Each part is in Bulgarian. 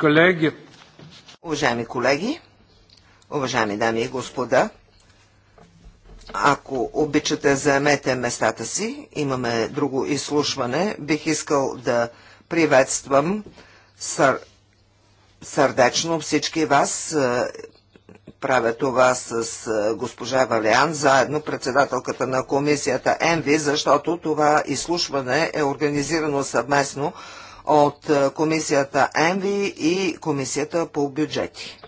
колеги. Уважаеми колеги, уважаеми дами и господа, ако обичате, заемете местата си. Имаме друго изслушване. Бих искал да приветствам сър... сърдечно всички вас. Е, правя това с е, госпожа Валиан, заедно председателката на комисията ЕМВИ, защото това изслушване е организирано съвместно от е, комисията ЕМВИ и комисията по бюджети.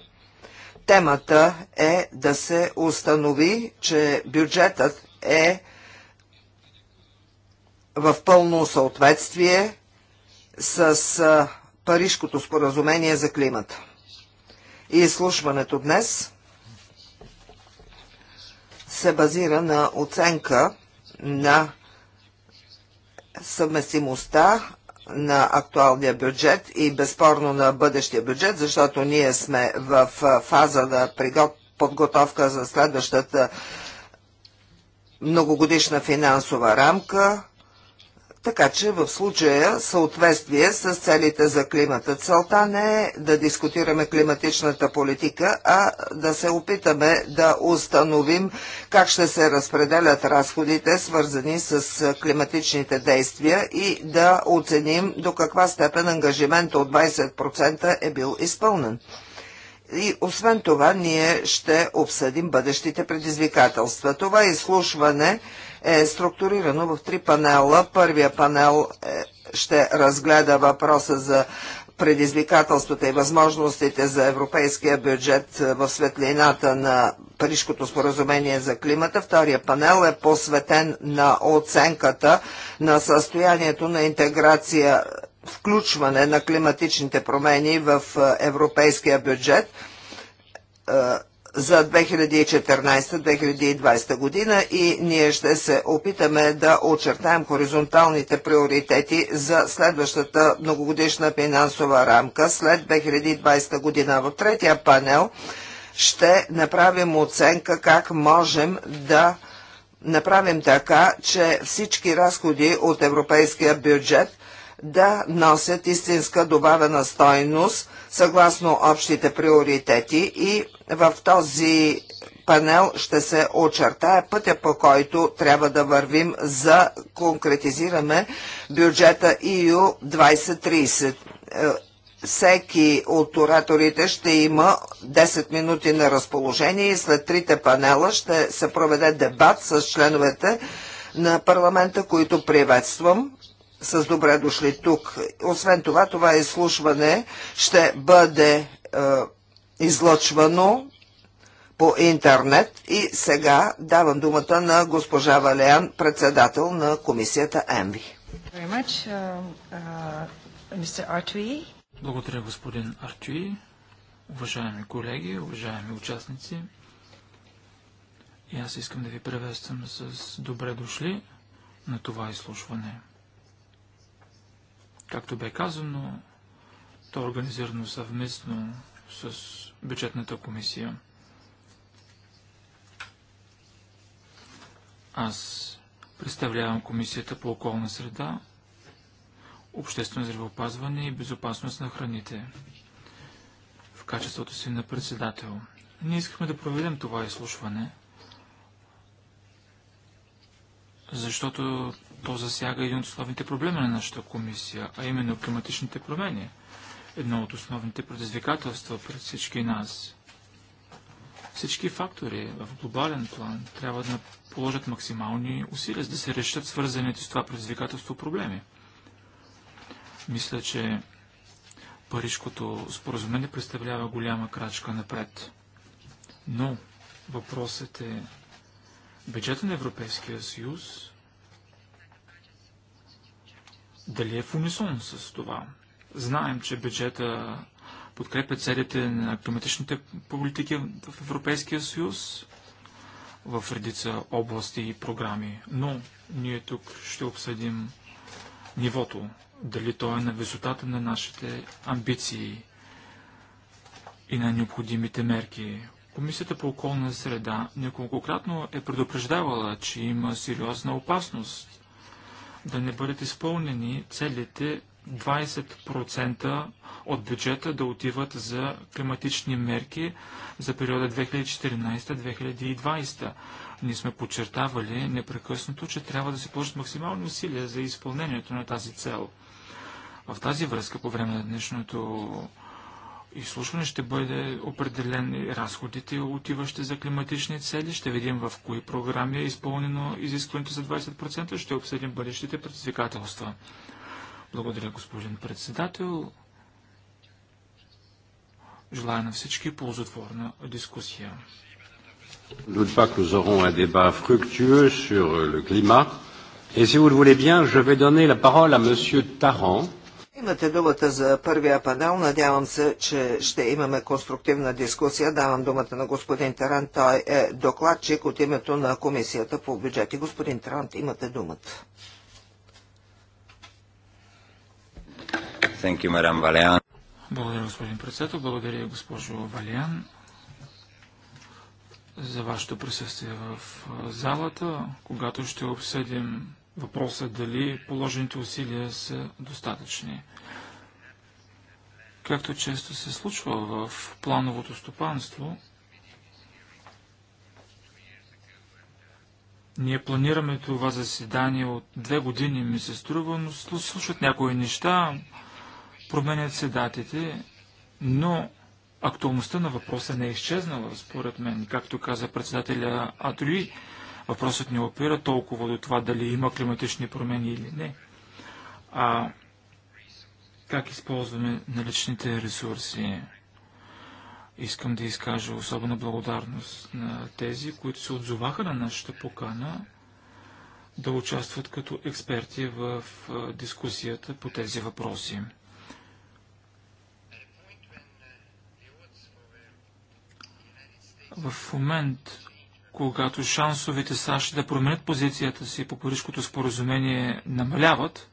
Темата е да се установи, че бюджетът е в пълно съответствие с е, Парижкото споразумение за климата. И изслушването днес се базира на оценка на съвместимостта на актуалния бюджет и безспорно на бъдещия бюджет, защото ние сме в фаза на подготовка за следващата многогодишна финансова рамка така че в случая съответствие с целите за климата. Целта не е да дискутираме климатичната политика, а да се опитаме да установим как ще се разпределят разходите, свързани с климатичните действия и да оценим до каква степен ангажимент от 20% е бил изпълнен. И освен това, ние ще обсъдим бъдещите предизвикателства. Това изслушване е е структурирано в три панела. Първия панел е, ще разгледа въпроса за предизвикателствата и възможностите за европейския бюджет е, в светлината на Парижкото споразумение за климата. Втория панел е посветен на оценката на състоянието на интеграция, включване на климатичните промени в е, европейския бюджет за 2014-2020 година и ние ще се опитаме да очертаем хоризонталните приоритети за следващата многогодишна финансова рамка след 2020 година. В третия панел ще направим оценка как можем да направим така, че всички разходи от европейския бюджет – да носят истинска добавена стойност съгласно общите приоритети и в този панел ще се очертае пътя по който трябва да вървим за конкретизираме бюджета EU 2030 е, всеки от ораторите ще има 10 минути на разположение и след трите панела ще се проведе дебат с членовете на парламента, които приветствам с добре дошли тук. Освен това, това изслушване ще бъде е, излъчвано по интернет и сега давам думата на госпожа Валеян, председател на комисията ЕМВИ. Uh, uh, Благодаря, господин Артюи. Уважаеми колеги, уважаеми участници, и аз искам да ви приветствам с добре дошли на това изслушване. Както бе казано, то е организирано съвместно с бюджетната комисия. Аз представлявам комисията по околна среда, обществено здравеопазване и безопасност на храните в качеството си на председател. Ние искахме да проведем това изслушване, защото то засяга един от основните проблеми на нашата комисия, а именно климатичните промени. Едно от основните предизвикателства пред всички нас. Всички фактори в глобален план трябва да положат максимални усилия, за да се решат свързаните с това предизвикателство проблеми. Мисля, че Парижкото споразумение представлява голяма крачка напред. Но въпросът е бюджета на Европейския съюз дали е в унисон с това? Знаем, че бюджета подкрепя целите на климатичните политики в Европейския съюз в редица области и програми, но ние тук ще обсъдим нивото, дали то е на висотата на нашите амбиции и на необходимите мерки. Комисията по околна среда неколкократно е предупреждавала, че има сериозна опасност да не бъдат изпълнени целите 20% от бюджета да отиват за климатични мерки за периода 2014-2020. Ние сме подчертавали непрекъснато, че трябва да се положат максимални усилия за изпълнението на тази цел. В тази връзка по време на днешното изслушване ще бъде определени разходите, отиващи за климатични цели. Ще видим в кои програми е изпълнено изискването за 20%. Ще обсъдим бъдещите предизвикателства. Благодаря, господин председател. Желая на всички ползотворна дискусия. Nous ne pas que nous aurons un débat fructueux sur le climat. Et si vous le voulez bien, je vais donner la parole à Monsieur Tarant. Имате думата за първия панел. Надявам се, че ще имаме конструктивна дискусия. Давам думата на господин Тарант. Той е докладчик от името на Комисията по бюджети. Господин Тарант, имате думата. Thank you, madam Благодаря, господин председател. Благодаря, госпожо Валян, за вашето присъствие в залата, когато ще обсъдим Въпросът е дали положените усилия са достатъчни. Както често се случва в плановото стопанство, Ние планираме това заседание от две години, ми се струва, но случват някои неща, променят се датите, но актуалността на въпроса не е изчезнала, според мен. Както каза председателя Атруи, Въпросът не опира толкова до това дали има климатични промени или не, а как използваме наличните ресурси. Искам да изкажа особена благодарност на тези, които се отзоваха на нашата покана да участват като експерти в дискусията по тези въпроси. В момент, когато шансовете САЩ да променят позицията си по Парижското споразумение намаляват,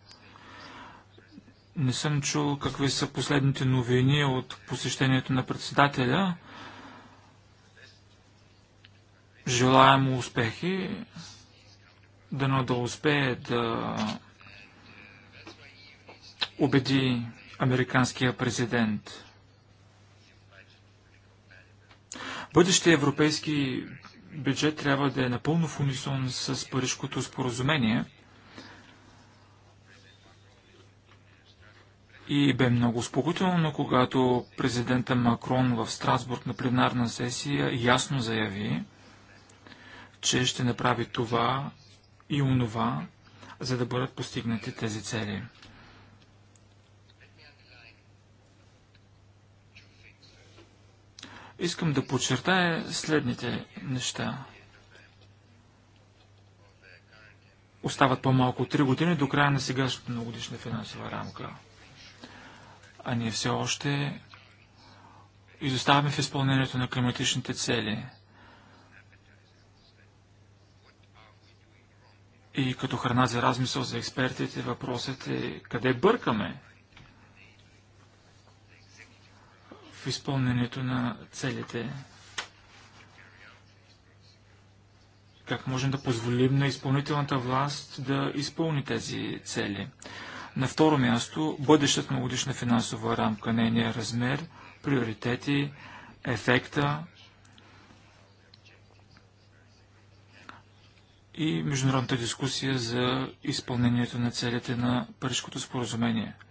не съм чул какви са последните новини от посещението на председателя. Желая му успехи, дано да успее да убеди американския президент. Бъдещите европейски бюджет трябва да е напълно в унисон с Парижкото споразумение и бе много успокоително, когато президента Макрон в Страсбург на пленарна сесия ясно заяви, че ще направи това и онова, за да бъдат постигнати тези цели. Искам да подчертая следните неща. Остават по-малко 3 години до края на сегашната многодишна финансова рамка. А ние все още изоставаме в изпълнението на климатичните цели. И като храна за размисъл за експертите, въпросът е къде бъркаме – в изпълнението на целите. Как можем да позволим на изпълнителната власт да изпълни тези цели? На второ място, бъдещата многодишна финансова рамка, нейния размер, приоритети, ефекта и международната дискусия за изпълнението на целите на Парижското споразумение –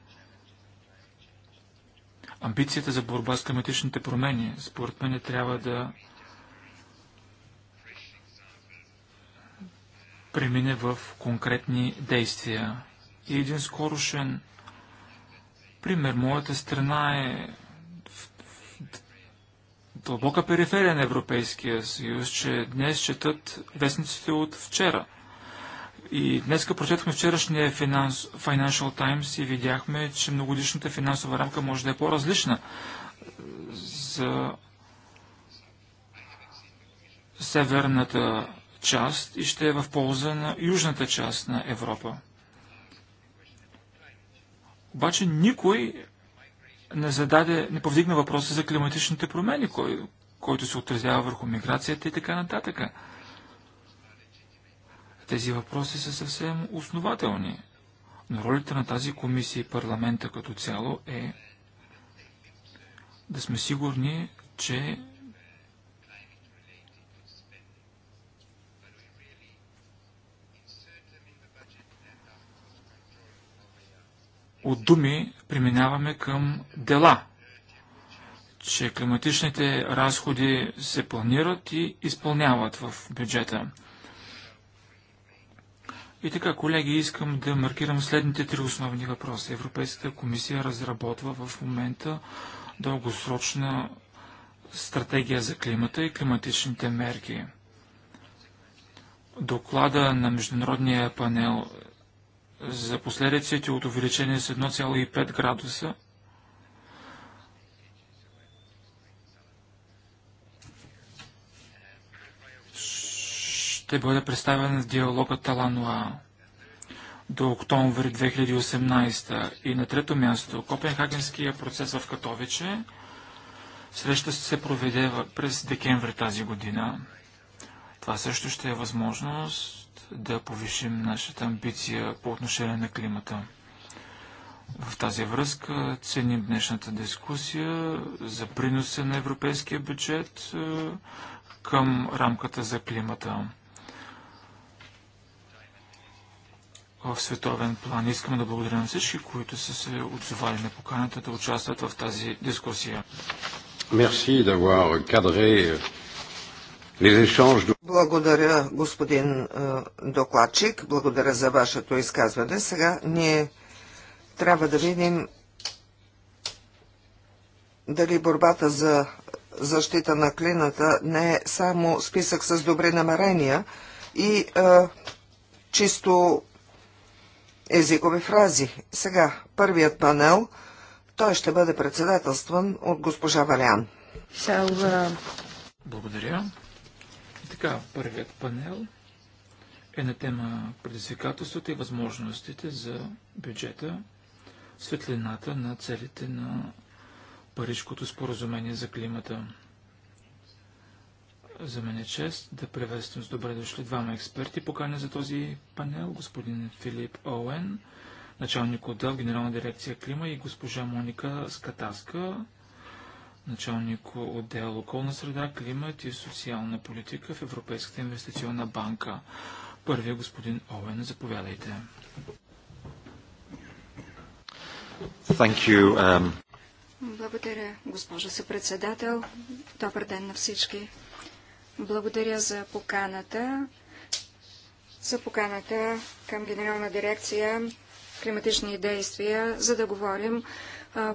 амбицията за борба с климатичните промени, според мен, трябва да премине в конкретни действия. И един скорошен пример. Моята страна е в, дълбока периферия на Европейския съюз, че днес четат вестниците от вчера – и днес прочетохме вчерашния финанс, Financial Times и видяхме, че многодишната финансова рамка може да е по-различна за северната част и ще е в полза на южната част на Европа. Обаче никой не зададе, не повдигна въпроса за климатичните промени, кой, който се отразява върху миграцията и така нататък. Тези въпроси са съвсем основателни, но ролята на тази комисия и парламента като цяло е да сме сигурни, че от думи преминаваме към дела, че климатичните разходи се планират и изпълняват в бюджета. И така, колеги, искам да маркирам следните три основни въпроса. Европейската комисия разработва в момента дългосрочна стратегия за климата и климатичните мерки. Доклада на Международния панел за последиците от увеличение с 1,5 градуса ще бъде представен в диалога Талануа до октомври 2018 и на трето място Копенхагенския процес в Катовиче. Среща се проведе през декември тази година. Това също ще е възможност да повишим нашата амбиция по отношение на климата. В тази връзка ценим днешната дискусия за приноса на европейския бюджет е, към рамката за климата. в световен план. Искам да благодаря на всички, които са се отзовали на поканата да участват в тази дискусия. Merci d'avoir кадре благодаря, господин е, докладчик. Благодаря за вашето изказване. Сега ние трябва да видим дали борбата за защита на клината не е само списък с добри намерения и е, чисто езикови фрази. Сега, първият панел, той ще бъде председателстван от госпожа Валян. Uh, Благодаря. И така, първият панел е на тема предизвикателствата и възможностите за бюджета, светлината на целите на Парижкото споразумение за климата. За мен е чест да приветствам с добре дошли двама експерти, покани за този панел, господин Филип Оуен, началник отдел Генерална дирекция Клима и госпожа Моника Скатаска, началник отдел Околна среда, климат и социална политика в Европейската инвестиционна банка. Първият господин Оуен, заповядайте. Thank you, um... Благодаря, госпожа съпредседател. Добър ден на всички. Благодаря за поканата. За поканата към Генерална дирекция климатични действия, за да говорим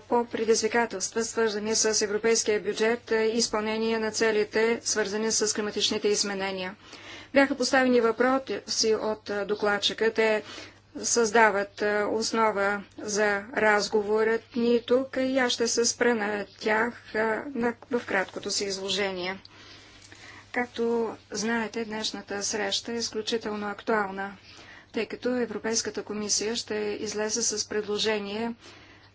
по предизвикателства, свързани с европейския бюджет и изпълнение на целите, свързани с климатичните изменения. Бяха поставени въпроси от докладчика. Те създават основа за разговорът ни тук и аз ще се спра на тях в краткото си изложение. Както знаете, днешната среща е изключително актуална, тъй като Европейската комисия ще излезе с предложение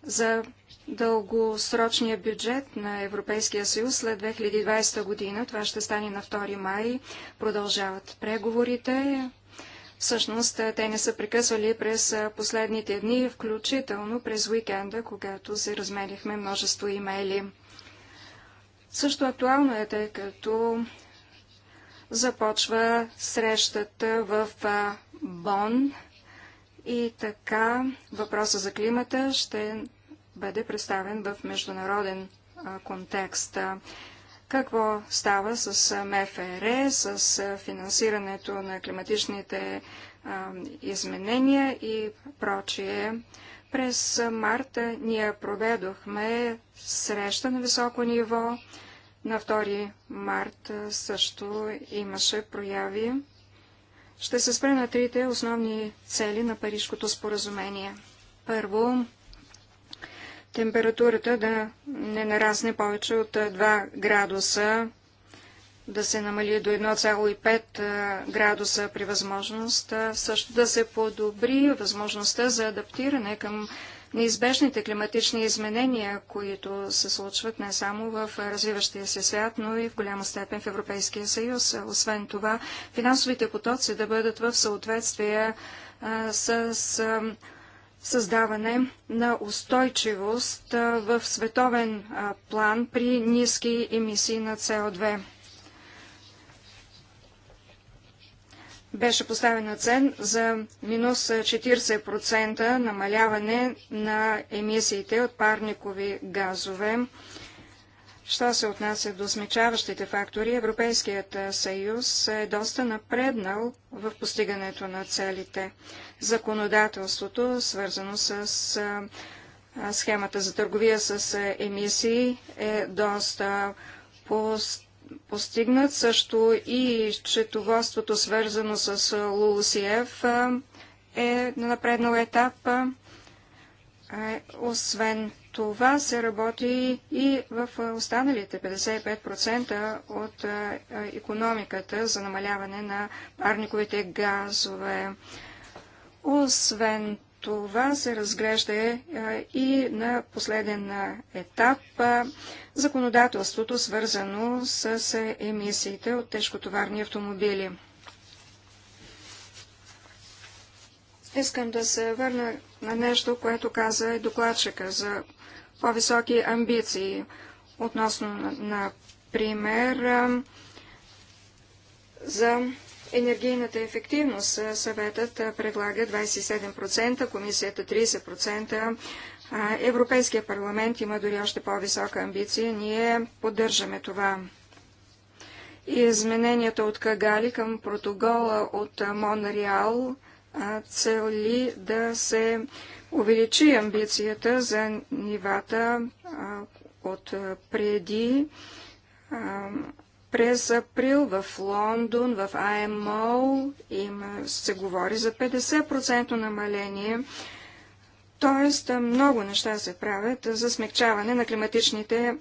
за дългосрочния бюджет на Европейския съюз след 2020 година. Това ще стане на 2 май. Продължават преговорите. Всъщност, те не са прекъсвали през последните дни, включително през уикенда, когато се размерихме множество имейли. Също актуално е, тъй като започва срещата в Бон и така въпроса за климата ще бъде представен в международен контекст. Какво става с МФР, с финансирането на климатичните изменения и прочие. През марта ние проведохме среща на високо ниво на 2 март също имаше прояви. Ще се спре на трите основни цели на Парижкото споразумение. Първо, температурата да не нарасне повече от 2 градуса, да се намали до 1,5 градуса при възможност, също да се подобри възможността за адаптиране към неизбежните климатични изменения, които се случват не само в развиващия се свят, но и в голяма степен в Европейския съюз. Освен това, финансовите потоци да бъдат в съответствие а, с а, създаване на устойчивост а, в световен план при ниски емисии на СО2. беше поставена цен за минус 40% намаляване на емисиите от парникови газове. Що се отнася до смечаващите фактори, Европейският съюз е доста напреднал в постигането на целите. Законодателството, свързано с схемата за търговия с емисии, е доста пост постигнат. Също и четоводството, свързано с ЛУЛСИЕВ, е на напреднал етап. Освен това се работи и в останалите 55% от економиката за намаляване на парниковите газове. Освен това се разглежда е, и на последен етап законодателството, свързано с емисиите от тежкотоварни автомобили. Искам да се върна на нещо, което каза и докладчика за по-високи амбиции относно, например, за енергийната ефективност. Съветът предлага 27%, комисията 30%. Европейския парламент има дори още по-висока амбиция. Ние поддържаме това. И измененията от Кагали към протокола от Монреал цели да се увеличи амбицията за нивата от преди през април в Лондон, в АМО им се говори за 50% намаление. Тоест, много неща се правят за смягчаване на климатичните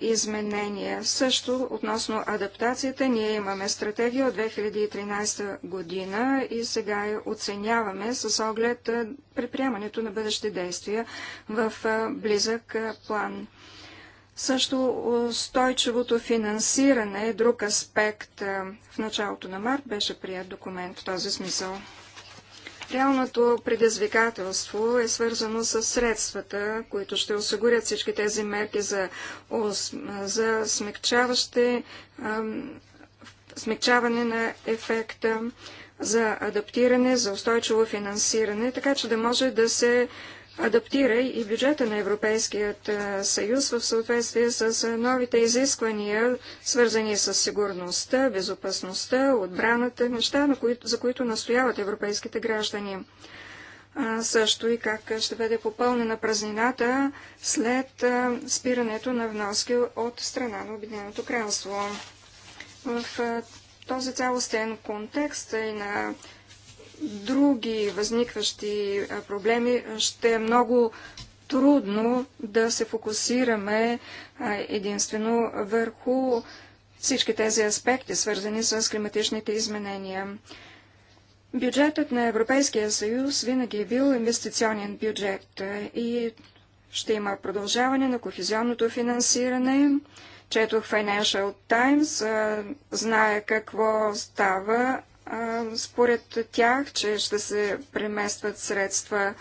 изменения. Също относно адаптацията, ние имаме стратегия от 2013 година и сега я оценяваме с оглед предприемането на бъдещи действия в близък план. Също устойчивото е, финансиране е друг аспект. Е, в началото на март беше прият документ в този смисъл. Реалното предизвикателство е свързано с средствата, които ще осигурят всички тези мерки за, за смягчаващи, е, смягчаване на ефекта, за адаптиране, за устойчиво финансиране, така че да може да се адаптира и бюджета на Европейският съюз в съответствие с новите изисквания, свързани с сигурността, безопасността, отбраната, неща, на които, за които настояват европейските граждани. А, също и как ще бъде попълнена празнината след а, спирането на вноски от страна на Обединеното кралство. В а, този цялостен контекст и на други възникващи проблеми, ще е много трудно да се фокусираме единствено върху всички тези аспекти, свързани с климатичните изменения. Бюджетът на Европейския съюз винаги е бил инвестиционен бюджет и ще има продължаване на кохезионното финансиране. Четох Financial Times, знае какво става, според тях, че ще се преместват средства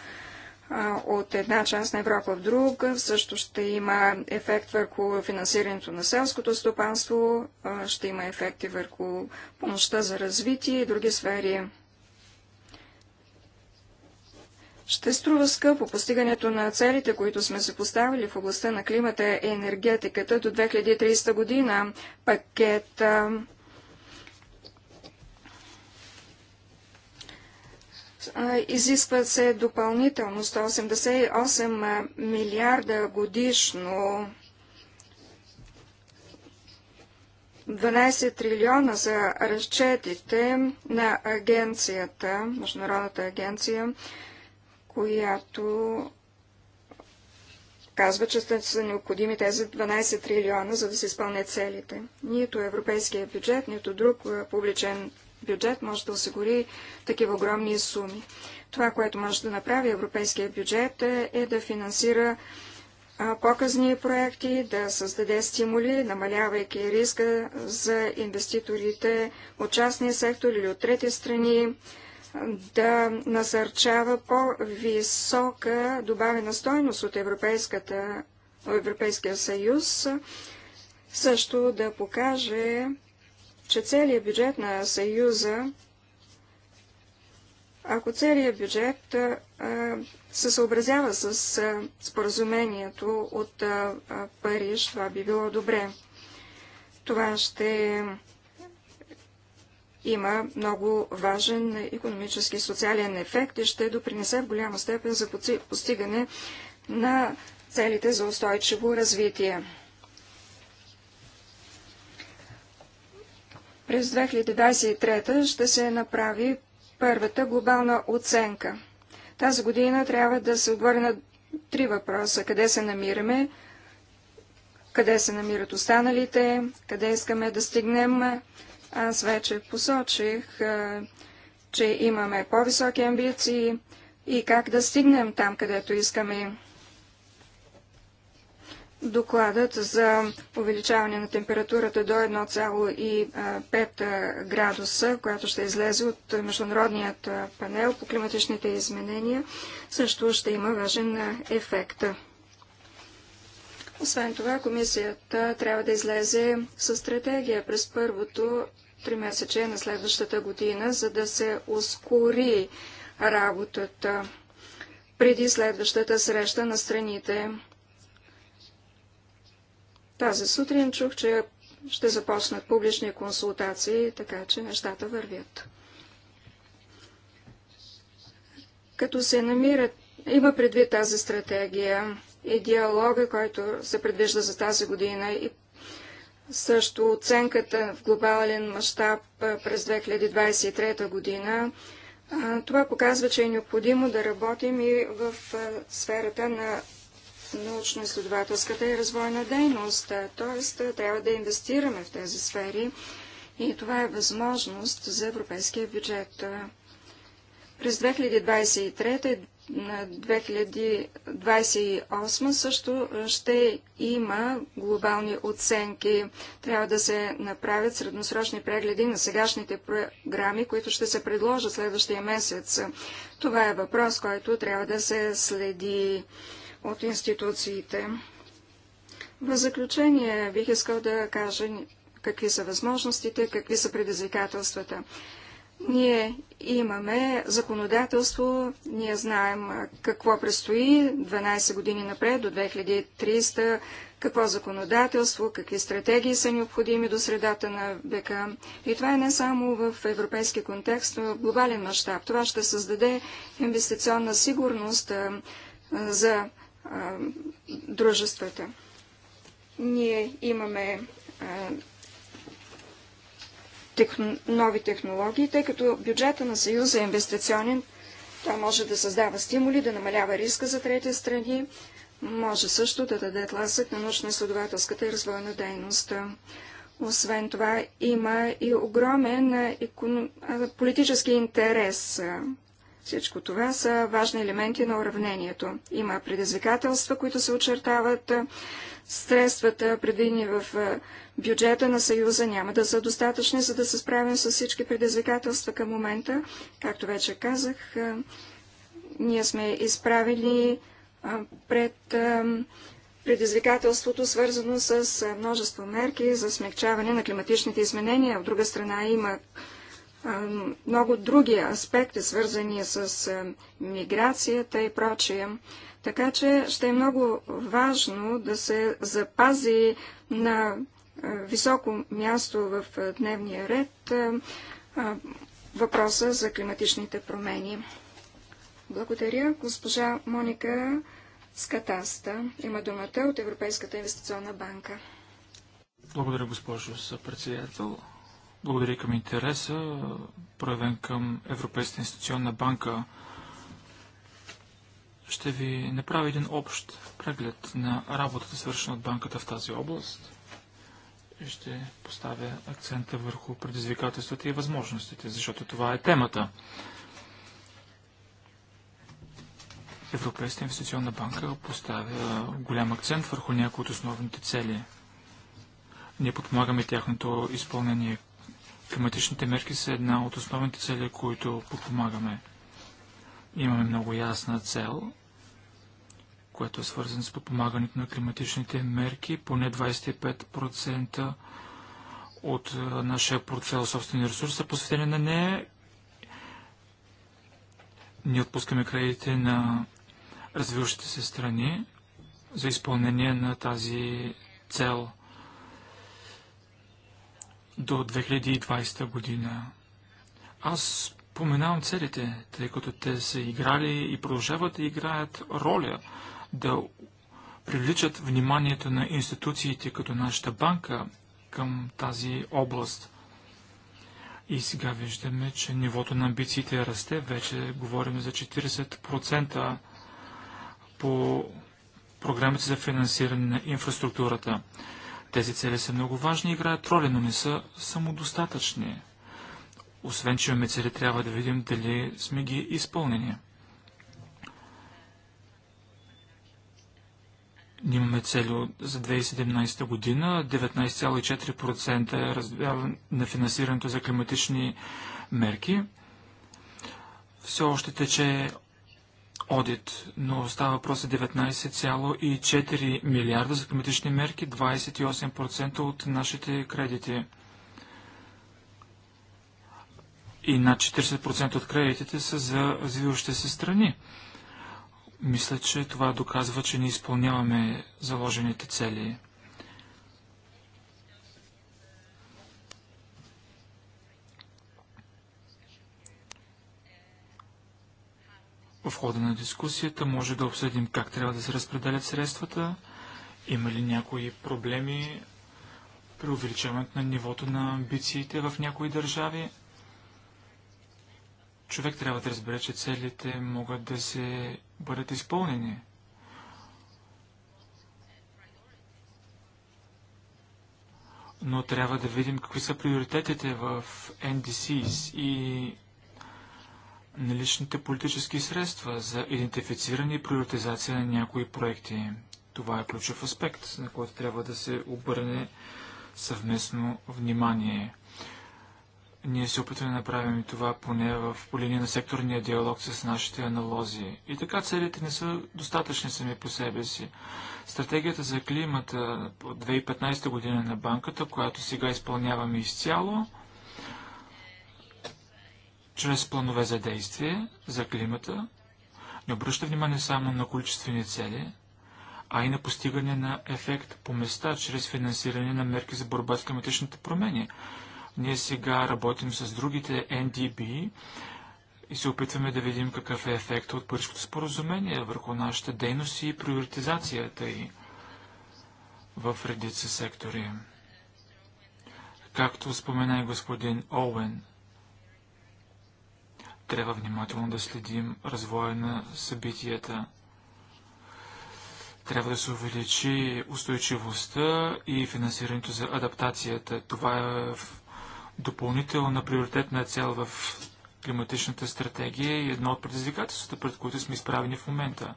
от една част на Европа в друга, също ще има ефект върху финансирането на селското стопанство, ще има ефекти върху помощта за развитие и други сфери. Ще струва скъпо постигането на целите, които сме се поставили в областта на климата и енергетиката до 2030 година. Пакет Изискват се допълнително 188 милиарда годишно, 12 трилиона за разчетите на агенцията, Международната агенция, която казва, че са необходими тези 12 трилиона, за да се изпълнят целите. Нито европейския бюджет, нито друг публичен бюджет може да осигури такива огромни суми. Това, което може да направи европейския бюджет е, е да финансира показни проекти, да създаде стимули, намалявайки риска за инвеститорите от частния сектор или от трети страни, да насърчава по-висока добавена стойност от Европейския съюз, също да покаже че целият бюджет на Съюза, ако целият бюджет а, се съобразява с а, споразумението от а, Париж, това би било добре. Това ще има много важен економически и социален ефект и ще допринесе в голяма степен за постигане на целите за устойчиво развитие. През 2023 ще се направи първата глобална оценка. Тази година трябва да се отговори на три въпроса. Къде се намираме? Къде се намират останалите? Къде искаме да стигнем? Аз вече посочих, че имаме по-високи амбиции и как да стигнем там, където искаме. Докладът за увеличаване на температурата до 1,5 градуса, която ще излезе от Международният панел по климатичните изменения, също ще има важен ефект. Освен това, комисията трябва да излезе с стратегия през първото три месече на следващата година, за да се ускори работата преди следващата среща на страните тази сутрин чух, че ще започнат публични консултации, така че нещата вървят. Като се намират, има предвид тази стратегия и диалога, който се предвижда за тази година и също оценката в глобален мащаб през 2023 година, това показва, че е необходимо да работим и в сферата на научно-изследователската и развойна дейност. Т.е. трябва да инвестираме в тези сфери и това е възможност за европейския бюджет. През 2023 на 2028 също ще има глобални оценки. Трябва да се направят средносрочни прегледи на сегашните програми, които ще се предложат следващия месец. Това е въпрос, който трябва да се следи от институциите. В заключение бих искал да кажа какви са възможностите, какви са предизвикателствата. Ние имаме законодателство, ние знаем какво предстои 12 години напред до 2300, какво законодателство, какви стратегии са необходими до средата на века. И това е не само в европейски контекст, но в глобален мащаб. Това ще създаде инвестиционна сигурност за а, дружествата. Ние имаме а, техно, нови технологии, тъй като бюджета на Съюза е инвестиционен, това може да създава стимули, да намалява риска за трети страни, може също да даде тласък на научно-изследователската и развойна дейност. Освен това, има и огромен политически интерес всичко това са важни елементи на уравнението. Има предизвикателства, които се очертават. Средствата, предвидени в бюджета на Съюза, няма да са достатъчни, за да се справим с всички предизвикателства към момента. Както вече казах, ние сме изправили пред предизвикателството, свързано с множество мерки за смягчаване на климатичните изменения. От друга страна има много други аспекти, свързани с миграцията и прочие. Така че ще е много важно да се запази на високо място в дневния ред въпроса за климатичните промени. Благодаря. Госпожа Моника Скатаста има думата от Европейската инвестиционна банка. Благодаря, госпожо съпредседател. Благодаря към интереса, проявен към Европейската институционна банка. Ще ви направя един общ преглед на работата, свършена от банката в тази област и ще поставя акцента върху предизвикателствата и възможностите, защото това е темата. Европейската инвестиционна банка поставя голям акцент върху някои от основните цели. Ние подпомагаме тяхното изпълнение Климатичните мерки са една от основните цели, които подпомагаме. Имаме много ясна цел, която е свързана с подпомагането на климатичните мерки, поне 25% от нашия портфел собствени ресурси са посветени на нея. Ние отпускаме кредити на развиващите се страни за изпълнение на тази цел – до 2020 година. Аз поменавам целите, тъй като те са играли и продължават да играят роля да привличат вниманието на институциите като нашата банка към тази област. И сега виждаме, че нивото на амбициите расте. Вече говорим за 40% по програмите за финансиране на инфраструктурата. Тези цели са много важни и играят роля, но не са самодостатъчни. Освен, че имаме цели, трябва да видим дали сме ги изпълнени. Ние имаме цели за 2017 година. 19,4% е разбяване на финансирането за климатични мерки. Все още тече одит, но става въпрос за 19,4 милиарда за климатични мерки, 28% от нашите кредити. И над 40% от кредитите са за развиващи се страни. Мисля, че това доказва, че не изпълняваме заложените цели. В хода на дискусията може да обсъдим как трябва да се разпределят средствата, има ли някои проблеми при увеличаването на нивото на амбициите в някои държави. Човек трябва да разбере, че целите могат да се бъдат изпълнени. Но трябва да видим какви са приоритетите в NDCs и наличните политически средства за идентифициране и приоритизация на някои проекти. Това е ключов аспект, на който трябва да се обърне съвместно внимание. Ние се опитваме да направим това поне в, по линия на секторния диалог с нашите аналози. И така целите не са достатъчни сами по себе си. Стратегията за климата от 2015 година на банката, която сега изпълняваме изцяло, чрез планове за действие за климата, не обръща внимание само на количествени цели, а и на постигане на ефект по места, чрез финансиране на мерки за борба с климатичните промени. Ние сега работим с другите NDB и се опитваме да видим какъв е ефект от Парижското споразумение върху нашите дейности и приоритизацията и в редица сектори. Както спомена и господин Оуен, трябва внимателно да следим развоя на събитията. Трябва да се увеличи устойчивостта и финансирането за адаптацията. Това е допълнителна приоритетна цел в климатичната стратегия и едно от предизвикателствата, пред които сме изправени в момента.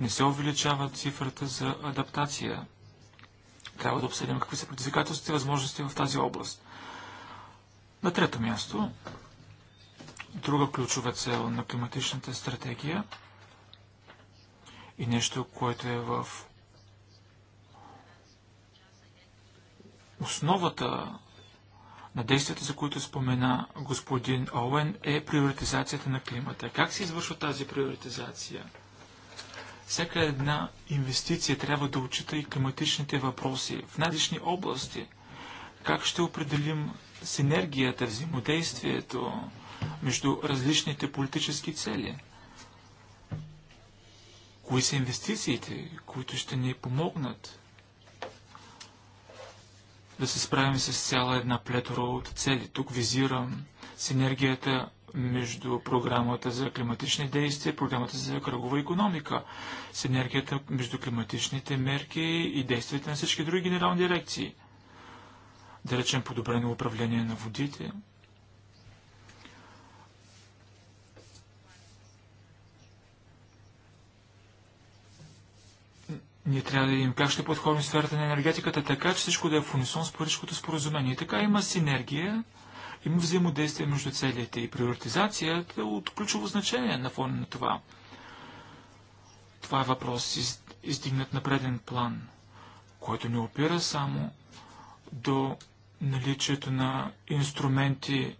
Не се увеличава цифрата за адаптация. Трябва да обсъдим какви са предизвикателствата и възможности в тази област. На трето място друга ключова цел на климатичната стратегия и нещо, което е в основата на действията, за които спомена господин Оуен, е приоритизацията на климата. Как се извършва тази приоритизация? Всяка една инвестиция трябва да отчита и климатичните въпроси в различни области. Как ще определим синергията, взаимодействието, между различните политически цели? Кои са инвестициите, които ще ни помогнат да се справим с цяла една плетора от цели? Тук визирам синергията между програмата за климатични действия и програмата за кръгова економика, синергията между климатичните мерки и действията на всички други генерални дирекции. Да речем подобрено управление на водите – Ние трябва да видим как ще подходим в сферата на енергетиката, така че всичко да е в унисон с паричкото споразумение. така има синергия, има взаимодействие между целите и приоритизацията е от ключово значение на фона на това. Това е въпрос из, издигнат на преден план, който не опира само до наличието на инструменти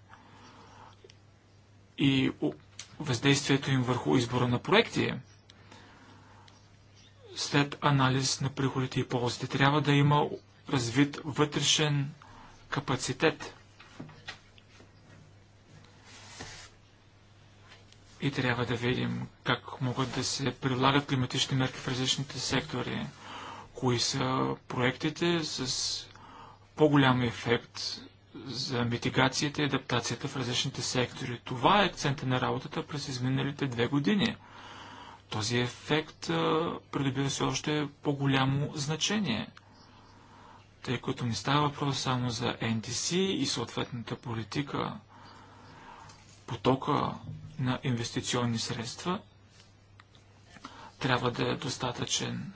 и въздействието им върху избора на проекти, след анализ на приходите и ползите. Трябва да има развит вътрешен капацитет. И трябва да видим как могат да се прилагат климатични мерки в различните сектори. Кои са проектите с по-голям ефект за митигацията и адаптацията в различните сектори. Това е акцента на работата през изминалите две години – този ефект придобива все още по-голямо значение, тъй като не става въпрос само за НДС и съответната политика, потока на инвестиционни средства трябва да е достатъчен.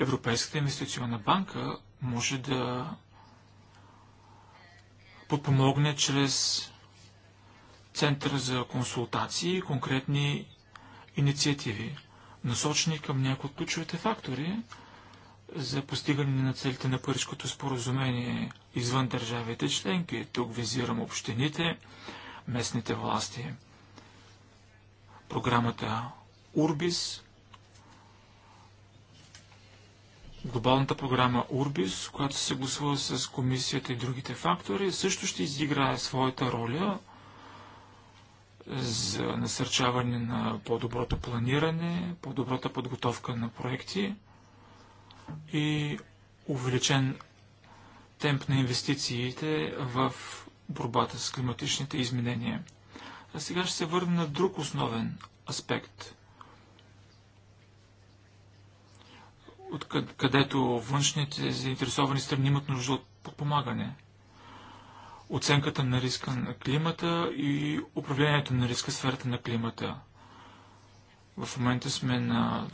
Европейската инвестиционна банка може да подпомогне чрез Център за консултации и конкретни инициативи, насочени към някои от ключовите фактори за постигане на целите на Парижското споразумение извън държавите членки. Тук визирам общините, местните власти. Програмата Урбис глобалната програма Урбис, която се съгласува с комисията и другите фактори, също ще изиграе своята роля за насърчаване на по-доброто планиране, по-добрата подготовка на проекти и увеличен темп на инвестициите в борбата с климатичните изменения. А сега ще се върна на друг основен аспект откъд, където външните заинтересовани страни имат нужда от подпомагане. Оценката на риска на климата и управлението на риска в сферата на климата. В момента сме на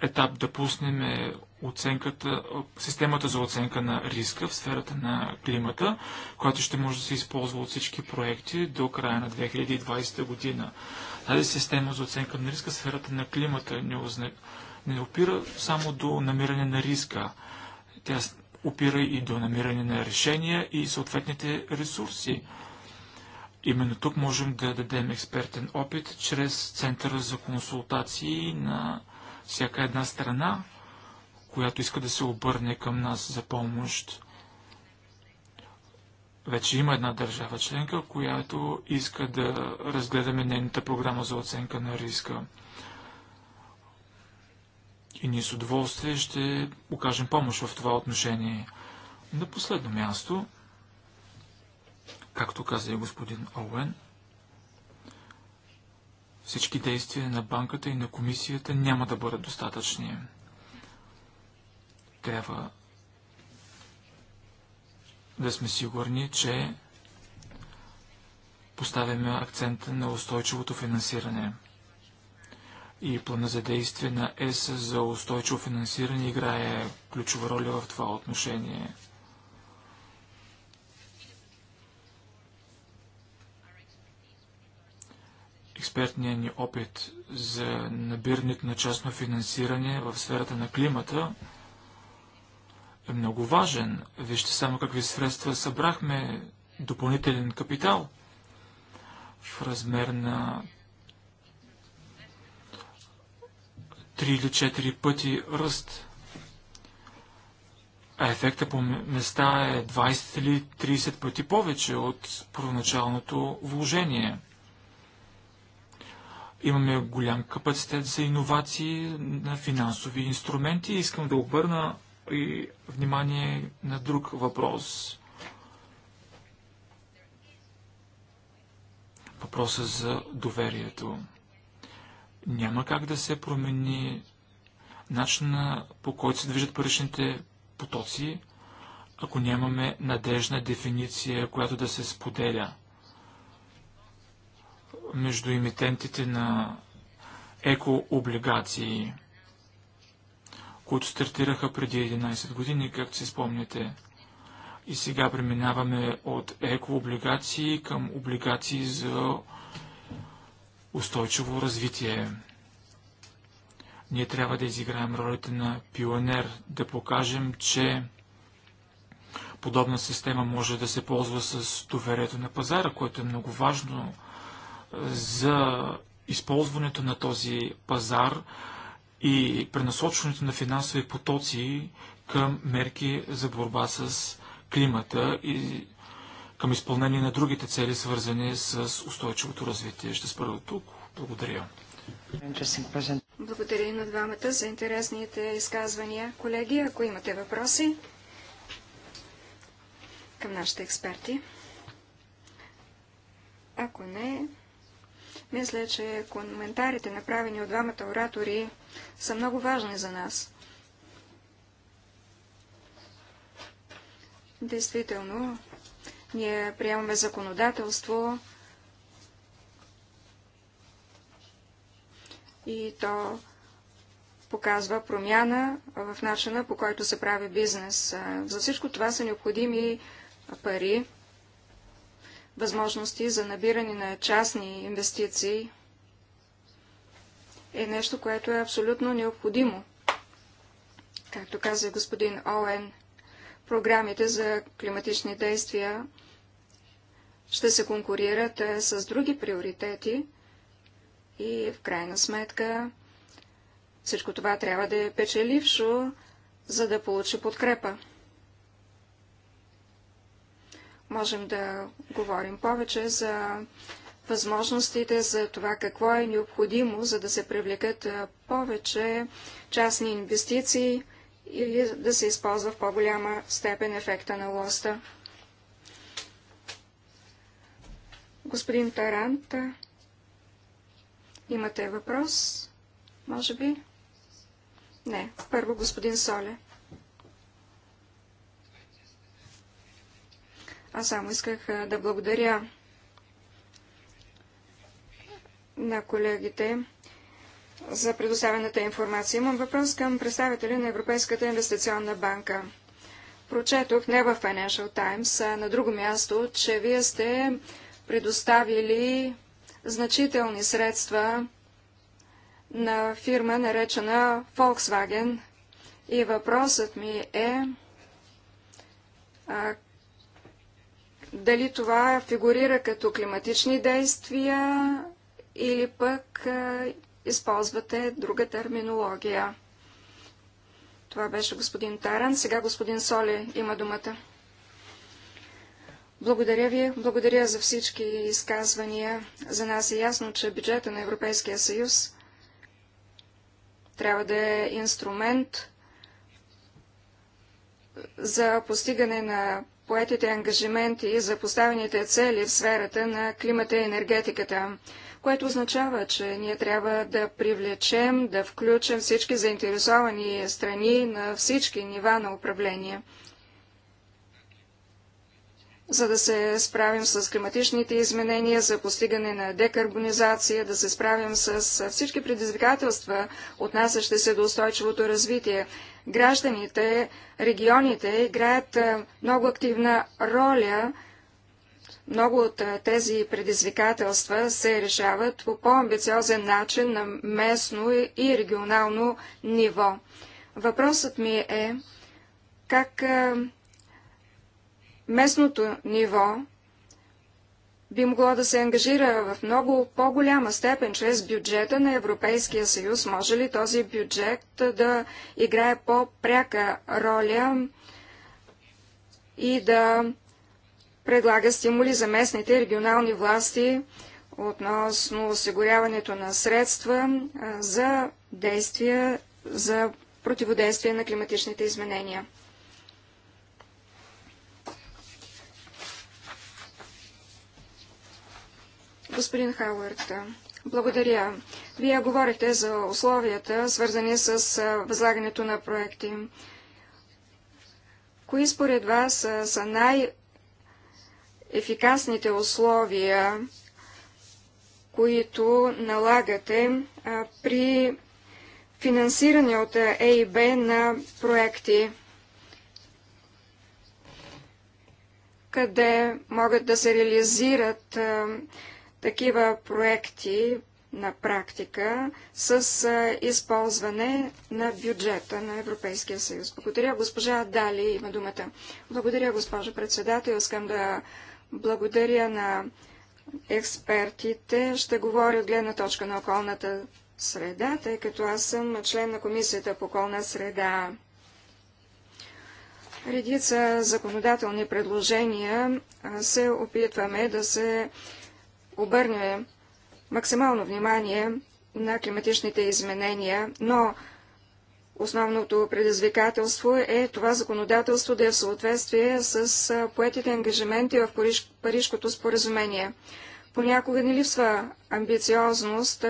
етап да пуснем оценката, системата за оценка на риска в сферата на климата, която ще може да се използва от всички проекти до края на 2020 година. Тази система за оценка на риска в сферата на климата не означава не опира само до намиране на риска. Тя опира и до намиране на решения и съответните ресурси. Именно тук можем да дадем експертен опит чрез Центъра за консултации на всяка една страна, която иска да се обърне към нас за помощ. Вече има една държава членка, която иска да разгледаме нейната програма за оценка на риска. И ние с удоволствие ще окажем помощ в това отношение. На последно място, както каза и господин Оуен, всички действия на банката и на комисията няма да бъдат достатъчни. Трябва да сме сигурни, че поставяме акцента на устойчивото финансиране – и плана за действие на ЕС за устойчиво финансиране играе ключова роля в това отношение. Експертният ни опит за набирането на частно финансиране в сферата на климата е много важен. Вижте само какви средства събрахме допълнителен капитал в размер на Три или четири пъти ръст. А ефекта по места е 20 или 30 пъти повече от първоначалното вложение. Имаме голям капацитет за иновации на финансови инструменти. Искам да обърна и внимание на друг въпрос. Въпроса за доверието. Няма как да се промени начина по който се движат паричните потоци, ако нямаме надежна дефиниция, която да се споделя между имитентите на екооблигации, които стартираха преди 11 години, както си спомняте. И сега преминаваме от екооблигации към облигации за устойчиво развитие. Ние трябва да изиграем ролите на пионер, да покажем, че подобна система може да се ползва с доверието на пазара, което е много важно е, за използването на този пазар и пренасочването на финансови потоци към мерки за борба с климата и към изпълнение на другите цели, свързани с устойчивото развитие. Ще спра до тук. Благодаря. Благодаря и на двамата за интересните изказвания. Колеги, ако имате въпроси към нашите експерти. Ако не, мисля, че коментарите, направени от двамата оратори, са много важни за нас. Действително, ние приемаме законодателство и то показва промяна в начина по който се прави бизнес. За всичко това са необходими пари, възможности за набиране на частни инвестиции е нещо, което е абсолютно необходимо. Както каза господин Оуен, програмите за климатични действия ще се конкурират е, с други приоритети и в крайна сметка всичко това трябва да е печелившо, за да получи подкрепа. Можем да говорим повече за възможностите за това какво е необходимо, за да се привлекат е, повече частни инвестиции или да се използва в по-голяма степен ефекта на лоста. Господин Тарант, имате въпрос? Може би? Не. Първо господин Соле. Аз само исках да благодаря на колегите за предоставената информация. Имам въпрос към представители на Европейската инвестиционна банка. Прочетох не в Financial Times, а на друго място, че вие сте предоставили значителни средства на фирма, наречена Volkswagen. И въпросът ми е а, дали това фигурира като климатични действия или пък а, използвате друга терминология. Това беше господин Таран. Сега господин Соли има думата. Благодаря ви, благодаря за всички изказвания. За нас е ясно, че бюджета на Европейския съюз трябва да е инструмент за постигане на поетите ангажименти за поставените цели в сферата на климата и енергетиката, което означава, че ние трябва да привлечем, да включим всички заинтересовани страни на всички нива на управление – за да се справим с климатичните изменения, за постигане на декарбонизация, да се справим с всички предизвикателства, отнасящи се до устойчивото развитие. Гражданите, регионите играят много активна роля. Много от тези предизвикателства се решават по по-амбициозен начин на местно и регионално ниво. Въпросът ми е как местното ниво би могло да се ангажира в много по-голяма степен чрез бюджета на Европейския съюз. Може ли този бюджет да играе по-пряка роля и да предлага стимули за местните и регионални власти относно осигуряването на средства за действия за противодействие на климатичните изменения? Господин Хауърд, благодаря. Вие говорихте за условията, свързани с възлагането на проекти. Кои според вас са най-ефикасните условия, които налагате при финансиране от ЕИБ на проекти? къде могат да се реализират проекти? такива проекти на практика с използване на бюджета на Европейския съюз. Благодаря, госпожа Дали има думата. Благодаря, госпожо председател. Искам да благодаря на експертите. Ще говоря от гледна точка на околната среда, тъй като аз съм член на Комисията по околна среда. Редица законодателни предложения се опитваме да се обърне максимално внимание на климатичните изменения, но основното предизвикателство е това законодателство да е в съответствие с поетите ангажименти в Париж... Парижкото споразумение. Понякога не липсва амбициозност,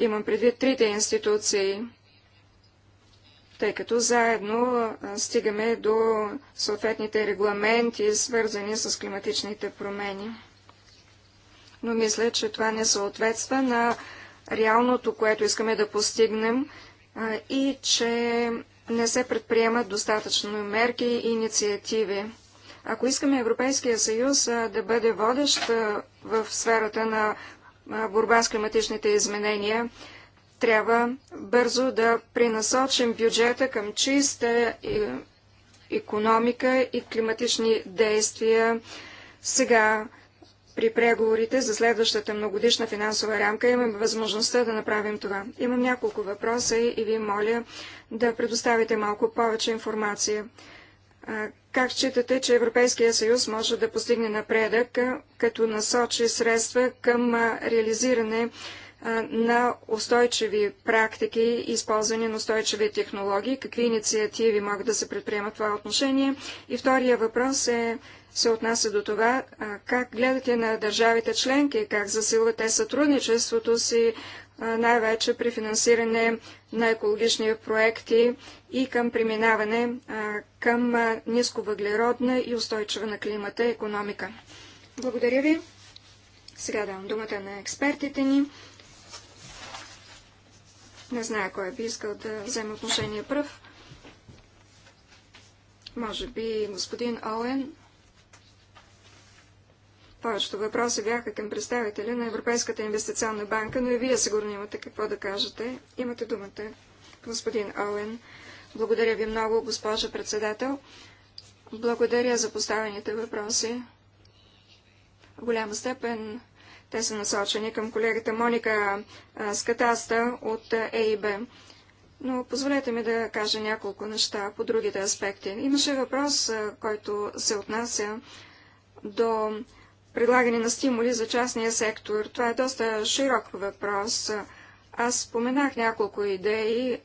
имам предвид трите институции тъй като заедно стигаме до съответните регламенти, свързани с климатичните промени. Но мисля, че това не съответства на реалното, което искаме да постигнем и че не се предприемат достатъчно мерки и инициативи. Ако искаме Европейския съюз да бъде водещ в сферата на борба с климатичните изменения, трябва бързо да пренасочим бюджета към чиста економика и климатични действия. Сега при преговорите за следващата многодишна финансова рамка имаме възможността да направим това. Имам няколко въпроса и ви моля да предоставите малко повече информация. Как считате, че Европейския съюз може да постигне напредък, като насочи средства към реализиране на устойчиви практики и използване на устойчиви технологии. Какви инициативи могат да се предприемат в това отношение? И втория въпрос е, се отнася до това, как гледате на държавите членки, как засилвате сътрудничеството си, най-вече при финансиране на екологични проекти и към преминаване към нисковъглеродна и устойчива на климата економика. Благодаря ви. Сега давам думата на експертите ни. Не знае кой е би искал да вземе отношение пръв. Може би господин Олен. Повечето въпроси бяха към представители на Европейската инвестиционна банка, но и вие сигурно имате какво да кажете. Имате думата, господин Олен. Благодаря ви много, госпожа председател. Благодаря за поставените въпроси. В голяма степен те са насочени към колегата Моника Скатаста от ЕИБ. Но позволете ми да кажа няколко неща по другите аспекти. Имаше въпрос, който се отнася до предлагане на стимули за частния сектор. Това е доста широк въпрос. Аз споменах няколко идеи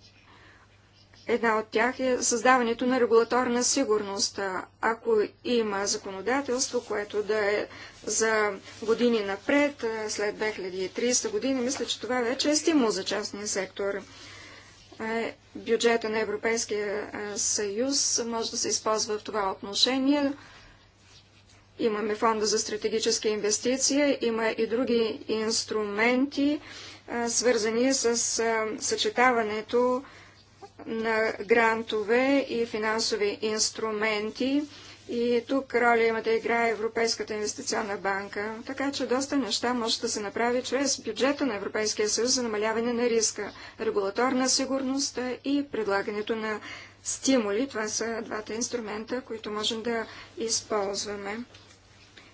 Една от тях е създаването на регулаторна сигурност. Ако има законодателство, което да е за години напред, след 2030 години, мисля, че това вече е стимул за частния сектор. Бюджета на Европейския съюз може да се използва в това отношение. Имаме фонда за стратегически инвестиции, има и други инструменти, свързани с съчетаването на грантове и финансови инструменти. И тук роля има да играе Европейската инвестиционна банка. Така че доста неща може да се направи чрез бюджета на Европейския съюз за намаляване на риска, регулаторна сигурност и предлагането на стимули. Това са двата инструмента, които можем да използваме.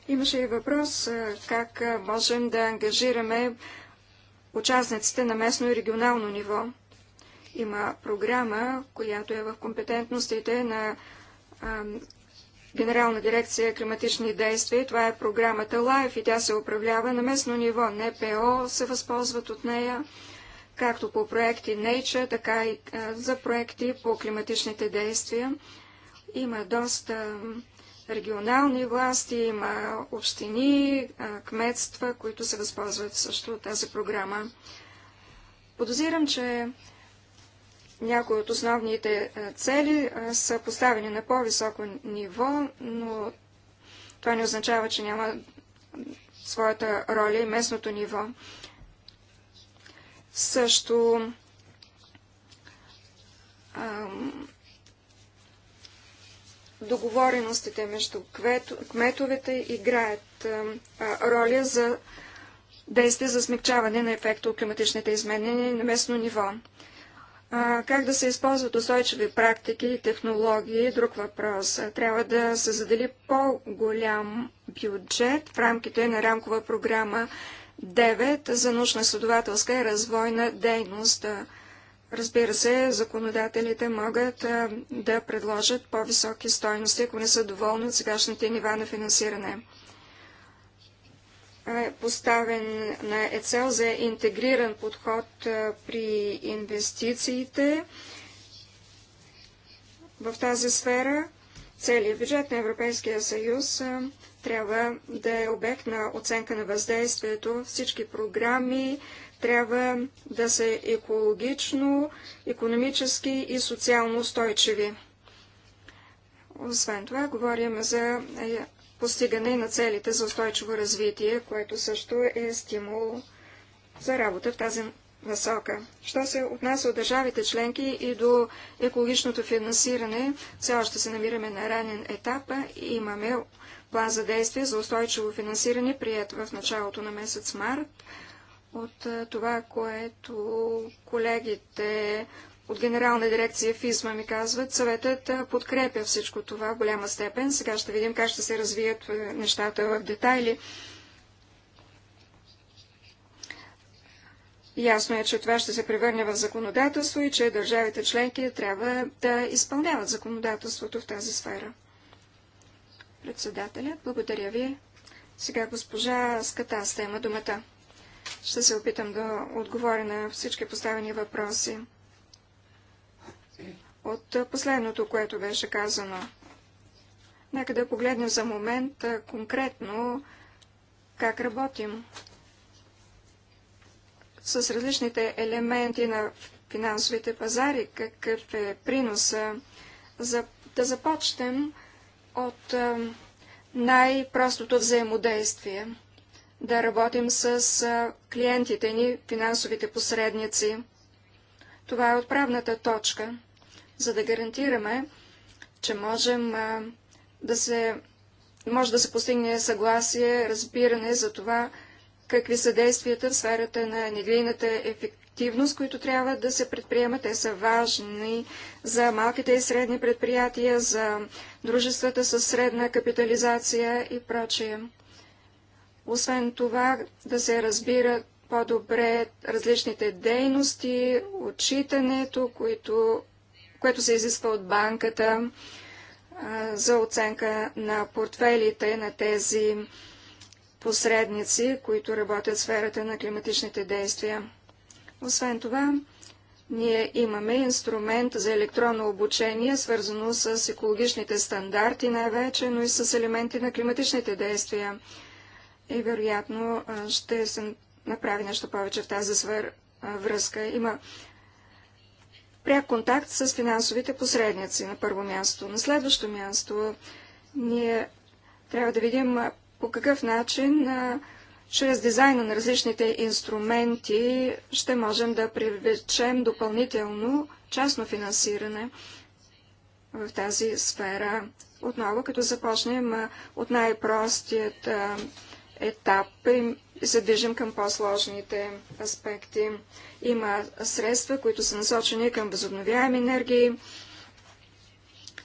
Имаше и въпрос как можем да ангажираме участниците на местно и регионално ниво. Има програма, която е в компетентностите на а, Генерална дирекция климатични действия. Това е програмата LIFE и тя се управлява на местно ниво. НПО се възползват от нея, както по проекти Nature, така и а, за проекти по климатичните действия. Има доста регионални власти, има общини, кметства, които се възползват също от тази програма. Подозирам, че някои от основните е, цели е, са поставени на по-високо ниво, но това не означава, че няма своята роля и местното ниво. Също ам, договореностите между кметовете играят ам, роля за действие за смягчаване на ефекта от климатичните изменения на местно ниво. А, как да се използват устойчиви практики и технологии, е друг въпрос. Трябва да се задели по-голям бюджет в рамките на рамкова програма 9 за научно-следователска и развойна дейност. Разбира се, законодателите могат а, да предложат по-високи стойности, ако не са доволни от сегашните нива на финансиране поставен на е цел за интегриран подход при инвестициите в тази сфера. Целият бюджет на Европейския съюз трябва да е обект на оценка на въздействието. Всички програми трябва да са екологично, економически и социално устойчиви. Освен това, говорим за постигане на целите за устойчиво развитие, което също е стимул за работа в тази насока. Що се отнася от държавите членки и до екологичното финансиране, все още се намираме на ранен етап и имаме план за действие за устойчиво финансиране, прият в началото на месец март. От това, което колегите от Генерална дирекция ФИСМА ми казват, съветът подкрепя всичко това в голяма степен. Сега ще видим как ще се развият нещата в детайли. Ясно е, че това ще се превърне в законодателство и че държавите членки трябва да изпълняват законодателството в тази сфера. Председателят, благодаря ви. Сега госпожа Скатаста има думата. Ще се опитам да отговоря на всички поставени въпроси от последното, което беше казано. Нека да погледнем за момент конкретно как работим с различните елементи на финансовите пазари, какъв е приноса за да започнем от най-простото взаимодействие. Да работим с клиентите ни, финансовите посредници. Това е отправната точка за да гарантираме, че можем да се, може да се постигне съгласие, разбиране за това, какви са действията в сферата на енергийната ефективност, които трябва да се предприемат. Те са важни за малките и средни предприятия, за дружествата с средна капитализация и прочие. Освен това, да се разбира по-добре различните дейности, отчитането, които което се изисква от банката за оценка на портфелите на тези посредници, които работят в сферата на климатичните действия. Освен това, ние имаме инструмент за електронно обучение, свързано с екологичните стандарти най-вече, но и с елементи на климатичните действия. И вероятно ще се направи нещо повече в тази свър... връзка. Има пряк контакт с финансовите посредници на първо място. На следващо място ние трябва да видим по какъв начин чрез дизайна на различните инструменти ще можем да привлечем допълнително частно финансиране в тази сфера. Отново, като започнем от най-простият етап, и се движим към по-сложните аспекти. Има средства, които са насочени към възобновяеми енергии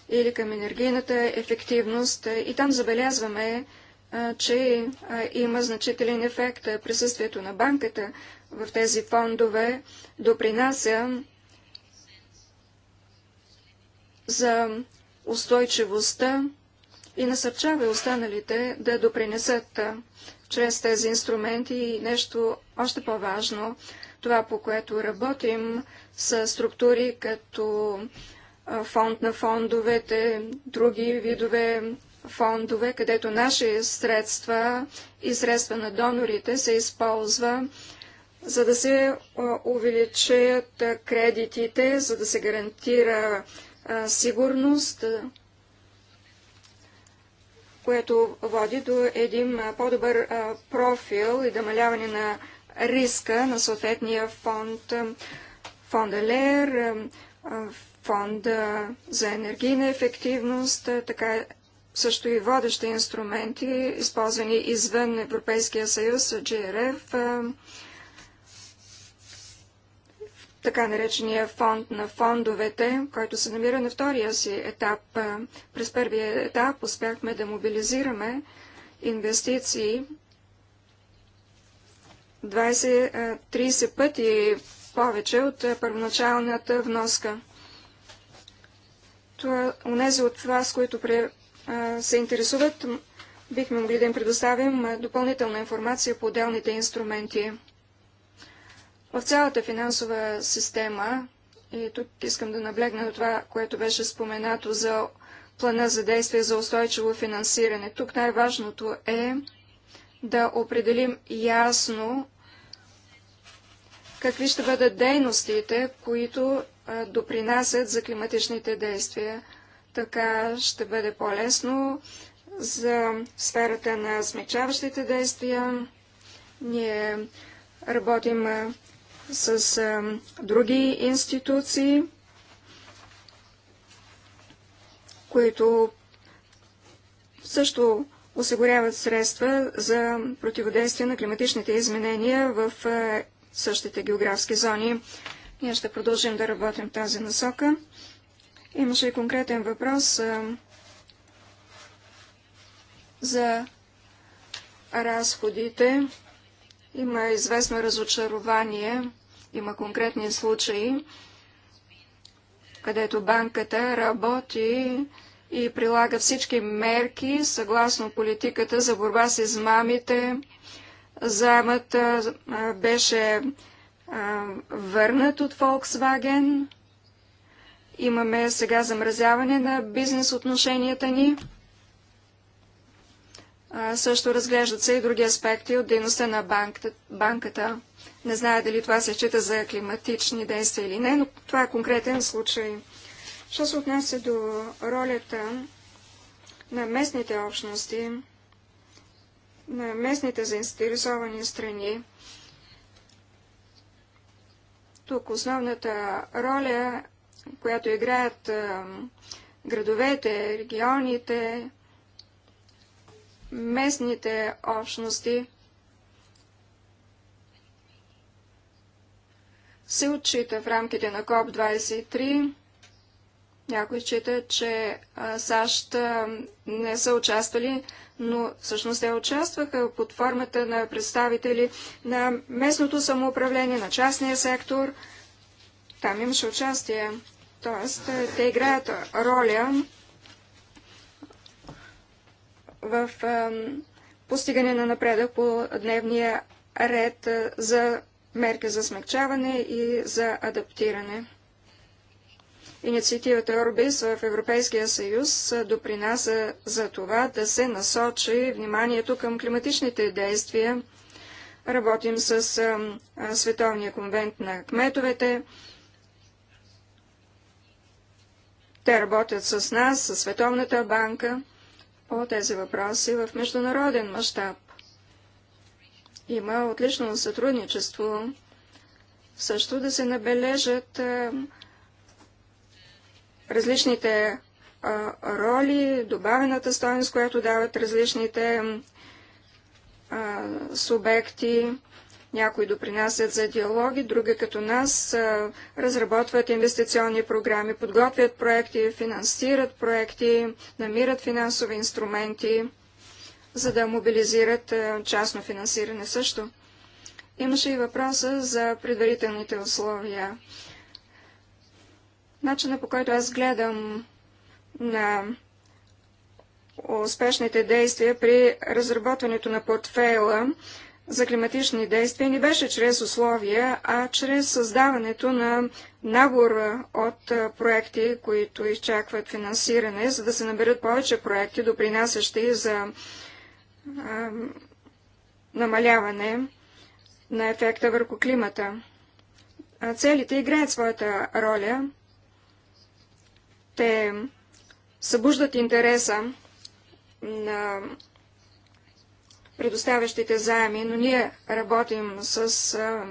или към енергийната ефективност. И там забелязваме, че има значителен ефект. Присъствието на банката в тези фондове допринася за устойчивостта и насърчава останалите да допринесат чрез тези инструменти и нещо още по-важно, това по което работим са структури като фонд на фондовете, други видове фондове, където наши средства и средства на донорите се използва, за да се увеличат кредитите, за да се гарантира сигурност, което води до един по-добър профил и намаляване на риска на съответния фонд, фонда ЛЕР, фонда за енергийна ефективност, така също и водещи инструменти, използвани извън Европейския съюз, GRF, така наречения фонд на фондовете, който се намира на втория си етап. През първия етап успяхме да мобилизираме инвестиции 20-30 пъти повече от първоначалната вноска. Това, унези от вас, които пре, а, се интересуват, бихме могли да им предоставим допълнителна информация по отделните инструменти. В цялата финансова система, и тук искам да наблегна на това, което беше споменато за плана за действие за устойчиво финансиране. Тук най-важното е да определим ясно какви ще бъдат дейностите, които допринасят за климатичните действия. Така ще бъде по-лесно за сферата на смягчаващите действия. Ние работим с а, други институции, които също осигуряват средства за противодействие на климатичните изменения в а, същите географски зони. Ние ще продължим да работим в тази насока. Имаше и конкретен въпрос а, за разходите. Има известно разочарование има конкретни случаи, където банката работи и прилага всички мерки съгласно политиката за борба с измамите. Заемът беше върнат от Volkswagen. Имаме сега замразяване на бизнес отношенията ни. също разглеждат се и други аспекти от дейността на банката. Не зная дали това се счита за климатични действия или не, но това е конкретен случай. Що се отнася до ролята на местните общности, на местните заинтересовани страни, тук основната роля, която играят градовете, регионите, местните общности, се отчита в рамките на КОП-23. Някои считат, че САЩ не са участвали, но всъщност те участваха под формата на представители на местното самоуправление, на частния сектор. Там имаше участие. Тоест, те играят роля в постигане на напредък по дневния ред за мерки за смягчаване и за адаптиране. Инициативата Орбис в Европейския съюз допринася за това да се насочи вниманието към климатичните действия. Работим с Световния конвент на кметовете. Те работят с нас, с Световната банка по тези въпроси в международен мащаб. Има отлично сътрудничество. Също да се набележат е, различните е, роли, добавената стоеност, която дават различните е, субекти. Някои допринасят за диалоги, други като нас разработват инвестиционни програми, подготвят проекти, финансират проекти, намират финансови инструменти за да мобилизират е, частно финансиране също. Имаше и въпроса за предварителните условия. Начина по който аз гледам на успешните действия при разработването на портфейла за климатични действия не беше чрез условия, а чрез създаването на набор от е, проекти, които изчакват финансиране, за да се наберат повече проекти, допринасящи за намаляване на ефекта върху климата. целите играят своята роля. Те събуждат интереса на предоставящите заеми, но ние работим с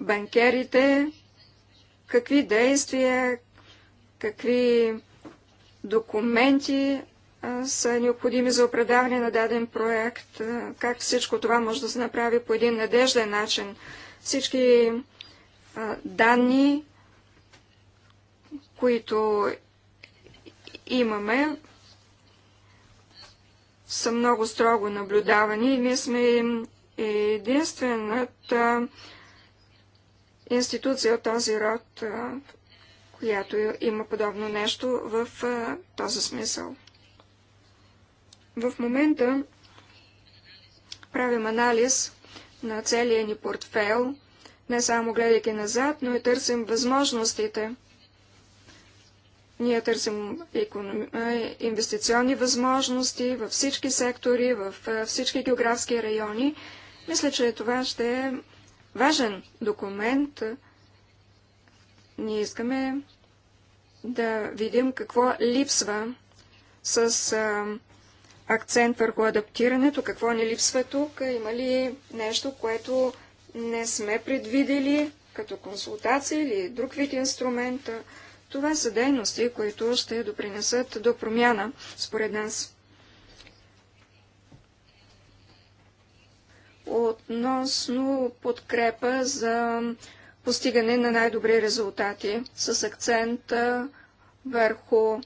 банкерите, какви действия, какви документи са необходими за управляване на даден проект, как всичко това може да се направи по един надежден начин. Всички данни, които имаме, са много строго наблюдавани и ние сме единствената институция от този род, която има подобно нещо в този смисъл. В момента правим анализ на целия ни портфел, не само гледайки назад, но и търсим възможностите. Ние търсим инвестиционни възможности във всички сектори, в всички географски райони. Мисля, че това ще е важен документ. Ние искаме да видим какво липсва с акцент върху адаптирането, какво ни липсва тук, има ли нещо, което не сме предвидели като консултация или друг вид инструмент. Това са дейности, които ще допринесат до промяна, според нас. Относно подкрепа за постигане на най-добри резултати с акцент върху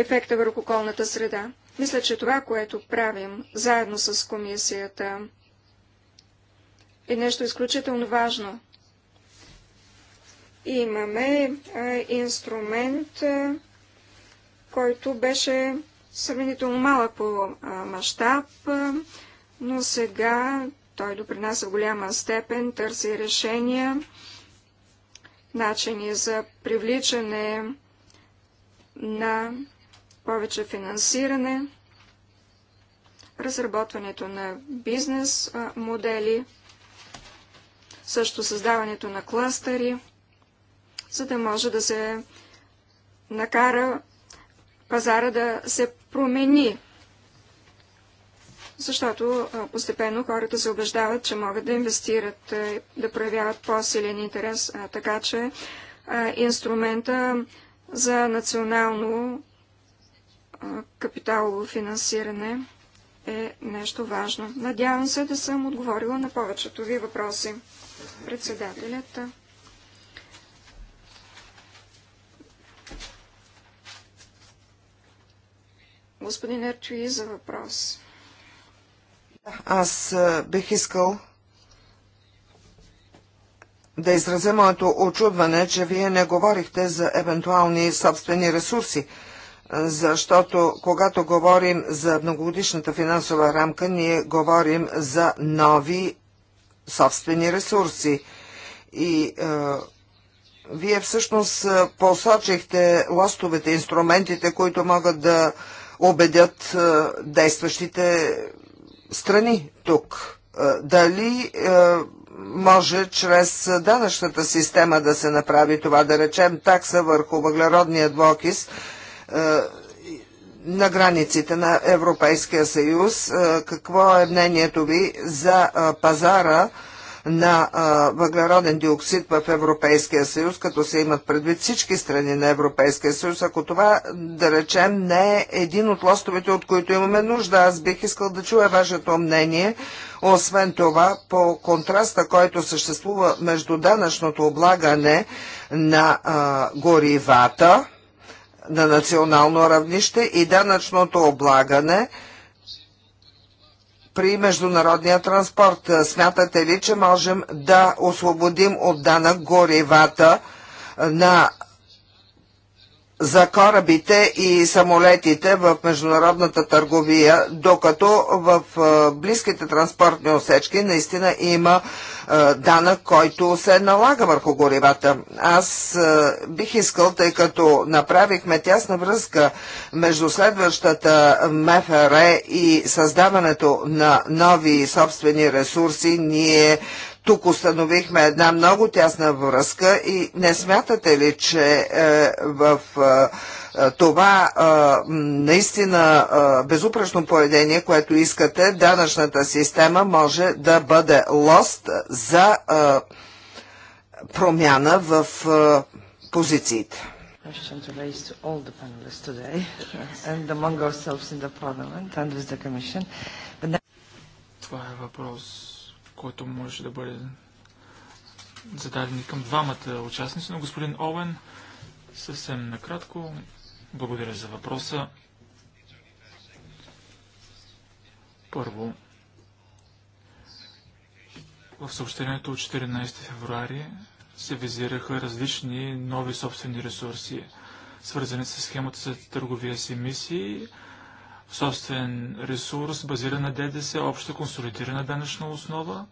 ефекта върху околната среда. Мисля, че това, което правим заедно с комисията, е нещо изключително важно. имаме а, инструмент, а, който беше сравнително малък по мащаб, но сега той допринася в голяма степен, търси решения, начини за привличане на повече финансиране, разработването на бизнес модели, също създаването на кластъри, за да може да се накара пазара да се промени, защото постепенно хората се убеждават, че могат да инвестират, да проявяват по-силен интерес, така че инструмента за национално капиталово финансиране е нещо важно. Надявам се да съм отговорила на повечето ви въпроси. Председателят. Господин Ерчуи за въпрос. Аз бих искал да изразя моето очудване, че вие не говорихте за евентуални собствени ресурси защото когато говорим за многогодишната финансова рамка, ние говорим за нови собствени ресурси. И е, вие всъщност е, посочихте лостовете, инструментите, които могат да убедят е, действащите страни тук. Е, дали е, може чрез данъчната система да се направи това, да речем такса върху въглеродния двокис, е, на границите на Европейския съюз. Е, какво е мнението ви за е, пазара на въглероден диоксид в Европейския съюз, като се имат предвид всички страни на Европейския съюз? Ако това, да речем, не е един от лостовете, от които имаме нужда, аз бих искал да чуя вашето мнение. Освен това, по контраста, който съществува между данъчното облагане на а, горивата, на национално равнище и данъчното облагане при международния транспорт. Смятате ли, че можем да освободим от данък горивата на за корабите и самолетите в международната търговия, докато в е, близките транспортни осечки наистина има е, данък, който се налага върху горивата. Аз е, бих искал, тъй като направихме тясна връзка между следващата МФР и създаването на нови собствени ресурси, ние тук установихме една много тясна връзка и не смятате ли, че е, в е, това е, наистина безупречно поведение, което искате, данъчната система може да бъде лост за промяна в позициите? Това е въпрос който може да бъде зададен към двамата участници, но господин Овен, съвсем накратко, благодаря за въпроса. Първо, в съобщението от 14 февруари се визираха различни нови собствени ресурси, свързани с схемата за търговия с емисии, собствен ресурс, базиран на ДДС, обща консолидирана данъчна основа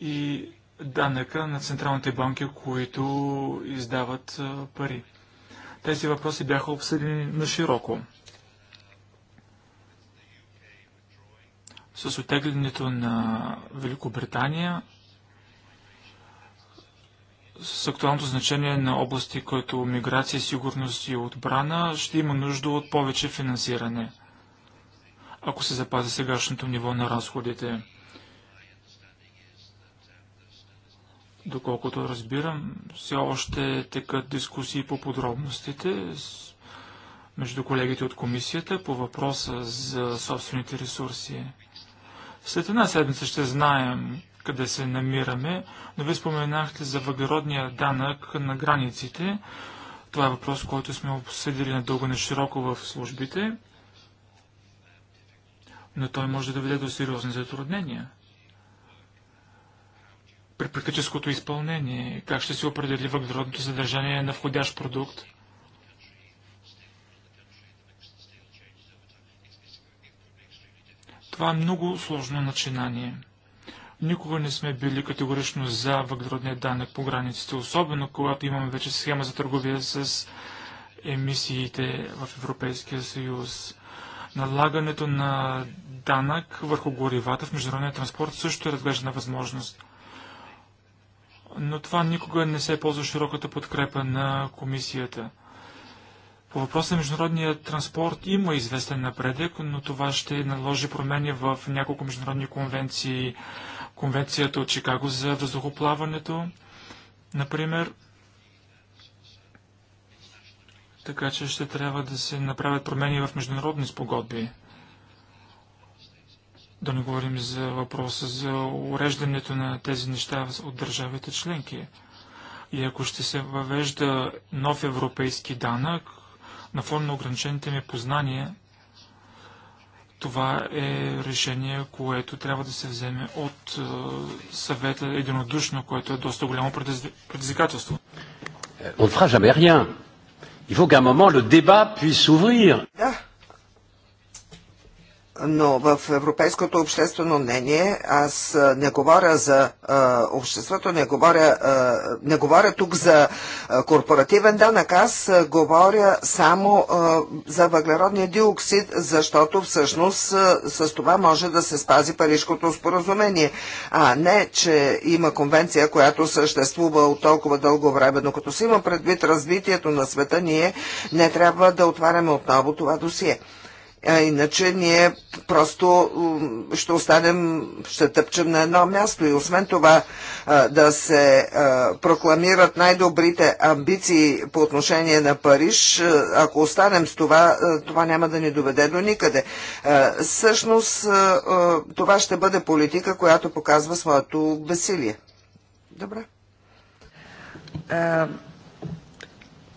и данъка на централните банки, които издават пари. Тези въпроси бяха обсъдени на широко. С отеглянето на Великобритания с актуалното значение на области като миграция, сигурност и отбрана, ще има нужда от повече финансиране, ако се запази сегашното ниво на разходите. Доколкото разбирам, все още текат дискусии по подробностите между колегите от комисията по въпроса за собствените ресурси. След една седмица ще знаем къде се намираме, но вие споменахте за въглеродния данък на границите. Това е въпрос, който сме обсъдили надълго на широко в службите, но той може да доведе до сериозни затруднения. При практическото изпълнение, как ще се определи въглеродното съдържание на входящ продукт? Това е много сложно начинание. Никога не сме били категорично за въглеродния данък по границите, особено когато имаме вече схема за търговия с емисиите в Европейския съюз. Налагането на данък върху горивата в международния транспорт също е разглеждана възможност. Но това никога не се е ползва широката подкрепа на комисията. По въпроса на международния транспорт има известен напредък, но това ще наложи промени в няколко международни конвенции конвенцията от Чикаго за въздухоплаването, например. Така че ще трябва да се направят промени в международни спогодби. Да не говорим за въпроса за уреждането на тези неща от държавите членки. И ако ще се въвежда нов европейски данък, на фон на ограничените ми познания, това е решение, което трябва да се вземе от е, съвета единодушно, което е доста голямо предизвикателство. Не ne fera jamais rien. Il faut qu'à un moment да се puisse но в европейското обществено мнение аз не говоря за а, обществото, не говоря, а, не говоря тук за корпоративен данък, аз говоря само а, за въглеродния диоксид, защото всъщност а, с това може да се спази Парижкото споразумение, а не, че има конвенция, която съществува от толкова дълго време, но като си има предвид развитието на света, ние не трябва да отваряме отново това досие. А иначе ние просто ще останем, ще тъпчем на едно място и освен това да се прокламират най-добрите амбиции по отношение на Париж, ако останем с това, това няма да ни доведе до никъде. Същност това ще бъде политика, която показва своето бесилие. Добре.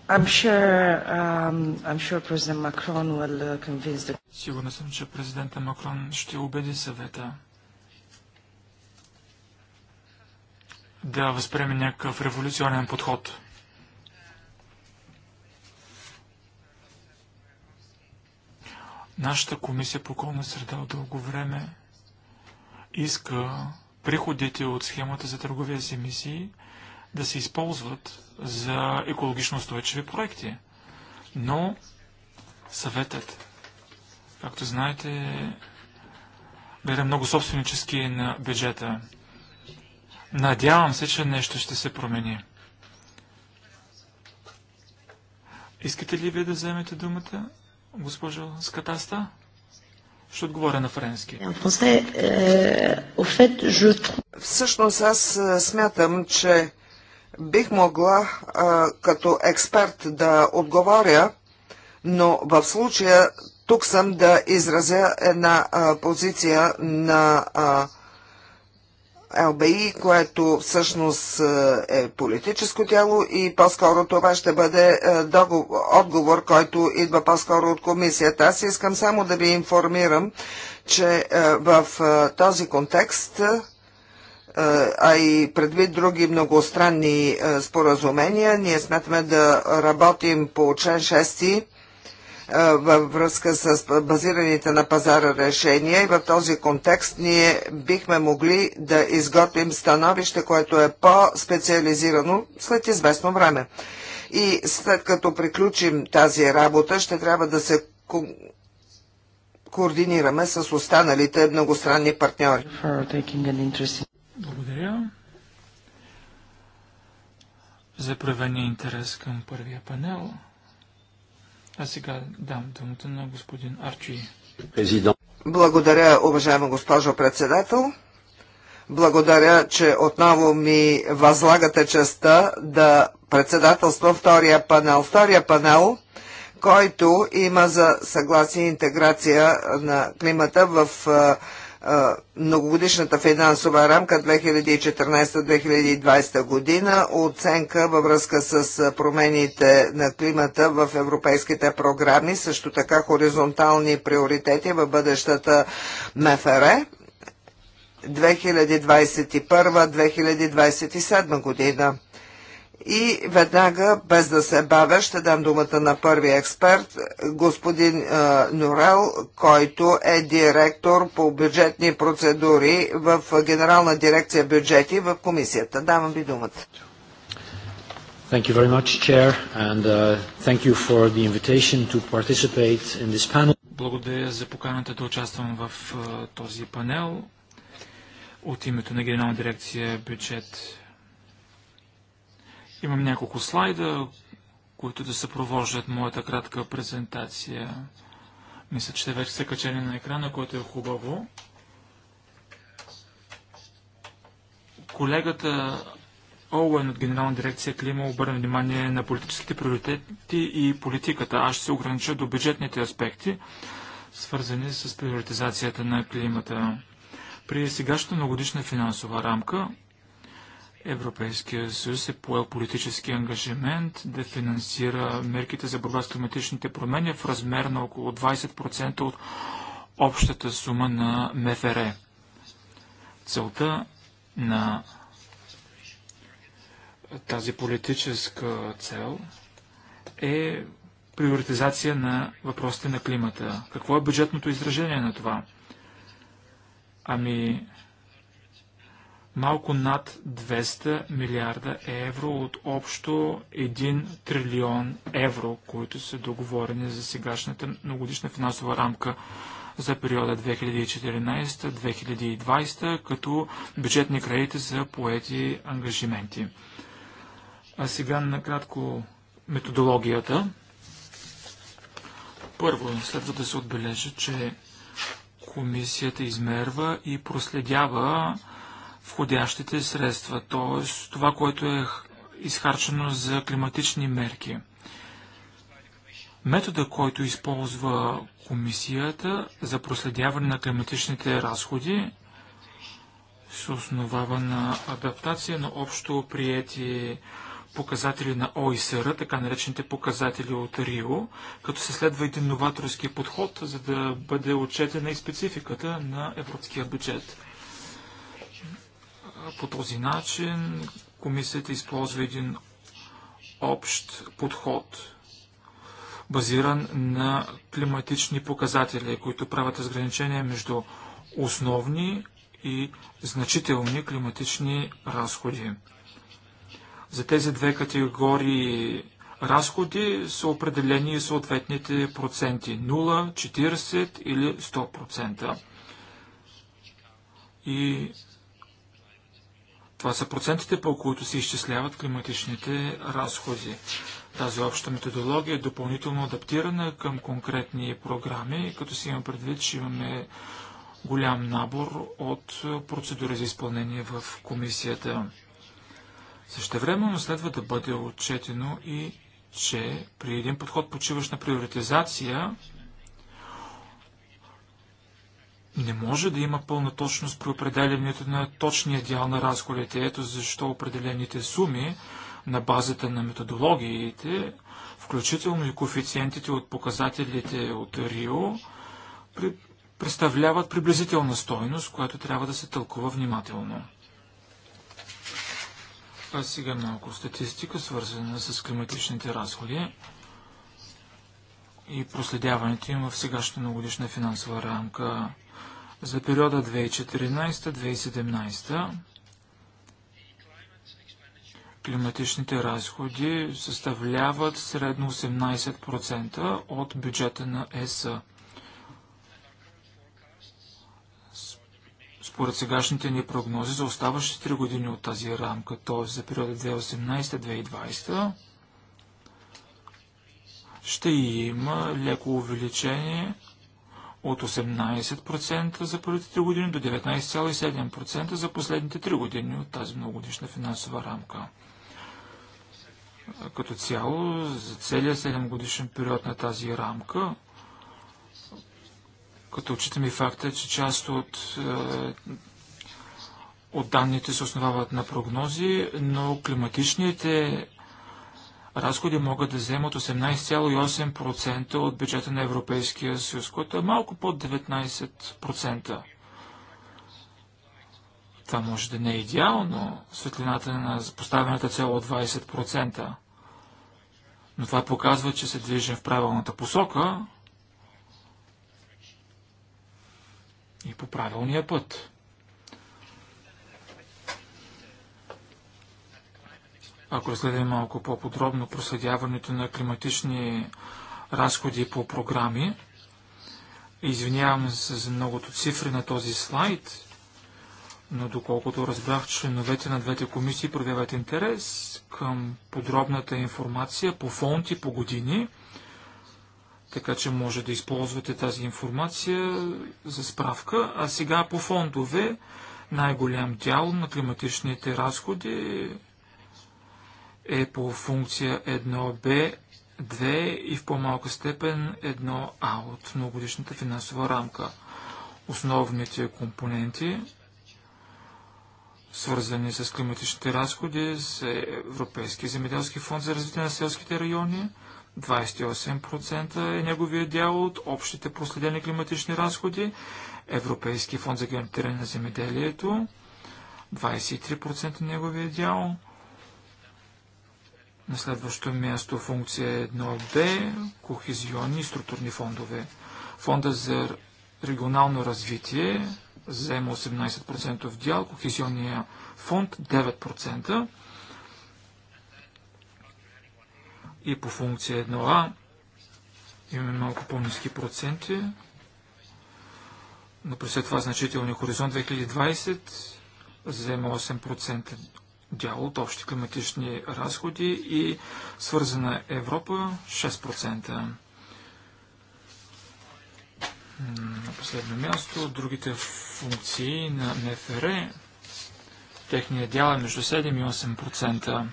Um, uh, Сигурна съм, че президента Макрон ще убеди съвета да възприеме някакъв революционен подход. Нашата комисия по околна среда от дълго време иска приходите от схемата за търговия с емисии да се използват за екологично устойчиви проекти. Но съветът, както знаете, гледа много собственически на бюджета. Надявам се, че нещо ще се промени. Искате ли вие да вземете думата, госпожо Скатаста? Ще отговоря на френски. Всъщност аз смятам, че бих могла а, като експерт да отговоря, но в случая тук съм да изразя една а, позиция на а, ЛБИ, което всъщност е политическо тяло и по-скоро това ще бъде договор, отговор, който идва по-скоро от комисията. Аз искам само да ви информирам, че в този контекст е, а и предвид други многостранни е, споразумения, ние сметаме да работим по член 6 е, във връзка с базираните на пазара решения и в този контекст ние бихме могли да изготвим становище, което е по-специализирано след известно време. И след като приключим тази работа, ще трябва да се ко координираме с останалите многостранни партньори. Благодаря за проявения интерес към първия панел. А сега дам думата на господин Арчи. Президент. Благодаря, уважаема госпожо председател. Благодаря, че отново ми възлагате честа да председателства втория панел. Втория панел, който има за съгласие интеграция на климата в многогодишната финансова рамка 2014-2020 година, оценка във връзка с промените на климата в европейските програми, също така хоризонтални приоритети в бъдещата МФР 2021-2027 година. И веднага, без да се бавя, ще дам думата на първи експерт, господин е, Норел, който е директор по бюджетни процедури в Генерална дирекция бюджети в комисията. Давам ви думата. Thank you very much, Chair, and uh, thank you for the invitation to participate in this panel. Благодаря за поканата да участвам в uh, този панел. От името на Генерална дирекция бюджет Имам няколко слайда, които да съпровождат моята кратка презентация. Мисля, че те вече са качени на екрана, което е хубаво. Колегата Оуен от Генерална дирекция Клима обърна внимание на политическите приоритети и политиката. Аз ще се огранича до бюджетните аспекти, свързани с приоритизацията на климата. При сегашната многодишна финансова рамка Европейския съюз е поел политически ангажимент да финансира мерките за борба с климатичните промени в размер на около 20% от общата сума на МФР. Целта на тази политическа цел е приоритизация на въпросите на климата. Какво е бюджетното изражение на това? Ами, малко над 200 милиарда евро от общо 1 трилион евро, които са договорени за сегашната многодишна финансова рамка за периода 2014-2020, като бюджетни кредити за поети ангажименти. А сега накратко методологията. Първо, следва да се отбележи, че комисията измерва и проследява входящите средства, т.е. това, което е изхарчено за климатични мерки. Метода, който използва комисията за проследяване на климатичните разходи, се основава на адаптация на общо приети показатели на ОИСР, така наречените показатели от Рио, като се следва един новаторски подход, за да бъде отчетена и спецификата на европейския бюджет. По този начин комисията използва един общ подход, базиран на климатични показатели, които правят разграничение между основни и значителни климатични разходи. За тези две категории разходи са определени съответните проценти 0, 40 или 100%. И това са процентите, по които се изчисляват климатичните разходи. Тази обща методология е допълнително адаптирана към конкретни програми, като си имам предвид, че имаме голям набор от процедури за изпълнение в комисията. Същевременно следва да бъде отчетено и че при един подход почиваш на приоритизация, не може да има пълна точност при определянето на точния дял на разходите. Ето защо определените суми на базата на методологиите, включително и коефициентите от показателите от Рио, представляват приблизителна стойност, която трябва да се тълкува внимателно. А сега малко статистика, свързана с климатичните разходи и проследяването им в сегашната многодишна финансова рамка за периода 2014-2017. Климатичните разходи съставляват средно 18% от бюджета на ЕС. Според сегашните ни прогнози за оставащите 3 години от тази рамка, т.е. за периода 2018-2020, ще има леко увеличение от 18% за първите 3 години до 19,7% за последните 3 години от тази многогодишна финансова рамка. Като цяло, за целия 7 годишен период на тази рамка, като отчитаме и факта, че част от, е, от данните се основават на прогнози, но климатичните разходи могат да вземат 18,8% от бюджета на Европейския съюз, което е малко под 19%. Това може да не е идеално, светлината на поставената цел от 20%. Но това показва, че се движим в правилната посока и по правилния път. Ако разгледаме малко по-подробно проследяването на климатични разходи по програми, извинявам се за многото цифри на този слайд, но доколкото разбрах, членовете на двете комисии проявяват интерес към подробната информация по фонти, по години, така че може да използвате тази информация за справка. А сега по фондове най-голям дял на климатичните разходи е по функция 1b, 2 и в по-малка степен 1а от многогодишната финансова рамка. Основните компоненти, свързани с климатичните разходи, с Европейския земеделски фонд за развитие на селските райони, 28% е неговия дял от общите проследени климатични разходи, Европейския фонд за гарантиране на земеделието, 23% е неговия дял, на следващо място функция 1Б – кохезионни и структурни фондове. Фонда за регионално развитие заема 18% дял, кохезионния фонд 9%. И по функция 1А имаме малко по-низки проценти, но при след това значителния хоризонт 2020 заема 8%, дял от общи климатични разходи и свързана Европа 6%. На последно място, другите функции на МФР, техният дял е между 7 и 8%.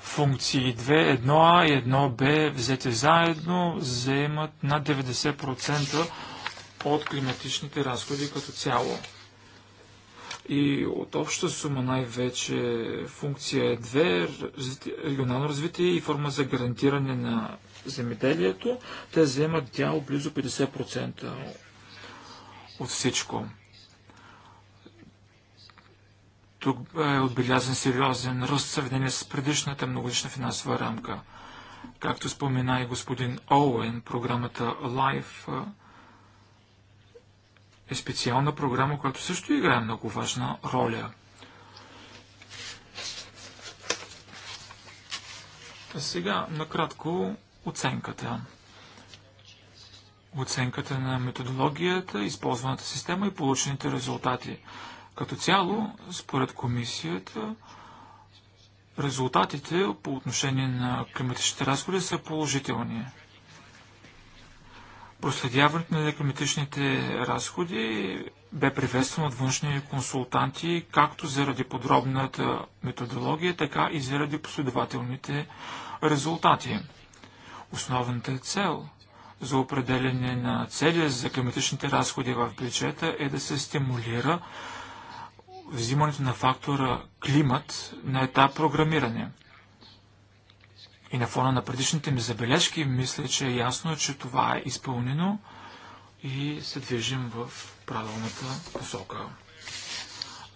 Функции 2, 1А и 1Б, взете заедно, заемат над 90% от климатичните разходи като цяло. И от обща сума най-вече функция е две, регионално развитие и форма за гарантиране на земеделието, те вземат дял близо 50% от всичко. Тук е отбелязан сериозен ръст в сравнение с предишната многолична финансова рамка. Както спомена и господин Оуен, програмата LIFE е специална програма, която също играе много важна роля. Сега, накратко, оценката. Оценката на методологията, използваната система и получените резултати. Като цяло, според комисията, резултатите по отношение на климатичните разходи са положителни. Проследяването на некометичните разходи бе приветствано от външни консултанти, както заради подробната методология, така и заради последователните резултати. Основната цел за определение на цели за климатичните разходи в бюджета е да се стимулира взимането на фактора климат на етап програмиране – и на фона на предишните ми забележки, мисля, че е ясно, че това е изпълнено и се движим в правилната посока.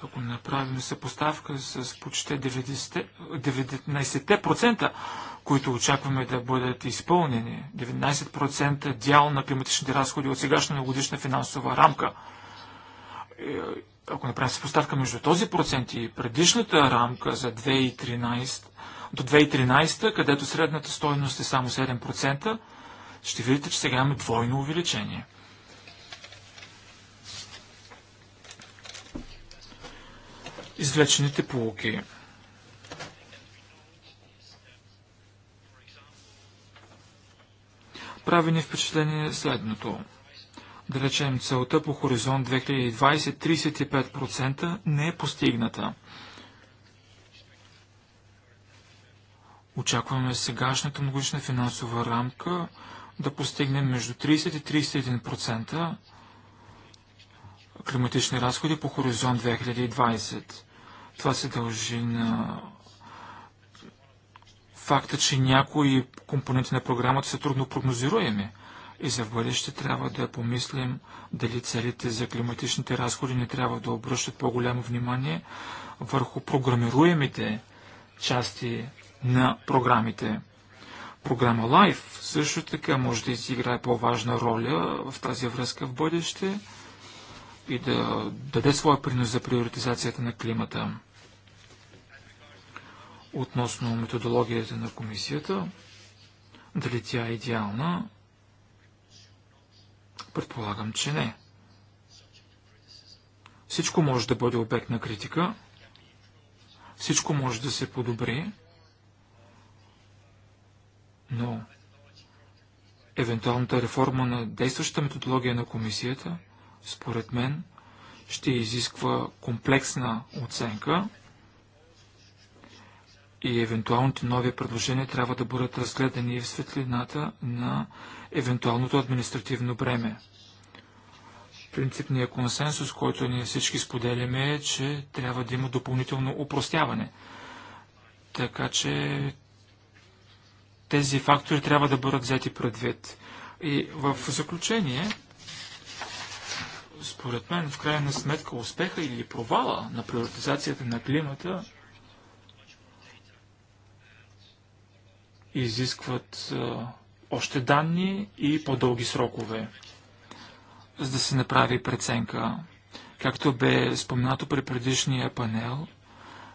Ако направим съпоставка с почти 19%, които очакваме да бъдат изпълнени, 19% дял на климатичните разходи от сегашна годишна финансова рамка, е, ако направим съпоставка между този процент и предишната рамка за 2013, до 2013, където средната стойност е само 7%, ще видите, че сега имаме двойно увеличение. Извлечените полуки. Прави ни впечатление следното. Да речем, целта по хоризонт 2020 35% не е постигната. Очакваме сегашната многогодишна финансова рамка да постигне между 30 и 31% климатични разходи по хоризонт 2020. Това се дължи на факта, че някои компоненти на програмата са трудно прогнозируеми и за в бъдеще трябва да помислим дали целите за климатичните разходи не трябва да обръщат по-голямо внимание върху програмируемите части на програмите. Програма LIFE също така може да изиграе по-важна роля в тази връзка в бъдеще и да даде своя принос за приоритизацията на климата. Относно методологията на комисията, дали тя е идеална, предполагам, че не. Всичко може да бъде обект на критика, всичко може да се подобри, но евентуалната реформа на действащата методология на комисията, според мен, ще изисква комплексна оценка и евентуалните нови предложения трябва да бъдат разгледани в светлината на евентуалното административно бреме. Принципният консенсус, който ние всички споделяме е, че трябва да има допълнително упростяване. Така че тези фактори трябва да бъдат взети предвид. И в заключение, според мен, в крайна сметка, успеха или провала на приоритизацията на климата изискват още данни и по-дълги срокове, за да се направи преценка. Както бе споменато при предишния панел,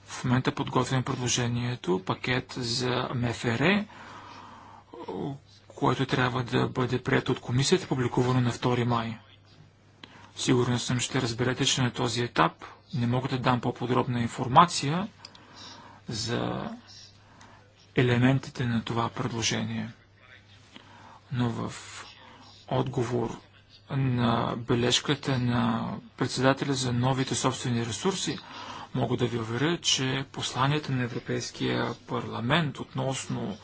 в момента подготвяме предложението, пакет за МФР, което трябва да бъде прието от комисията, публикувано на 2 май. Сигурен съм, ще разберете, че на този етап не мога да дам по-подробна информация за елементите на това предложение. Но в отговор на бележката на председателя за новите собствени ресурси, мога да ви уверя, че посланията на Европейския парламент относно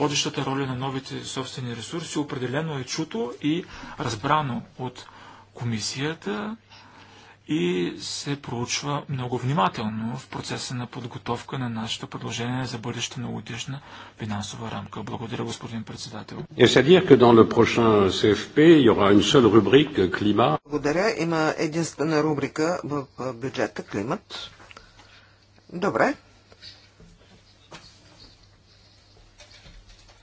водещата роля на новите собствени ресурси определено е чуто и разбрано от комисията и се проучва много внимателно в процеса на подготовка на нашето предложение за бъдеща многодишна финансова рамка. Благодаря, господин председател. Благодаря. Има единствена рубрика в бюджета климат. Добре.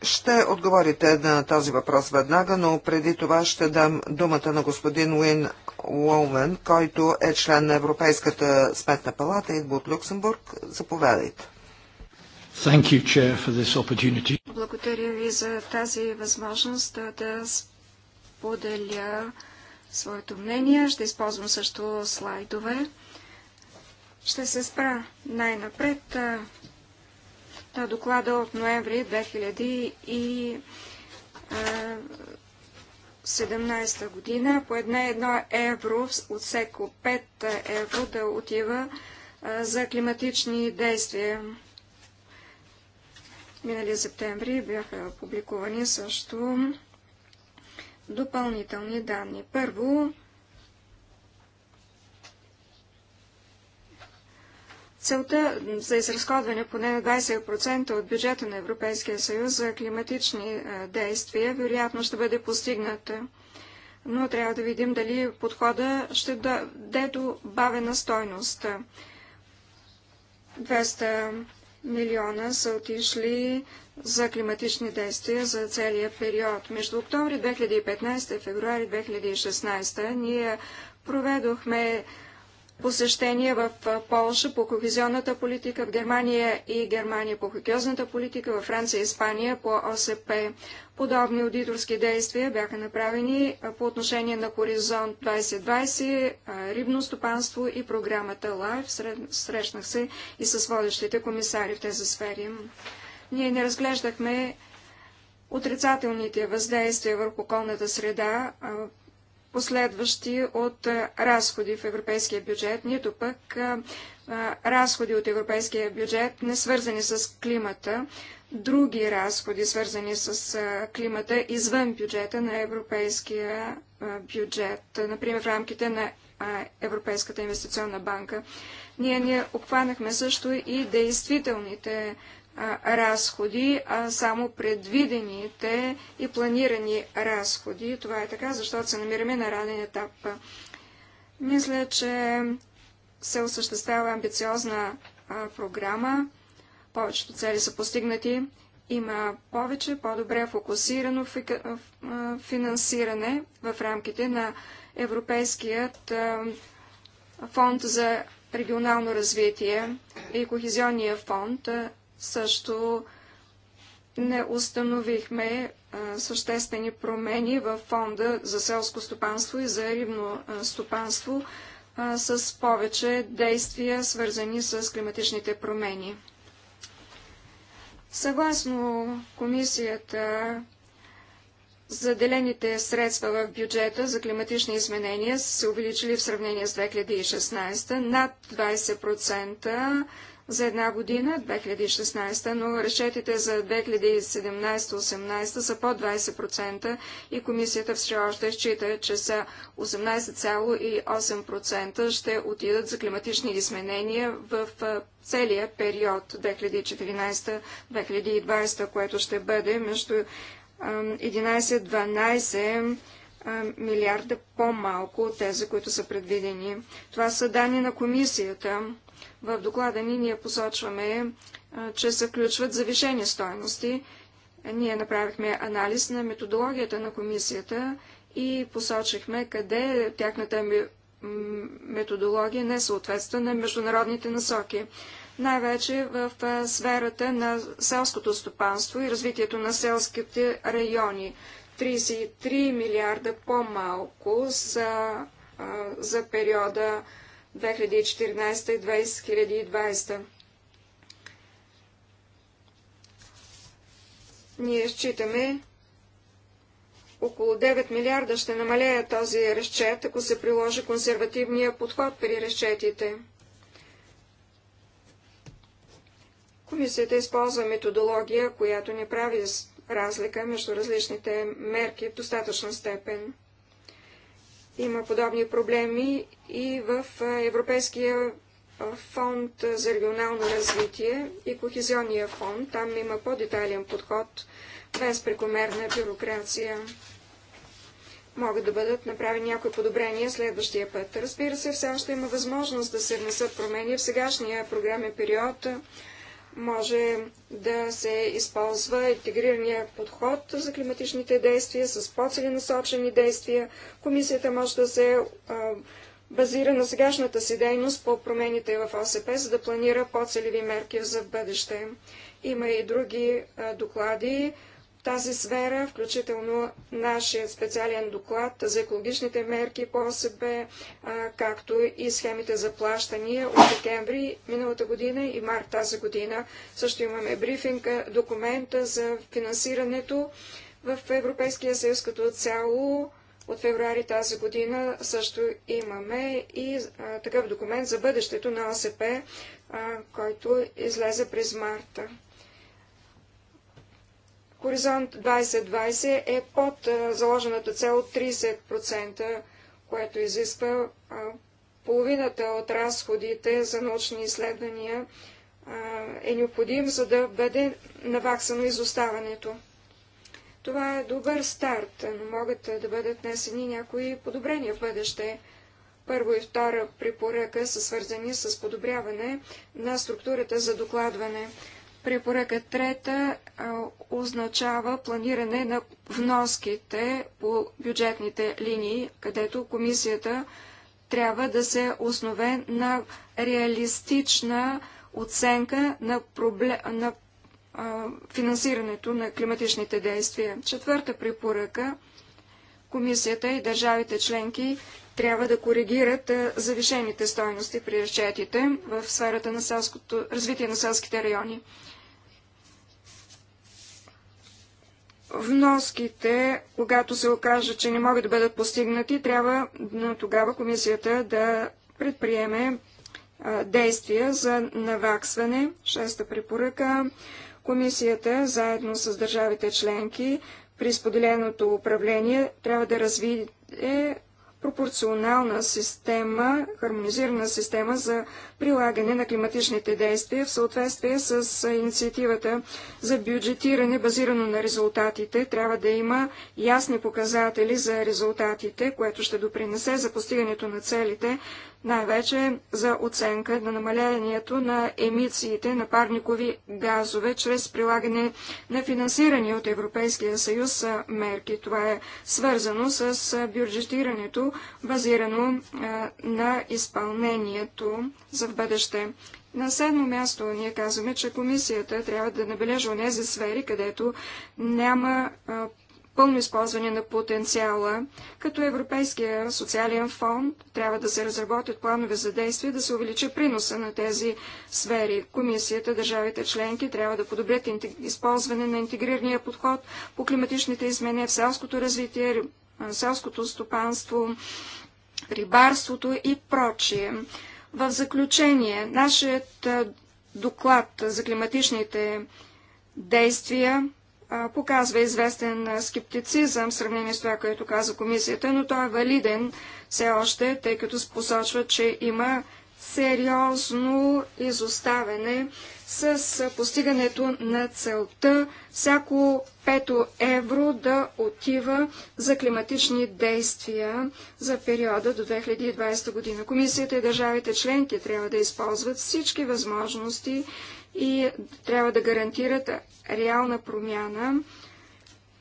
Ще отговорите на този въпрос веднага, но преди това ще дам думата на господин Уин Уолмен, който е член на Европейската сметна палата, и от Люксембург. Заповядайте. You, Chair, Благодаря ви за тази възможност да, да споделя своето мнение. Ще използвам също слайдове. Ще се спра най-напред на доклада от ноември 2017 година по една едно евро от всеко 5 евро да отива за климатични действия. Миналия септември бяха публикувани също допълнителни данни. Първо, Целта за изразходване поне на 20% от бюджета на Европейския съюз за климатични е, действия вероятно ще бъде постигната. Но трябва да видим дали подхода ще даде добавена стойност. 200 милиона са отишли за климатични действия за целия период. Между октомври 2015 и февруари 2016 ние проведохме посещения в Полша по кохезионната политика, в Германия и Германия по кохезионната политика, във Франция и Испания по ОСП. Подобни аудиторски действия бяха направени по отношение на Хоризонт 2020, рибно стопанство и програмата LIFE. Срещнах се и с водещите комисари в тези сфери. Ние не разглеждахме отрицателните въздействия върху околната среда последващи от разходи в европейския бюджет, нито пък разходи от европейския бюджет, не свързани с климата, други разходи, свързани с климата, извън бюджета на европейския бюджет, например в рамките на Европейската инвестиционна банка. Ние ни обхванахме също и действителните разходи, а само предвидените и планирани разходи. Това е така, защото се намираме на ранен етап. Мисля, че се осъществява амбициозна програма. Повечето цели са постигнати. Има повече, по-добре фокусирано финансиране в рамките на Европейският фонд за регионално развитие и Кохезионния фонд също не установихме а, съществени промени в фонда за селско стопанство и за рибно стопанство а, с повече действия, свързани с климатичните промени. Съгласно комисията, заделените средства в бюджета за климатични изменения са се увеличили в сравнение с 2016 над 20% за една година, 2016, но разчетите за 2017-2018 са по 20% и комисията все още счита, че са 18,8% ще отидат за климатични изменения в целия период 2014-2020, което ще бъде между 11-12 милиарда по-малко от тези, които са предвидени. Това са данни на комисията. В доклада ни ние посочваме, че се включват завишени стоености. Ние направихме анализ на методологията на комисията и посочихме къде тяхната методология не съответства на международните насоки. Най-вече в сферата на селското стопанство и развитието на селските райони. 33 милиарда по-малко са за периода 2014 и 2020. Ние считаме, около 9 милиарда ще намалее този разчет, ако се приложи консервативния подход при разчетите. Комисията използва методология, която не прави разлика между различните мерки в достатъчна степен. Има подобни проблеми и в Европейския фонд за регионално развитие и Кохезионния фонд. Там има по-детайлен подход, без прекомерна бюрокрация. Могат да бъдат направени някои подобрения следващия път. Разбира се, все още има възможност да се внесат промени в сегашния програмен период, може да се използва интегрирания подход за климатичните действия с по-целенасочени действия. Комисията може да се базира на сегашната си дейност по промените в ОСП, за да планира по-целеви мерки за бъдеще. Има и други доклади тази сфера, включително нашия специален доклад за екологичните мерки по ОСБ, както и схемите за плащания от декември миналата година и март тази година. Също имаме брифинг, документа за финансирането в Европейския съюз като цяло. От февруари тази година също имаме и а, такъв документ за бъдещето на ОСП, а, който излезе през марта. Хоризонт 2020 е под заложената цел 30%, което изисква половината от разходите за научни изследвания е необходим, за да бъде наваксано изоставането. Това е добър старт, но могат да бъдат внесени някои подобрения в бъдеще. Първо и втора препоръка са свързани с подобряване на структурата за докладване. Препоръка трета а, означава планиране на вноските по бюджетните линии, където комисията трябва да се основе на реалистична оценка на, проблем, на а, финансирането на климатичните действия. Четвърта препоръка комисията и държавите членки трябва да коригират завишените стойности при разчетите в сферата на селското, развитие на селските райони. вноските, когато се окаже, че не могат да бъдат постигнати, трябва на тогава комисията да предприеме а, действия за наваксване. Шеста препоръка. Комисията, заедно с държавите членки, при споделеното управление трябва да развие пропорционална система, хармонизирана система за прилагане на климатичните действия в съответствие с инициативата за бюджетиране, базирано на резултатите. Трябва да има ясни показатели за резултатите, което ще допринесе за постигането на целите най-вече за оценка на намалението на емисиите на парникови газове чрез прилагане на финансирани от Европейския съюз мерки. Това е свързано с бюджетирането, базирано на изпълнението за в бъдеще. На седмо място ние казваме, че комисията трябва да набележи онези сфери, където няма пълно използване на потенциала. Като Европейския социален фонд трябва да се разработят планове за действие, да се увеличи приноса на тези сфери. Комисията, държавите членки трябва да подобрят използване на интегрирания подход по климатичните изменения в селското развитие, селското стопанство, рибарството и прочие. В заключение, нашият доклад за климатичните действия показва известен скептицизъм в сравнение с това, което каза комисията, но той е валиден все още, тъй като посочва, че има сериозно изоставяне с постигането на целта всяко пето евро да отива за климатични действия за периода до 2020 година. Комисията и държавите членки трябва да използват всички възможности и трябва да гарантират реална промяна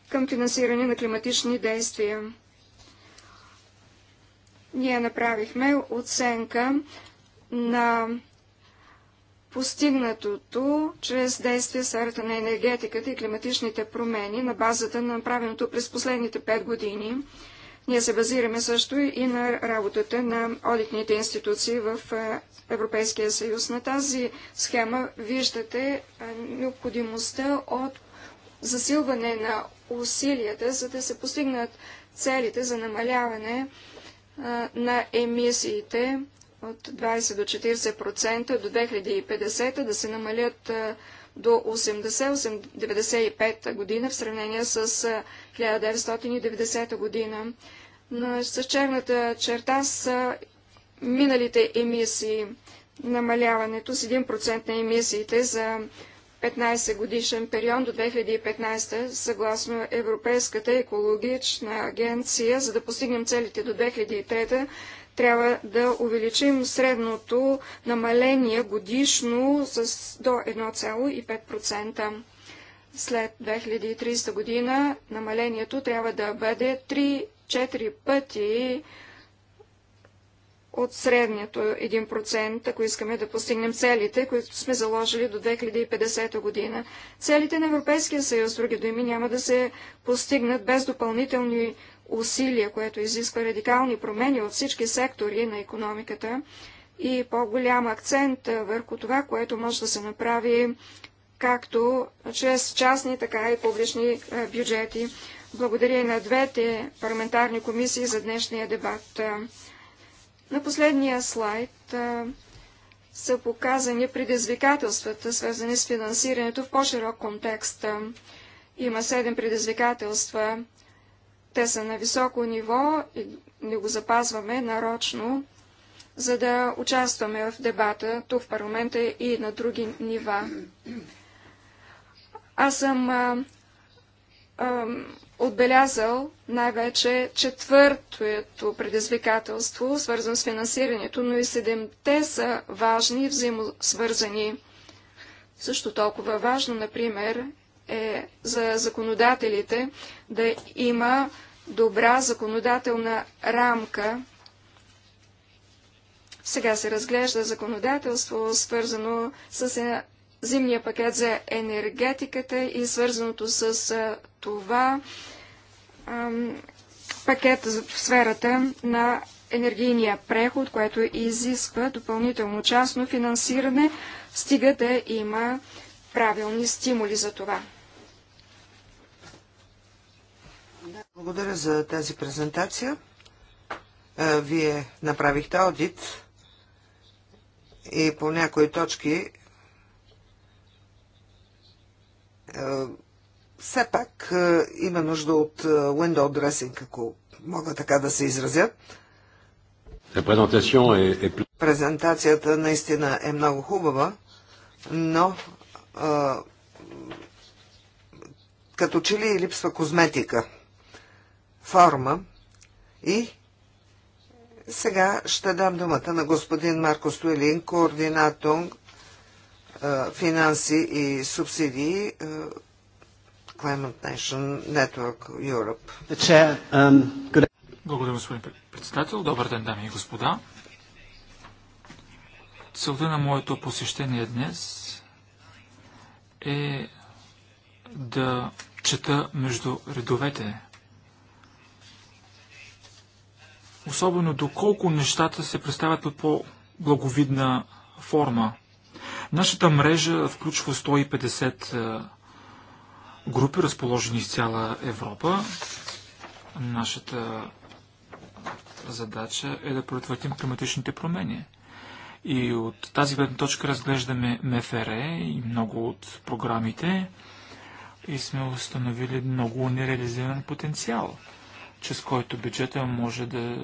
към финансиране на климатични действия. Ние направихме оценка на постигнатото чрез действие в сферата на енергетиката и климатичните промени на базата на направеното през последните 5 години. Ние се базираме също и на работата на одитните институции в Европейския съюз. На тази схема виждате необходимостта от засилване на усилията, за да се постигнат целите за намаляване на емисиите от 20 до 40% до 2050, да се намалят до 80-95 година в сравнение с 1990 година. Но с черната черта са миналите емисии, намаляването с 1% на емисиите за 15 годишен период до 2015, съгласно Европейската екологична агенция, за да постигнем целите до 2003, трябва да увеличим средното намаление годишно с до 1,5%. След 2030 година намалението трябва да бъде 3-4 пъти от средното 1%, ако искаме да постигнем целите, които сме заложили до 2050 година. Целите на Европейския съюз, други думи, няма да се постигнат без допълнителни усилия, което изисква радикални промени от всички сектори на економиката и по-голям акцент върху това, което може да се направи както чрез частни, така и публични бюджети. Благодаря и на двете парламентарни комисии за днешния дебат. На последния слайд а, са показани предизвикателствата, свързани с финансирането в по-широк контекст. Има седем предизвикателства. Те са на високо ниво и не го запазваме нарочно, за да участваме в дебата тук в парламента и на други нива. Аз съм а, а, отбелязал най-вече четвъртото предизвикателство, свързано с финансирането, но и седемте са важни и взаимосвързани. Също толкова важно, например, е за законодателите да има добра законодателна рамка. Сега се разглежда законодателство, свързано с е, зимния пакет за енергетиката и свързаното с това пакет в сферата на енергийния преход, което изисква допълнително частно финансиране, стига да има правилни стимули за това. Благодаря за тази презентация. Вие направихте аудит и по някои точки е, все пак е, има нужда от е, window dressing, ако мога така да се изразя. Презентацията наистина е много хубава, но като че ли липсва козметика, форма и сега ще дам думата на господин Марко Стоилин, координатор финанси и субсидии Climate Nation Network Europe. Um, Благодаря, господин председател. Добър ден, дами и господа. Целта на моето посещение днес е да чета между редовете. Особено доколко нещата се представят по благовидна форма. Нашата мрежа включва 150 е, групи, разположени из цяла Европа. Нашата задача е да предотвратим климатичните промени. И от тази гледна точка разглеждаме МФР и много от програмите и сме установили много нереализиран потенциал, чрез който бюджета може да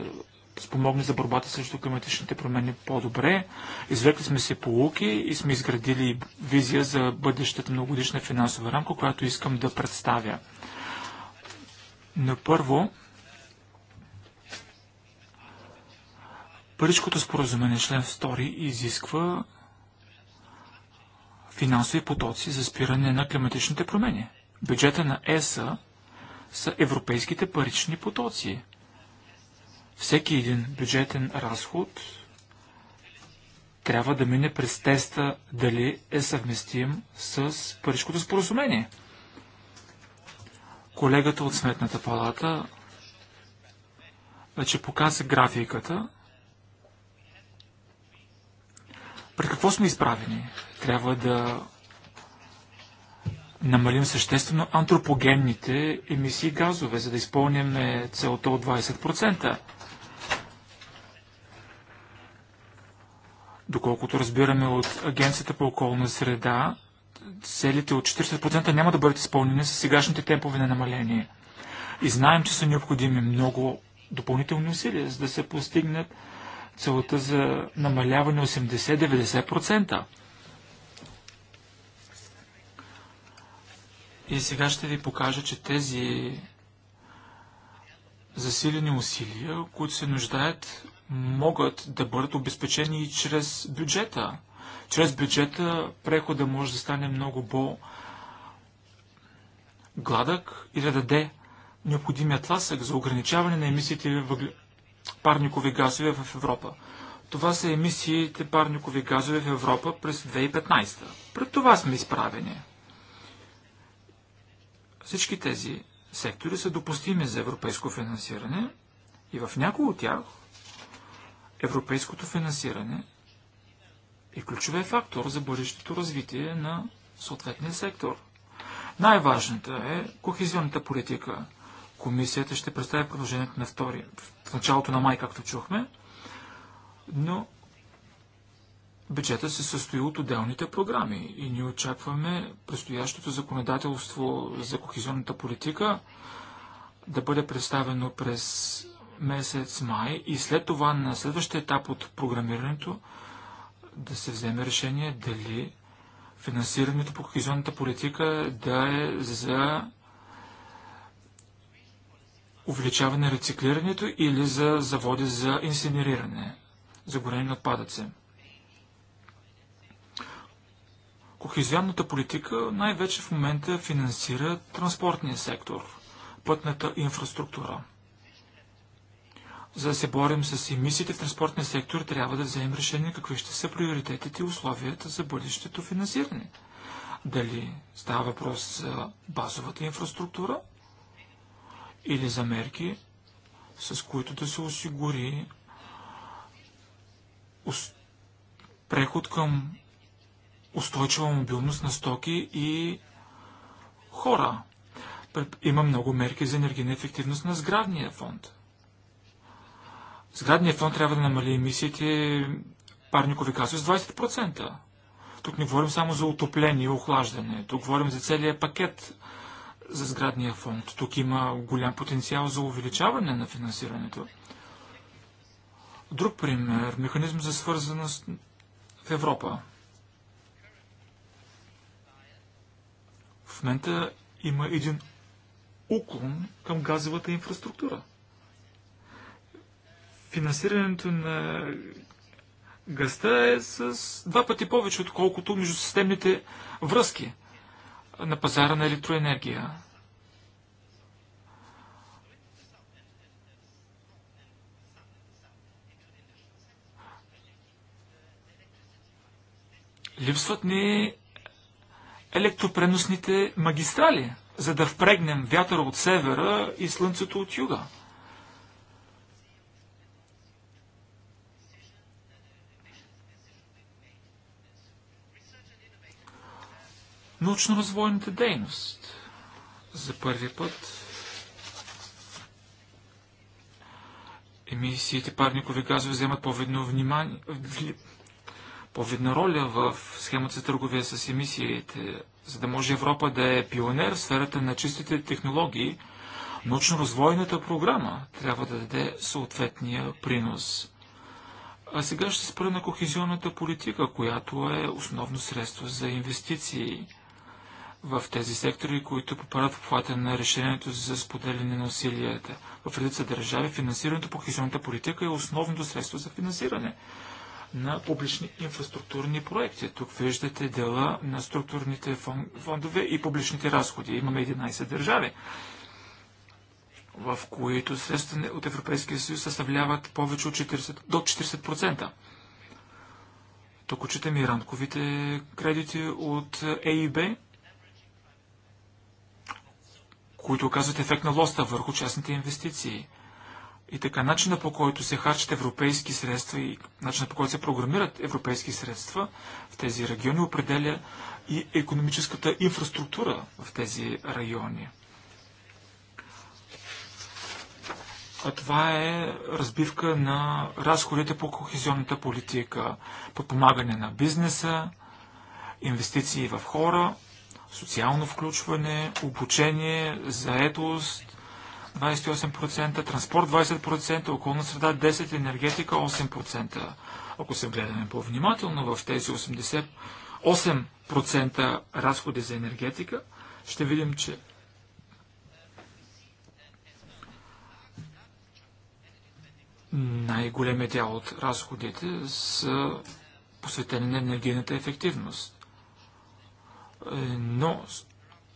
спомогне за борбата срещу климатичните промени по-добре. Извлекли сме се полуки и сме изградили визия за бъдещата многогодишна финансова рамка, която искам да представя. На първо, Парижкото споразумение, член 2, изисква финансови потоци за спиране на климатичните промени. Бюджета на ЕСА са европейските парични потоци – всеки един бюджетен разход трябва да мине през теста дали е съвместим с паришкото споразумение. Колегата от Сметната палата вече показа графиката. Пред какво сме изправени? Трябва да намалим съществено антропогенните емисии газове, за да изпълним целта от 20%. Доколкото разбираме от Агенцията по околна среда, целите от 40% няма да бъдат изпълнени с сегашните темпове на намаление. И знаем, че са необходими много допълнителни усилия, за да се постигнат целта за намаляване 80-90%. И сега ще ви покажа, че тези засилени усилия, които се нуждаят могат да бъдат обезпечени и чрез бюджета. Чрез бюджета прехода може да стане много по-гладък и да даде необходимия тласък за ограничаване на емисиите въгле... парникови газове в Европа. Това са емисиите парникови газове в Европа през 2015. Пред това сме изправени. Всички тези сектори са допустими за европейско финансиране и в някои от тях Европейското финансиране е ключовия фактор за бъдещето развитие на съответния сектор. Най-важната е кохезионната политика. Комисията ще представи предложението на втори, в началото на май, както чухме, но бюджета се състои от отделните програми и ние очакваме предстоящото законодателство за кохезионната политика да бъде представено през месец май и след това на следващия етап от програмирането да се вземе решение дали финансирането по кохезионната политика да е за увеличаване на рециклирането или за заводи за инсинериране, за горение на отпадъци. Кохезионната политика най-вече в момента финансира транспортния сектор, пътната инфраструктура. За да се борим с емисиите в транспортния сектор, трябва да вземем решение какви ще са приоритетите и условията за бъдещето финансиране. Дали става въпрос за базовата инфраструктура или за мерки, с които да се осигури преход към устойчива мобилност на стоки и хора. Има много мерки за енергийна ефективност на сградния фонд. Сградният фонд трябва да намали емисиите парникови газове с 20%. Тук не говорим само за отопление и охлаждане. Тук говорим за целият пакет за сградния фонд. Тук има голям потенциал за увеличаване на финансирането. Друг пример – Механизм за свързаност в Европа. В момента има един уклон към газовата инфраструктура финансирането на гъста е с два пъти повече, отколкото между системните връзки на пазара на електроенергия. Липсват ни електропреносните магистрали, за да впрегнем вятъра от севера и слънцето от юга. Научно-развойната дейност. За първи път емисиите парникови газове вземат по-видно внимание, поведна роля в схемата за търговия с емисиите, за да може Европа да е пионер в сферата на чистите технологии, научно-развойната програма трябва да даде съответния принос. А сега ще спра на кохезионната политика, която е основно средство за инвестиции – в тези сектори, които попадат в обхвата на решението за споделяне на усилията. В редица държави финансирането по хизионната политика е основното средство за финансиране на публични инфраструктурни проекти. Тук виждате дела на структурните фондове и публичните разходи. Имаме 11 държави, в които средства от Европейския съюз съставляват повече от 40, до 40%. Тук отчитаме и ранковите кредити от ЕИБ, които оказват ефект на лоста върху частните инвестиции. И така, начина по който се харчат европейски средства и начина по който се програмират европейски средства в тези региони определя и економическата инфраструктура в тези райони. А това е разбивка на разходите по кохезионната политика, подпомагане на бизнеса, инвестиции в хора, социално включване, обучение, заетост 28%, транспорт 20%, околна среда 10%, енергетика 8%. Ако се гледаме по-внимателно в тези 88% 8% разходи за енергетика, ще видим, че най-големият дял от разходите са посветени на енергийната ефективност но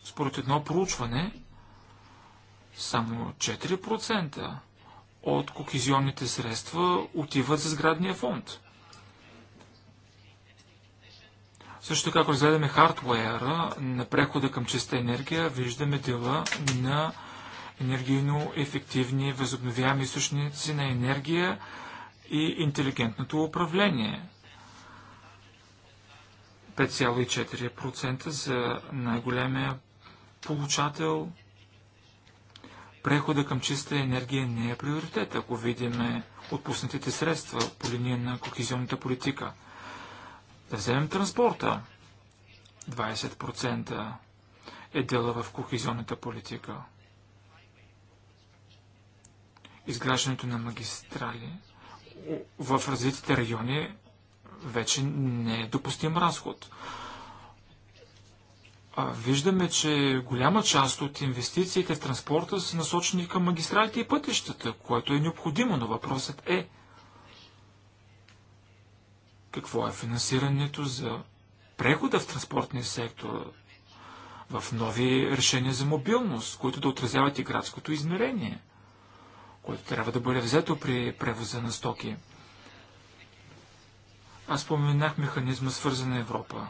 според едно проучване само 4% от кохезионните средства отиват за сградния фонд. Също така, ако разгледаме хардуера на прехода към чиста енергия, виждаме дела на енергийно ефективни възобновяеми източници на енергия и интелигентното управление – 5,4% за най-големия получател. Прехода към чиста енергия не е приоритет, ако видим отпуснатите средства по линия на кохезионната политика. Да вземем транспорта. 20% е дела в кохезионната политика. Изграждането на магистрали в развитите райони вече не е допустим разход. Виждаме, че голяма част от инвестициите в транспорта са насочени към магистралите и пътищата, което е необходимо, но въпросът е какво е финансирането за прехода в транспортния сектор, в нови решения за мобилност, които да отразяват и градското измерение, което трябва да бъде взето при превоза на стоки. Аз споменах механизма свързана Европа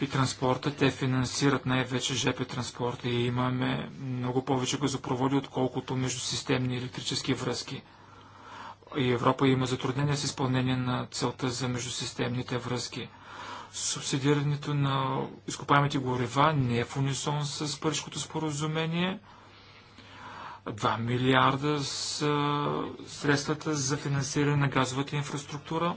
и транспорта. Те финансират най-вече ЖП транспорта и имаме много повече газопроводи, отколкото междусистемни електрически връзки. И Европа има затруднения с изпълнение на целта за междусистемните връзки. Субсидирането на изкопаемите горива не е в унисон с Парижското споразумение – 2 милиарда с средствата за финансиране на газовата инфраструктура.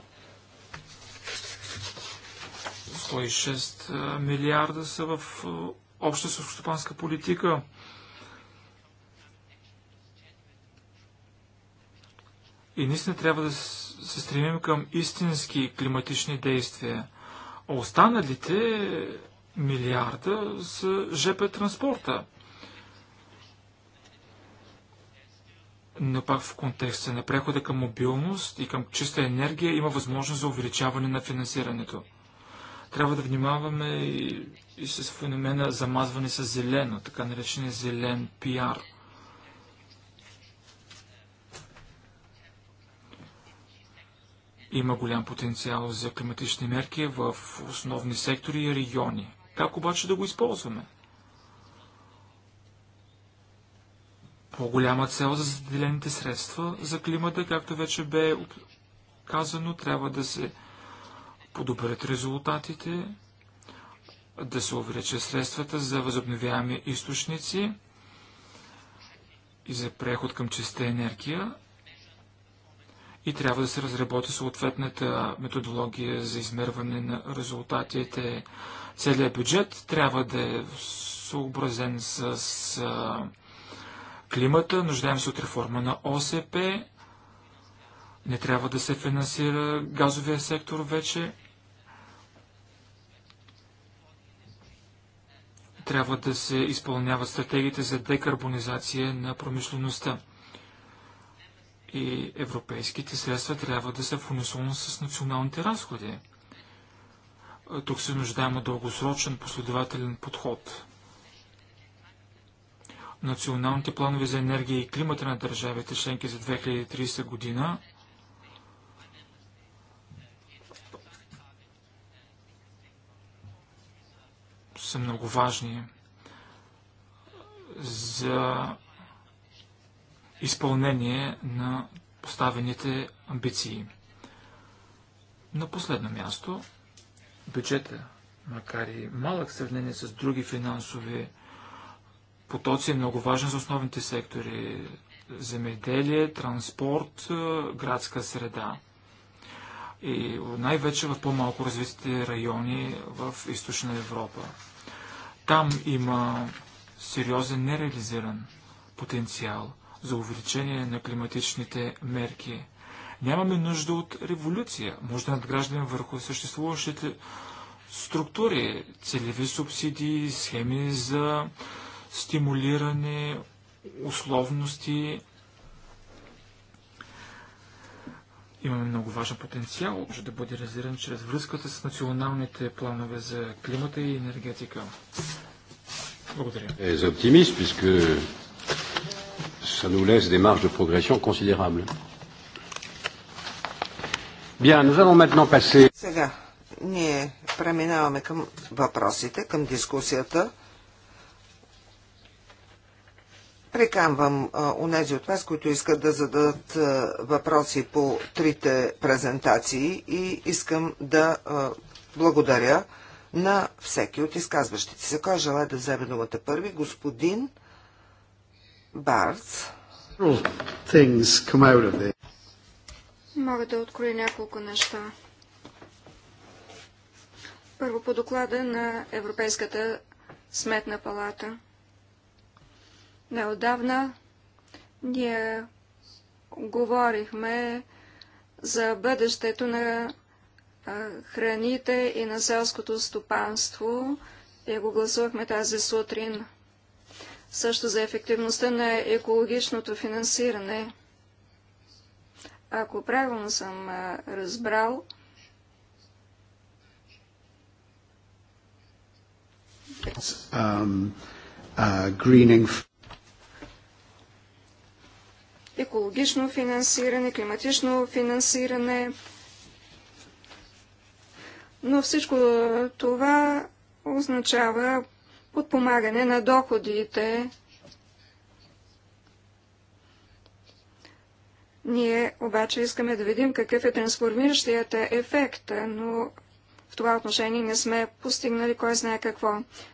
106 милиарда са в обща съобщопанска политика. И наистина трябва да се стремим към истински климатични действия. А останалите милиарда са ЖП транспорта – но пак в контекста на прехода към мобилност и към чиста енергия има възможност за увеличаване на финансирането. Трябва да внимаваме и, и с феномена замазване с зелено, така наречения зелен пиар. Има голям потенциал за климатични мерки в основни сектори и региони. Как обаче да го използваме? По-голяма цел за заделените средства за климата, както вече бе казано, трябва да се подобрят резултатите, да се увеличат средствата за възобновяеми източници и за преход към чиста енергия и трябва да се разработи съответната методология за измерване на резултатите. Целият бюджет трябва да е съобразен с климата, нуждаем се от реформа на ОСП, не трябва да се финансира газовия сектор вече. Трябва да се изпълняват стратегиите за декарбонизация на промишлеността. И европейските средства трябва да са в с националните разходи. Тук се нуждаем от дългосрочен последователен подход националните планове за енергия и климата на държавите членки за 2030 година, са много важни за изпълнение на поставените амбиции. На последно място, бюджета, макар и малък в сравнение с други финансови потоци е много важен за основните сектори земеделие, транспорт, е, градска среда. И най-вече в по-малко развитите райони в източна Европа. Там има сериозен нереализиран потенциал за увеличение на климатичните мерки. Нямаме нужда от революция. Може да надграждаме върху съществуващите структури, целеви субсидии, схеми за стимулиране, условности. Имаме много важен потенциал, може да бъде реализиран чрез връзката с националните планове за климата и енергетика. Благодаря. Les е, оптимист, puisque ça nous laisse des marges de progression considérables. Bien, nous allons maintenant passer... Сега, ние преминаваме към въпросите, към дискусията. Приканвам онези от вас, които искат да зададат въпроси по трите презентации и искам да благодаря на всеки от изказващите се. Кой желая да вземе думата първи? Господин Барц. Мога да откроя няколко неща. Първо по доклада на Европейската сметна палата – Неодавна ние говорихме за бъдещето на храните и на селското стопанство и го гласувахме тази сутрин. Също за ефективността на екологичното финансиране. Ако правилно съм разбрал, um, uh, greening екологично финансиране, климатично финансиране. Но всичко това означава подпомагане на доходите. Ние обаче искаме да видим какъв е трансформиращият ефект, но в това отношение не сме постигнали кой знае какво.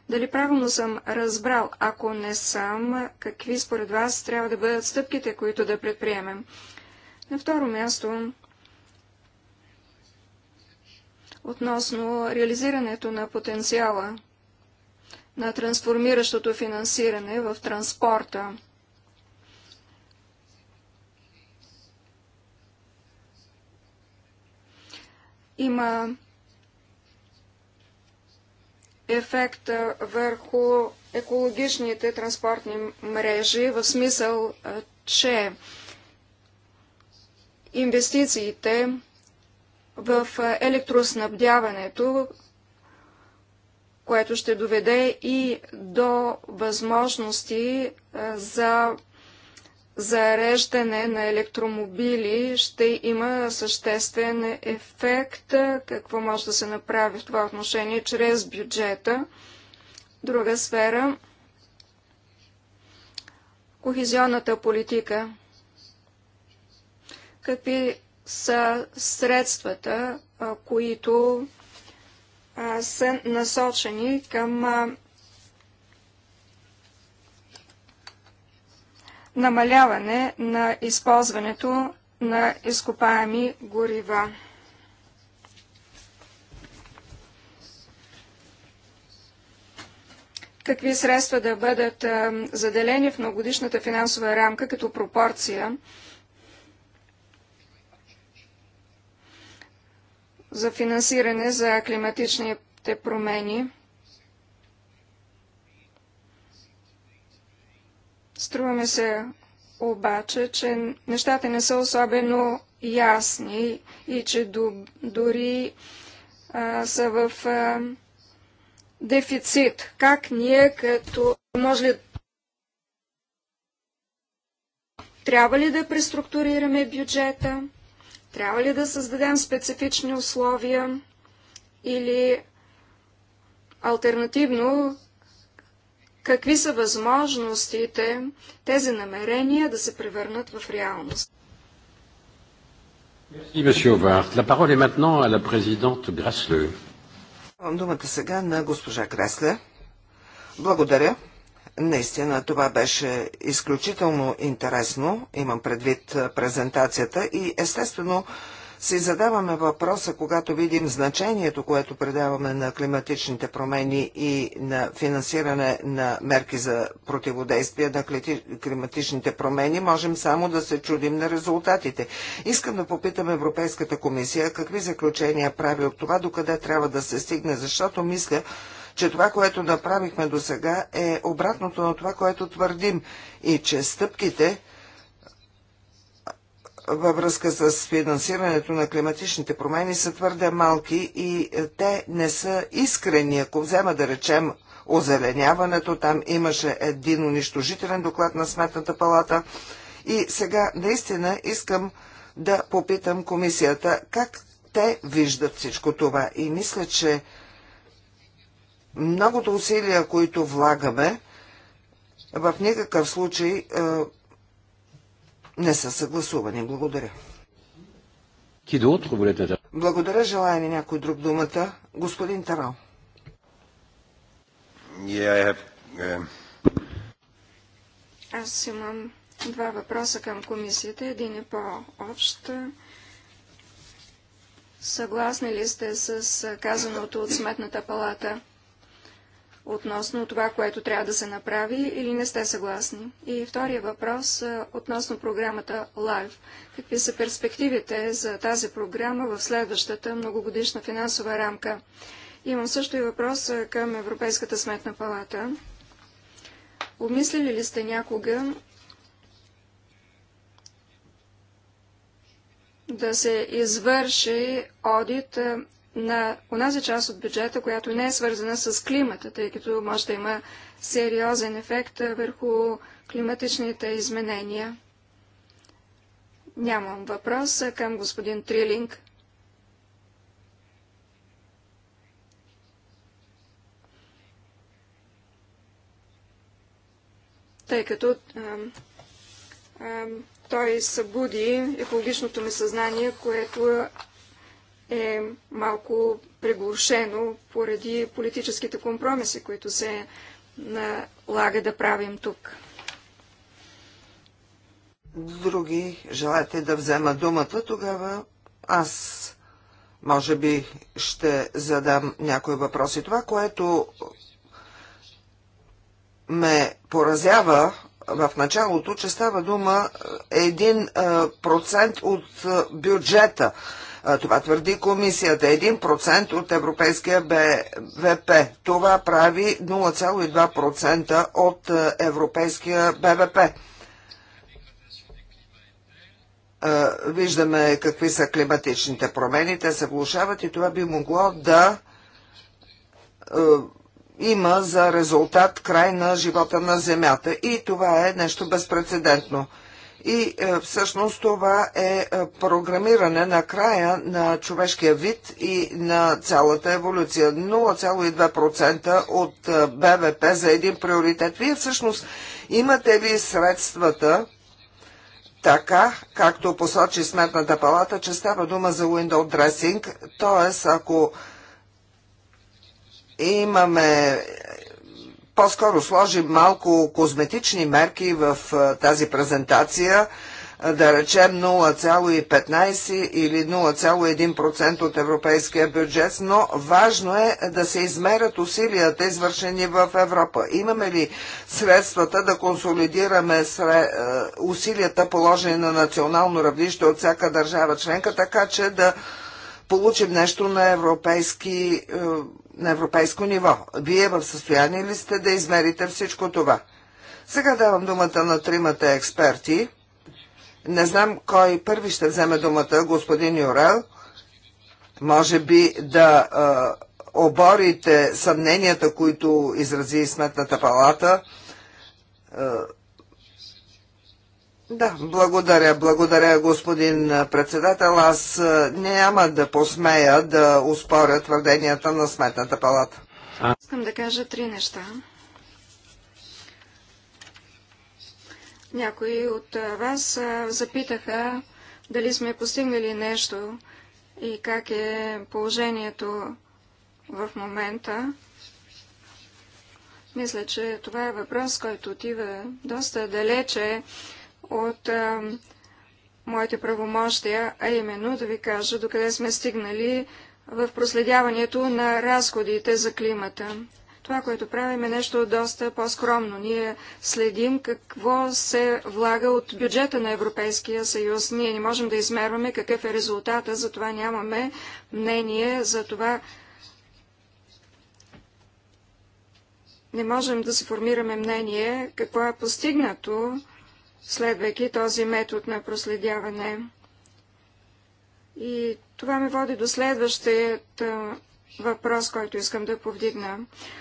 Дали правилно съм разбрал, ако не съм, какви според вас трябва да бъдат стъпките, които да предприемем? На второ място, относно реализирането на потенциала на трансформиращото финансиране в транспорта. Има Ефекта върху екологичните транспортни мрежи, в смисъл, че инвестициите в електроснабдяването, което ще доведе и до възможности за зареждане на електромобили ще има съществен ефект. Какво може да се направи в това отношение чрез бюджета? Друга сфера – Кохизионната политика. Какви са средствата, които са насочени към намаляване на използването на изкопаеми горива. Какви средства да бъдат заделени в многогодишната финансова рамка като пропорция за финансиране за климатичните промени – Струва ми се обаче, че нещата не са особено ясни и че дори а, са в а, дефицит. Как ние като може ли трябва ли да преструктурираме бюджета? Трябва ли да създадем специфични условия? Или альтернативно какви са възможностите тези намерения да се превърнат в реалност. Давам думата сега на госпожа Кресле. Благодаря. Наистина това беше изключително интересно, имам предвид презентацията и естествено си задаваме въпроса, когато видим значението, което предаваме на климатичните промени и на финансиране на мерки за противодействие на климатичните промени, можем само да се чудим на резултатите. Искам да попитам Европейската комисия какви заключения прави от това, докъде трябва да се стигне, защото мисля, че това, което направихме до сега е обратното на това, което твърдим и че стъпките, във връзка с финансирането на климатичните промени са твърде малки и е, те не са искрени. Ако взема да речем озеленяването, там имаше един унищожителен доклад на Сметната палата. И сега наистина искам да попитам комисията как те виждат всичко това. И мисля, че многото усилия, които влагаме, в никакъв случай е, не са съгласувани. Благодаря. Благодаря. Желая ли някой друг думата? Господин Тарал. Um, Аз имам два въпроса към комисията. Един е по-общ. Съгласни ли сте с казаното от Сметната палата? относно това, което трябва да се направи или не сте съгласни? И втория въпрос относно програмата LIFE. Какви са перспективите за тази програма в следващата многогодишна финансова рамка? Имам също и въпрос към Европейската сметна палата. Обмислили ли сте някога да се извърши одит на онази част от бюджета, която не е свързана с климата, тъй като може да има сериозен ефект върху климатичните изменения. Нямам въпрос към господин Трилинг. Тъй като ам, ам, той събуди екологичното ми съзнание, което е малко приглушено поради политическите компромиси, които се налага да правим тук. Други желаете да взема думата, тогава аз може би ще задам някои въпроси. Това, което ме поразява в началото, че става дума е, един е, процент от е, бюджета. Това твърди комисията. 1% от европейския БВП. Това прави 0,2% от европейския БВП. Виждаме какви са климатичните промени. Те се влушават и това би могло да има за резултат край на живота на Земята. И това е нещо безпредседентно. И е, всъщност това е, е програмиране на края на човешкия вид и на цялата еволюция. 0,2% от е, БВП за един приоритет. Вие всъщност имате ли средствата така, както посочи Сметната палата, че става дума за window dressing, т.е. ако имаме по-скоро сложим малко козметични мерки в тази презентация, да речем 0,15 или 0,1% от европейския бюджет, но важно е да се измерят усилията, извършени в Европа. Имаме ли средствата да консолидираме усилията, положени на национално равнище от всяка държава членка, така че да получим нещо на европейски на европейско ниво. Вие в състояние ли сте да измерите всичко това? Сега давам думата на тримата експерти. Не знам кой първи ще вземе думата, господин Юрел. Може би да а, оборите съмненията, които изрази Сметната палата. Да, благодаря, благодаря господин председател. Аз е, няма да посмея да успоря твърденията на Сметната палата. Искам да кажа три неща. Някои от е, вас е, запитаха дали сме постигнали нещо и как е положението в момента. Мисля, че това е въпрос, който отива доста далече от а, моите правомощия, а именно да ви кажа докъде сме стигнали в проследяването на разходите за климата. Това, което правим е нещо доста по-скромно. Ние следим какво се влага от бюджета на Европейския съюз. Ние не можем да измерваме какъв е резултата, затова нямаме мнение за това. Не можем да се формираме мнение какво е постигнато следвайки този метод на проследяване. И това ме води до следващият въпрос, който искам да повдигна.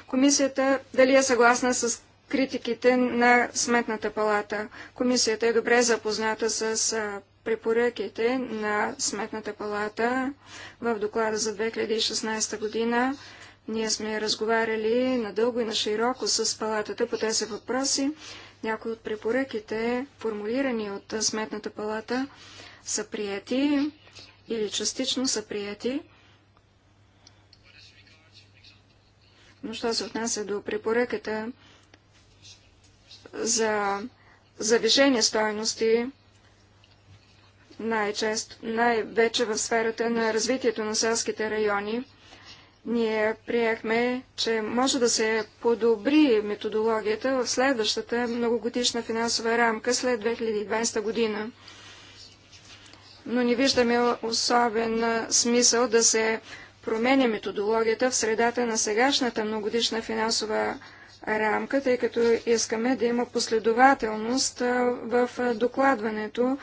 Комисията дали е съгласна с критиките на Сметната палата? Комисията е добре запозната с препоръките на Сметната палата в доклада за 2016 година. Ние сме разговаряли надълго и на широко с палатата по тези въпроси. Някои от препоръките, формулирани от Сметната палата, са прияти или частично са прияти. Но що се отнася до препоръката за завишени стоености, най-често, най-вече в сферата на развитието на селските райони, ние приехме, че може да се подобри методологията в следващата многогодишна финансова рамка след 2020 година. Но не виждаме особен смисъл да се променя методологията в средата на сегашната многодишна финансова рамка, тъй като искаме да има последователност в докладването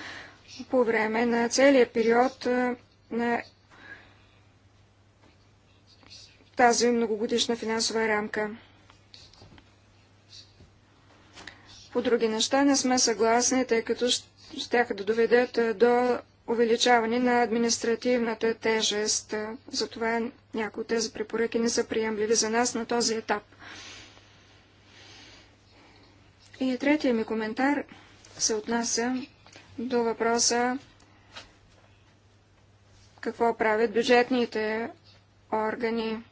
по време на целия период на тази многогодишна финансова рамка. По други неща не сме съгласни, тъй като ще да доведат до увеличаване на административната тежест. Затова някои от тези препоръки не са приемливи за нас на този етап. И третия ми коментар се отнася до въпроса какво правят бюджетните органи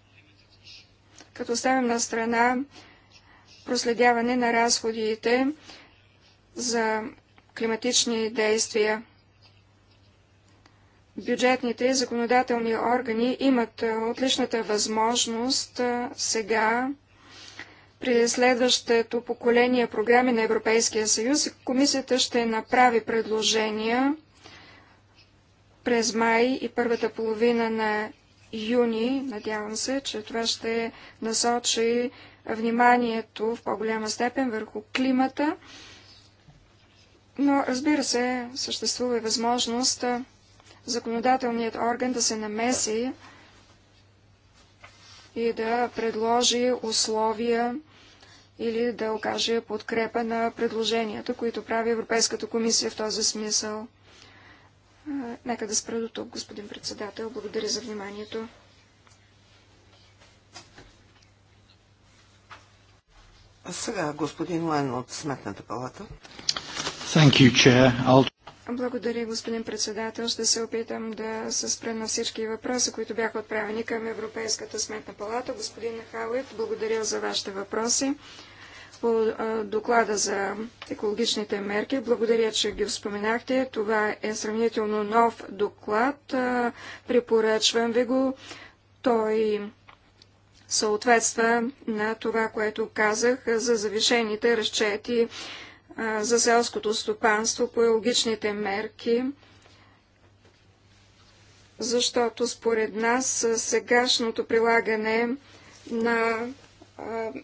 като оставим на страна проследяване на разходите за климатични действия. Бюджетните и законодателни органи имат отличната възможност сега при следващото поколение програми на Европейския съюз. Комисията ще направи предложения през май и първата половина на юни. Надявам се, че това ще насочи вниманието в по-голяма степен върху климата. Но, разбира се, съществува и възможност законодателният орган да се намеси и да предложи условия или да окаже подкрепа на предложенията, които прави Европейската комисия в този смисъл. Нека да спра до тук, господин председател. Благодаря за вниманието. А сега господин Лайн от Сметната палата. You, Благодаря, господин председател. Ще се опитам да се спра на всички въпроси, които бяха отправени към Европейската сметна палата. Господин Хауит, благодаря за вашите въпроси по доклада за екологичните мерки. Благодаря, че ги споменахте. Това е сравнително нов доклад. Препоръчвам ви го. Той съответства на това, което казах за завишените разчети за селското стопанство по екологичните мерки защото според нас сегашното прилагане на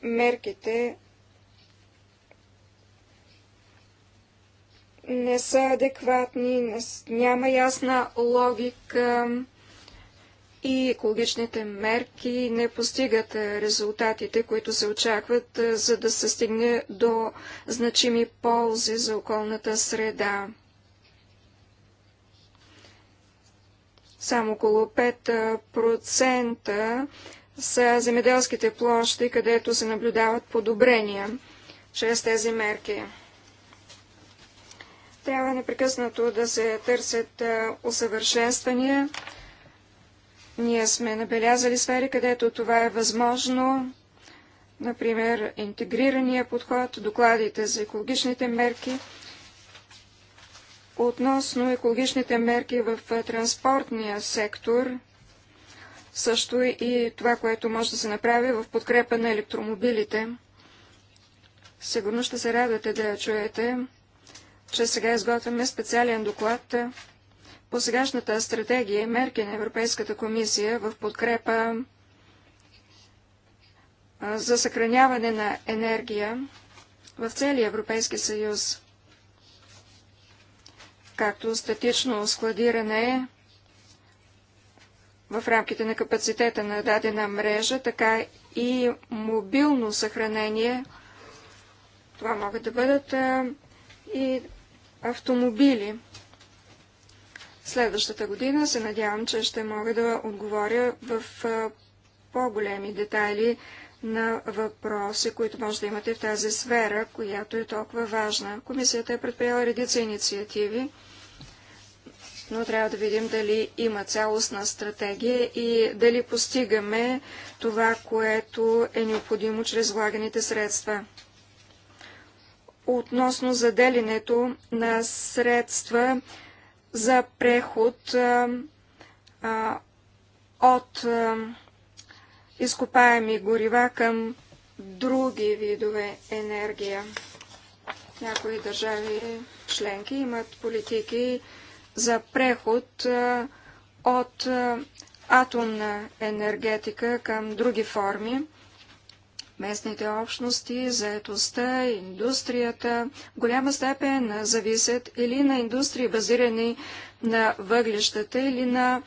мерките не са адекватни, не, няма ясна логика и екологичните мерки не постигат е, резултатите, които се очакват, е, за да се стигне до значими ползи за околната среда. Само около 5% са земеделските площи, където се наблюдават подобрения чрез тези мерки. Трябва непрекъснато да се търсят усъвършенствания. Ние сме набелязали сфери, където това е възможно. Например, интегрирания подход, докладите за екологичните мерки. Относно екологичните мерки в транспортния сектор, също и това, което може да се направи в подкрепа на електромобилите. Сигурно ще се радвате да я чуете че сега изготвяме специален доклад по сегашната стратегия и мерки на Европейската комисия в подкрепа за съхраняване на енергия в целия Европейски съюз, както статично складиране в рамките на капацитета на дадена мрежа, така и мобилно съхранение. Това могат да бъдат и автомобили. Следващата година се надявам, че ще мога да отговоря в по-големи детайли на въпроси, които може да имате в тази сфера, която е толкова важна. Комисията е предприела редица инициативи, но трябва да видим дали има цялостна стратегия и дали постигаме това, което е необходимо чрез влаганите средства относно заделянето на средства за преход а, а, от а, изкопаеми горива към други видове енергия. Някои държави членки имат политики за преход а, от а, атомна енергетика към други форми. Местните общности, заетостта, индустрията в голяма степен зависят или на индустрии, базирани на въглищата, или на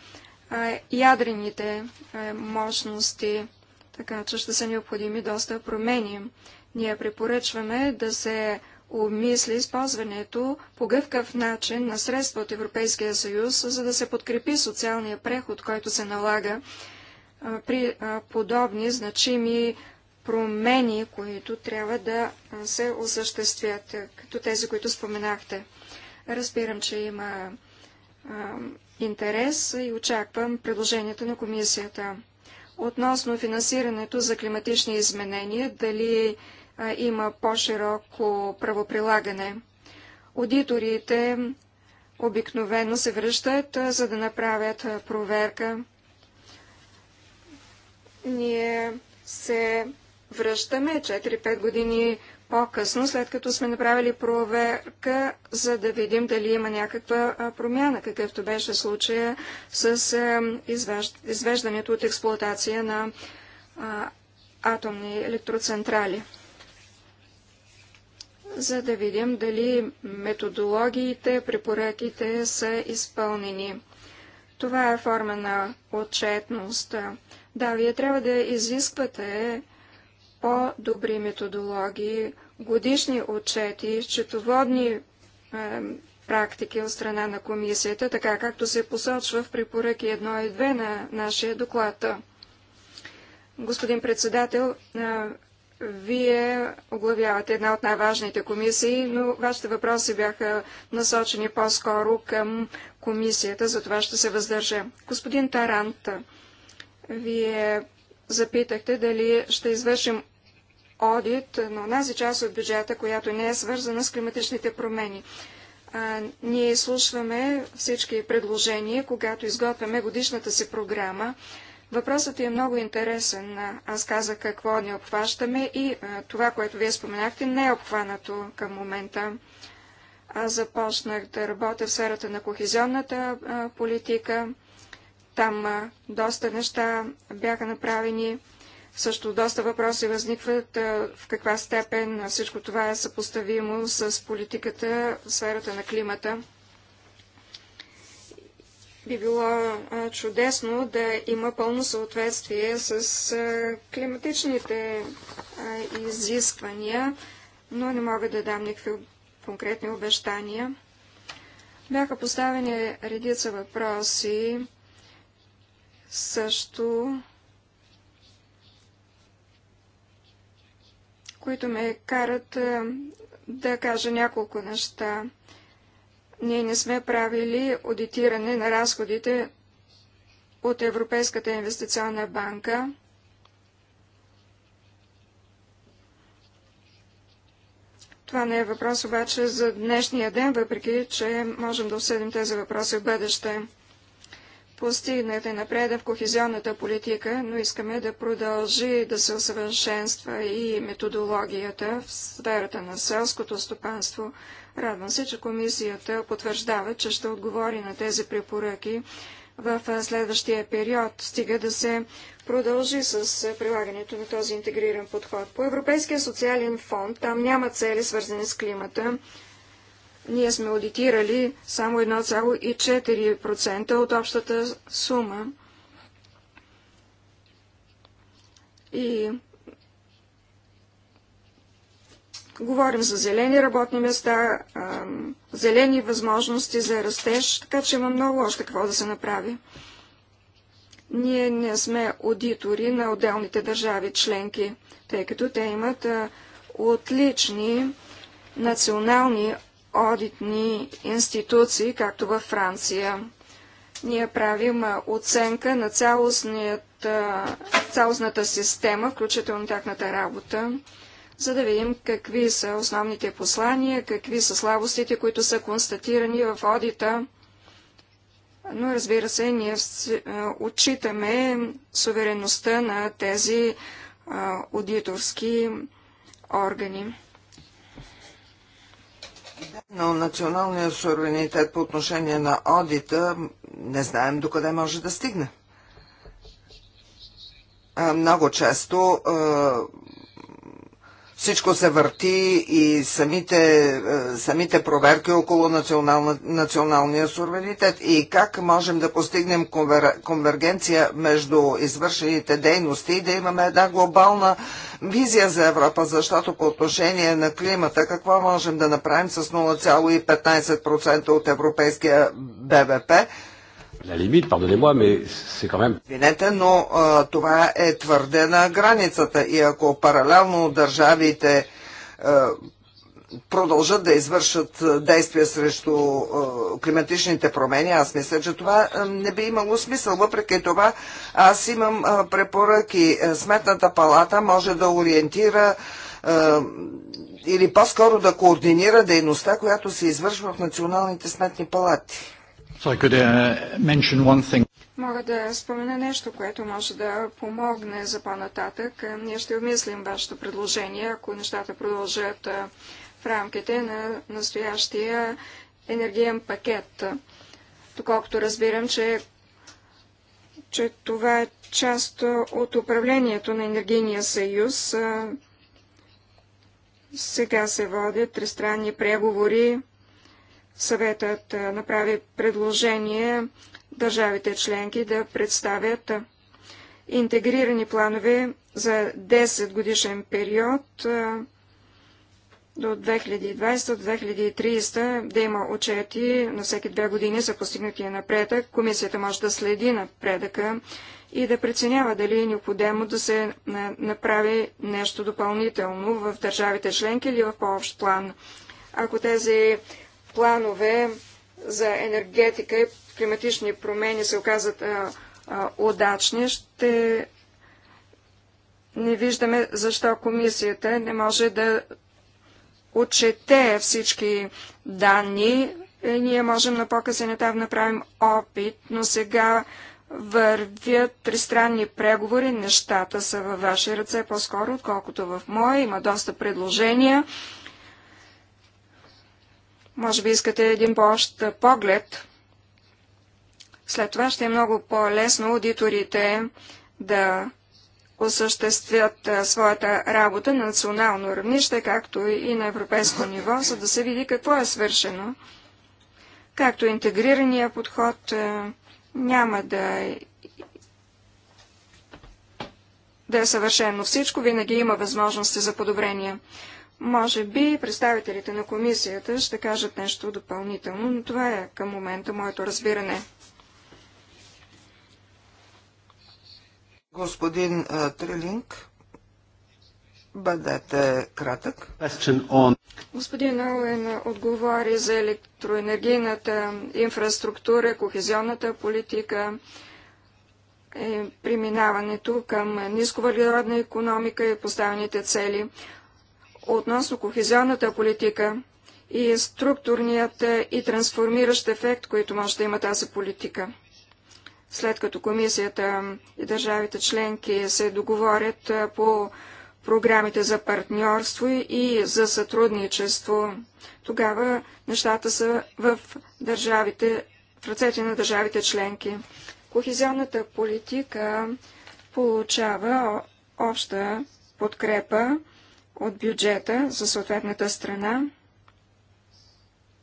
а, ядрените а, мощности. Така че ще са необходими доста промени. Ние препоръчваме да се обмисли използването по гъвкав начин на средства от Европейския съюз, за да се подкрепи социалния преход, който се налага при подобни значими промени, които трябва да се осъществят, е, като тези, които споменахте. Разбирам, че има а, интерес и очаквам предложението на комисията. Относно финансирането за климатични изменения, дали а, има по-широко правоприлагане. Аудиторите обикновено се връщат, а, за да направят проверка. Ние се връщаме 4-5 години по-късно, след като сме направили проверка, за да видим дали има някаква промяна, какъвто беше случая с извеждането от експлуатация на атомни електроцентрали. За да видим дали методологиите, препоръките са изпълнени. Това е форма на отчетност. Да, вие трябва да изисквате по-добри методологии, годишни отчети, счетоводни е, практики от страна на комисията, така както се посочва в препоръки 1 и 2 на нашия доклад. Господин председател, е, вие оглавявате една от най-важните комисии, но вашите въпроси бяха насочени по-скоро към комисията, за това ще се въздържа. Господин Тарант, вие запитахте дали ще извършим одит на онази част от бюджета, която не е свързана с климатичните промени. А, ние изслушваме всички предложения, когато изготвяме годишната си програма. Въпросът е много интересен. Аз казах какво ни обхващаме и а, това, което вие споменахте, не е обхванато към момента. Аз започнах да работя в сферата на кохезионната а, политика. Там а, доста неща бяха направени. Също доста въпроси възникват в каква степен всичко това е съпоставимо с политиката в сферата на климата. Би било чудесно да има пълно съответствие с климатичните изисквания, но не мога да дам никакви конкретни обещания. Бяха поставени редица въпроси също които ме карат да кажа няколко неща. Ние не сме правили аудитиране на разходите от Европейската инвестиционна банка. Това не е въпрос обаче за днешния ден, въпреки че можем да обсъдим тези въпроси в бъдеще постигнат е напреда в кохезионната политика, но искаме да продължи да се усъвършенства и методологията в сферата на селското стопанство. Радвам се, че комисията потвърждава, че ще отговори на тези препоръки в следващия период, стига да се продължи с прилагането на този интегриран подход. По Европейския социален фонд там няма цели, свързани с климата ние сме аудитирали само 1,4% от общата сума. И говорим за зелени работни места, зелени възможности за растеж, така че има много още какво да се направи. Ние не сме аудитори на отделните държави членки, тъй като те имат отлични национални одитни институции, както във Франция. Ние правим оценка на цялостната система, включително тяхната работа, за да видим какви са основните послания, какви са слабостите, които са констатирани в одита. Но разбира се, ние отчитаме сувереността на тези аудиторски органи. Но националния суверенитет по отношение на одита не знаем докъде може да стигне. Много често всичко се върти и самите, е, самите проверки около национал, националния суверенитет и как можем да постигнем конвер, конвергенция между извършените дейности и да имаме една глобална визия за Европа, защото по отношение на климата какво можем да направим с 0,15% от европейския БВП – Винете, но а, това е твърде на границата и ако паралелно държавите а, продължат да извършат действия срещу климатичните промени, аз мисля, че това не би имало смисъл. Въпреки това, аз имам е, препоръки. Сметната палата може да ориентира или по-скоро да координира дейността, която се извършва в националните сметни палати. Uh, Мога да спомена нещо, което може да помогне за по-нататък. Е, ние ще обмислим вашето предложение, ако нещата продължат е, в рамките на настоящия енергиен пакет. Доколкото разбирам, че, че това е част от управлението на енергийния съюз. Е, сега се водят тристранни преговори съветът е, направи предложение държавите членки да представят е, интегрирани планове за 10 годишен период е, до 2020-2030 да има отчети на всеки две години за постигнатия напредък. Комисията може да следи напредъка и да преценява дали е необходимо да се направи нещо допълнително в държавите членки или в по-общ план. Ако тези планове за енергетика и климатични промени се оказат а, а, удачни, ще не виждаме защо комисията не може да отчете всички данни. Е, ние можем на по-късен етап направим опит, но сега вървят тристранни преговори. Нещата са във ваши ръце по-скоро, отколкото в мое. Има доста предложения. Може би искате един по-общ поглед. След това ще е много по-лесно аудиторите да осъществят своята работа на национално равнище, както и на европейско ниво, за да се види какво е свършено. Както интегрирания подход няма да е- да е съвършено всичко, винаги има възможности за подобрение. Може би представителите на комисията ще кажат нещо допълнително, но това е към момента моето разбиране. Господин Трилинг, бъдете кратък. Господин Олен отговори за електроенергийната инфраструктура, кохезионната политика, е, преминаването към нисковалиродна економика и поставените цели относно кохезионната политика и структурният е, и трансформиращ ефект, който може да има тази политика. След като комисията и държавите членки се договорят е, по програмите за партньорство и за сътрудничество, тогава нещата са в, държавите, в ръцете на държавите членки. Кохезионната политика получава обща подкрепа от бюджета за съответната страна.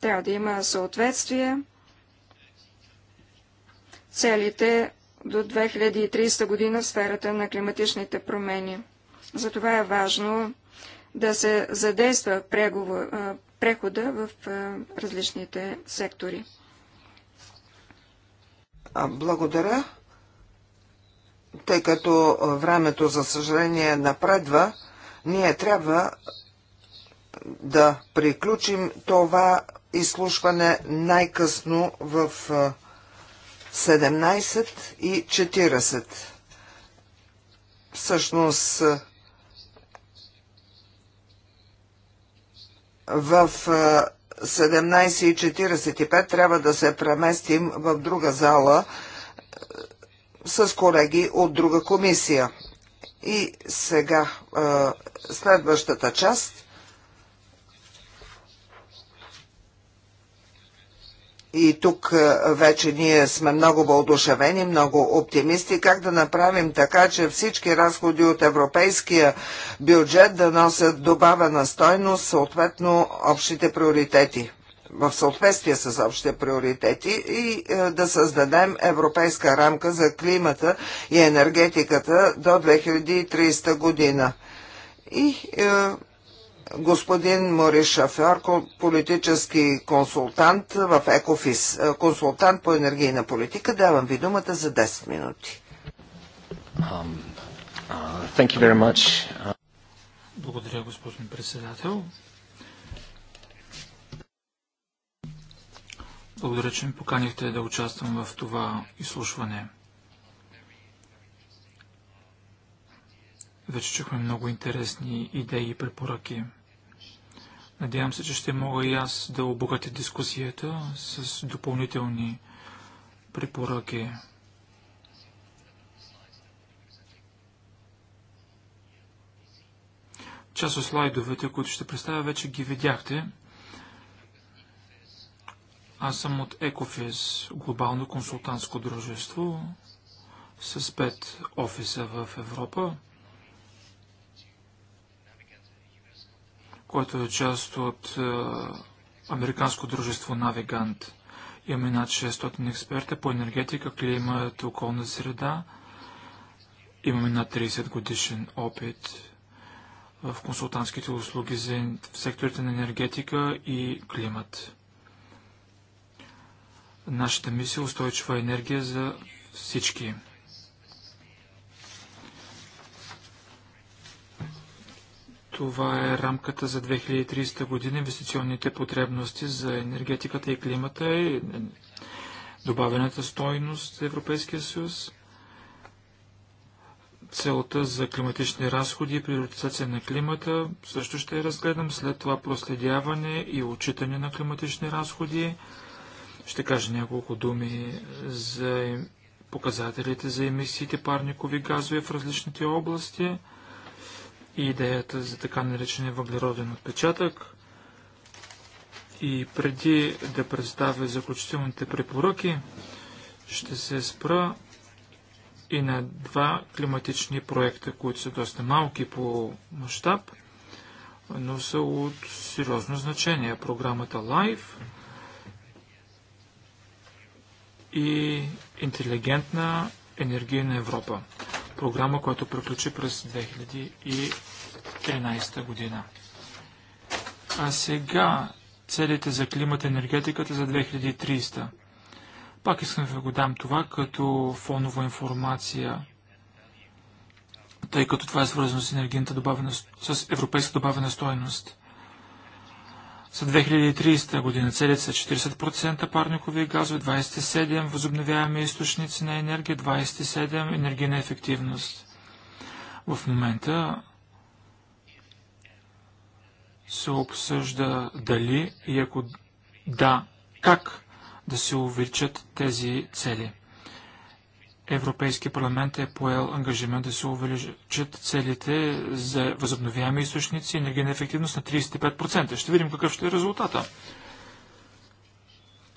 Трябва да има съответствие. Целите до 2030 година в сферата на климатичните промени. Затова е важно да се задейства преговор, прехода в различните сектори. Благодаря. Тъй като времето, за съжаление, напредва, ние трябва да приключим това изслушване най-късно в 17 и 40. Всъщност в 17 и 45 трябва да се преместим в друга зала с колеги от друга комисия. И сега следващата част. И тук вече ние сме много въодушевени, много оптимисти, как да направим така, че всички разходи от европейския бюджет да носят добавена стойност, съответно общите приоритети в съответствие с общите приоритети и е, да създадем европейска рамка за климата и енергетиката до 2030 година. И е, господин Мори Шафьор, политически консултант в Екофис, е, консултант по енергийна политика. Давам ви думата за 10 минути. Um, uh, Благодаря, господин председател. Благодаря, че ми поканихте да участвам в това изслушване. Вече чухме много интересни идеи и препоръки. Надявам се, че ще мога и аз да обогатя дискусията с допълнителни препоръки. Част от слайдовете, които ще представя, вече ги видяхте. Аз съм от Екофис, глобално консултантско дружество с пет офиса в Европа, което е част от е, американско дружество Навигант. Имаме над 600 експерта по енергетика, климат, околна среда. Имаме над 30 годишен опит в консултантските услуги за, в секторите на енергетика и климат нашата мисия устойчива енергия за всички. Това е рамката за 2030 година, инвестиционните потребности за енергетиката и климата и добавената стойност за Европейския съюз, целта за климатични разходи и приоритизация на климата също ще разгледам, след това проследяване и отчитане на климатични разходи, ще кажа няколко думи е, за показателите за емисиите парникови газове в различните области и идеята за така наречения въглероден отпечатък. И преди да представя заключителните препоръки, ще се спра и на два климатични проекта, които са доста малки по мащаб, но са от сериозно значение. Програмата LIFE – и интелигентна енергийна Европа. Програма, която приключи през 2013 година. А сега целите за климат и енергетиката за 2300. Пак искам да ви го дам това като фонова информация, тъй като това е свързано с енергийната добавена, с европейска добавена стоеност. За 2030 година целят са 40% парникови газове, 27% възобновяеми източници на енергия, 27% енергийна ефективност. В момента се обсъжда дали и ако да, как да се увеличат тези цели. Европейския парламент е поел ангажимент да се увеличат целите за възобновяеми източници и енергийна ефективност на 35%. Ще видим какъв ще е резултата.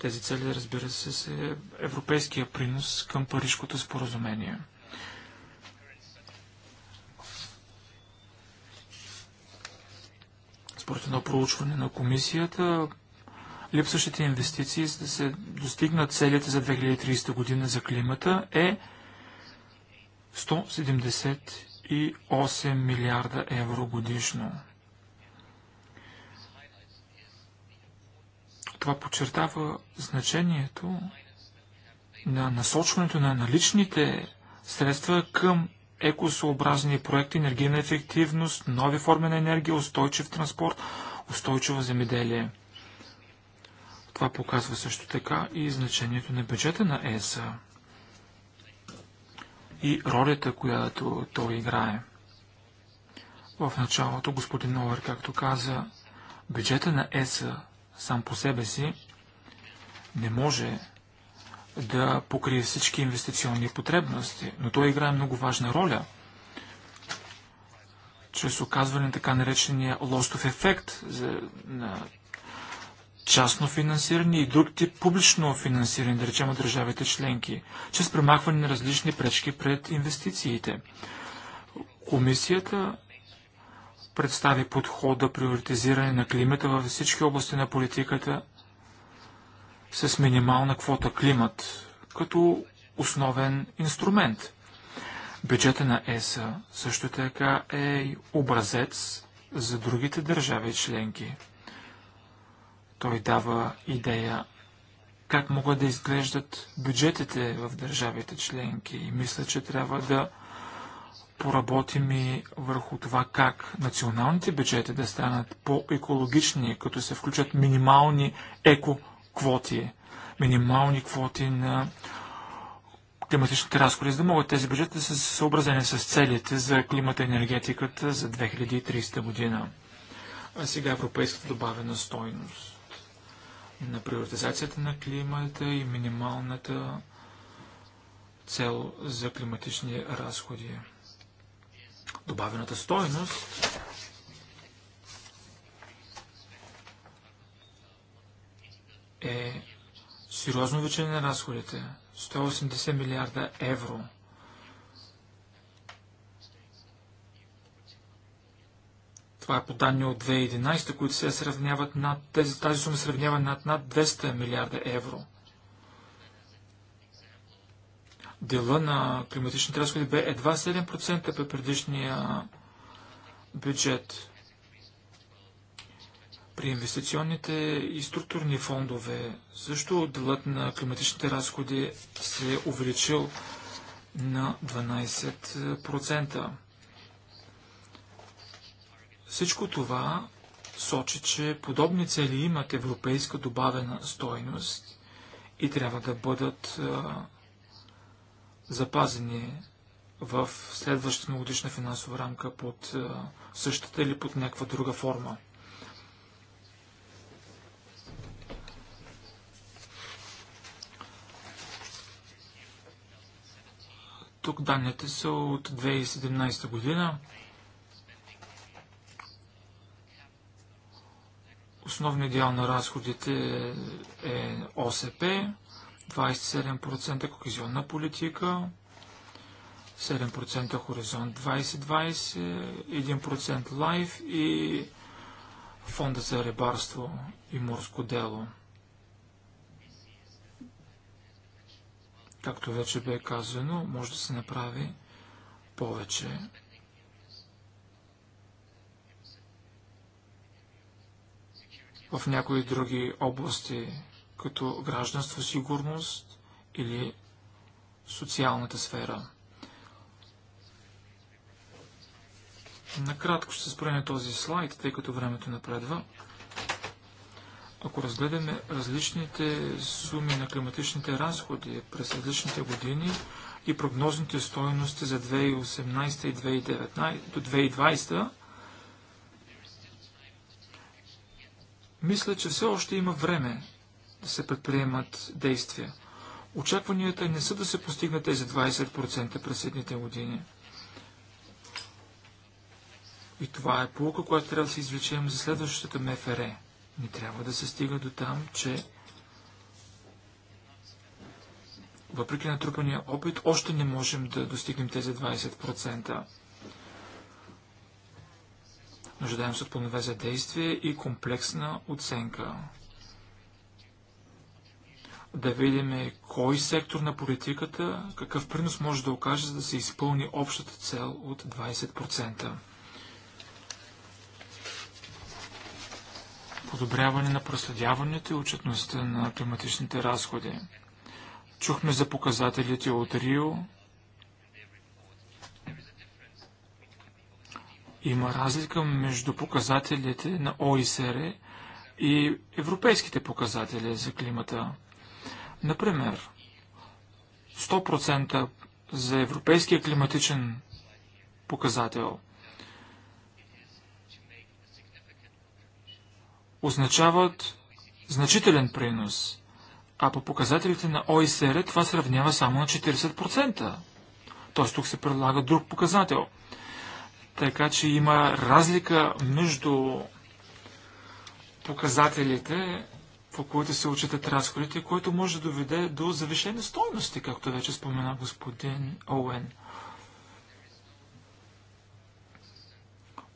Тези цели, разбира се, са европейския принос към Парижкото споразумение. Според едно проучване на комисията, липсващите инвестиции, за да се достигнат целите за 2030 година за климата е 178 милиарда евро годишно. Това подчертава значението на насочването на наличните средства към екосообразни проекти, енергийна ефективност, нови форми на енергия, устойчив транспорт, устойчиво земеделие. Това показва също така и значението на бюджета на ЕСА и ролята, която той играе. В началото господин Новер, както каза, бюджета на ЕСА сам по себе си не може да покрие всички инвестиционни потребности, но той играе много важна роля чрез оказване на така наречения лостов ефект за, на частно финансиране и друг тип публично финансиране, да речем от държавите членки, чрез премахване на различни пречки пред инвестициите. Комисията представи подхода приоритизиране на климата във всички области на политиката с минимална квота климат като основен инструмент. Бюджета на ЕСА също така е образец за другите държави членки. Той дава идея как могат да изглеждат бюджетите в държавите членки. И мисля, че трябва да поработим и върху това как националните бюджети да станат по-екологични, като се включат минимални еко-квоти, минимални квоти на климатичните разходи, за да могат тези бюджети да са съобразени с целите за климата и енергетиката за 2030 година. А сега европейската добавена стойност на приоритизацията на климата и минималната цел за климатични разходи. Добавената стойност е сериозно увеличение на разходите 180 милиарда евро – Това е по данни от 2011, които се сравняват над, тези, тази сума сравнява над, над 200 милиарда евро. Дела на климатичните разходи бе едва 7% при предишния бюджет. При инвестиционните и структурни фондове също делът на климатичните разходи се е увеличил на 12%. Всичко това сочи, че подобни цели имат европейска добавена стойност и трябва да бъдат а, запазени в следващата многодишна финансова рамка под а, същата или под някаква друга форма. Тук данните са от 2017 година. Основният дял на разходите е ОСП, 27% кохезионна политика, 7% хоризонт 2020, 1% лайф и фонда за рибарство и морско дело. Както вече бе казано, може да се направи повече в някои други области, като гражданство, сигурност или социалната сфера. Накратко ще се на този слайд, тъй като времето напредва. Ако разгледаме различните суми на климатичните разходи през различните години и прогнозните стоености за 2018 и 2019 до 2020, Мисля, че все още има време да се предприемат действия. Очакванията не са да се постигнат тези 20% през следните години. И това е полука, която трябва да се извлечем за следващата МФР. Не трябва да се стига до там, че въпреки натрупания опит, още не можем да достигнем тези 20%. Нуждаем се от планове за действие и комплексна оценка. Да видим кой сектор на политиката, какъв принос може да окаже, за да се изпълни общата цел от 20%. Подобряване на проследяването и отчетността на климатичните разходи. Чухме за показателите от Рио, Има разлика между показателите на ОИСР и европейските показатели за климата. Например, 100% за европейския климатичен показател означават значителен принос, а по показателите на ОИСР това сравнява само на 40%. Т.е. тук се предлага друг показател – така че има разлика между показателите, по които се учитат разходите, което може да доведе до завишени стойности, както вече спомена господин Оуен.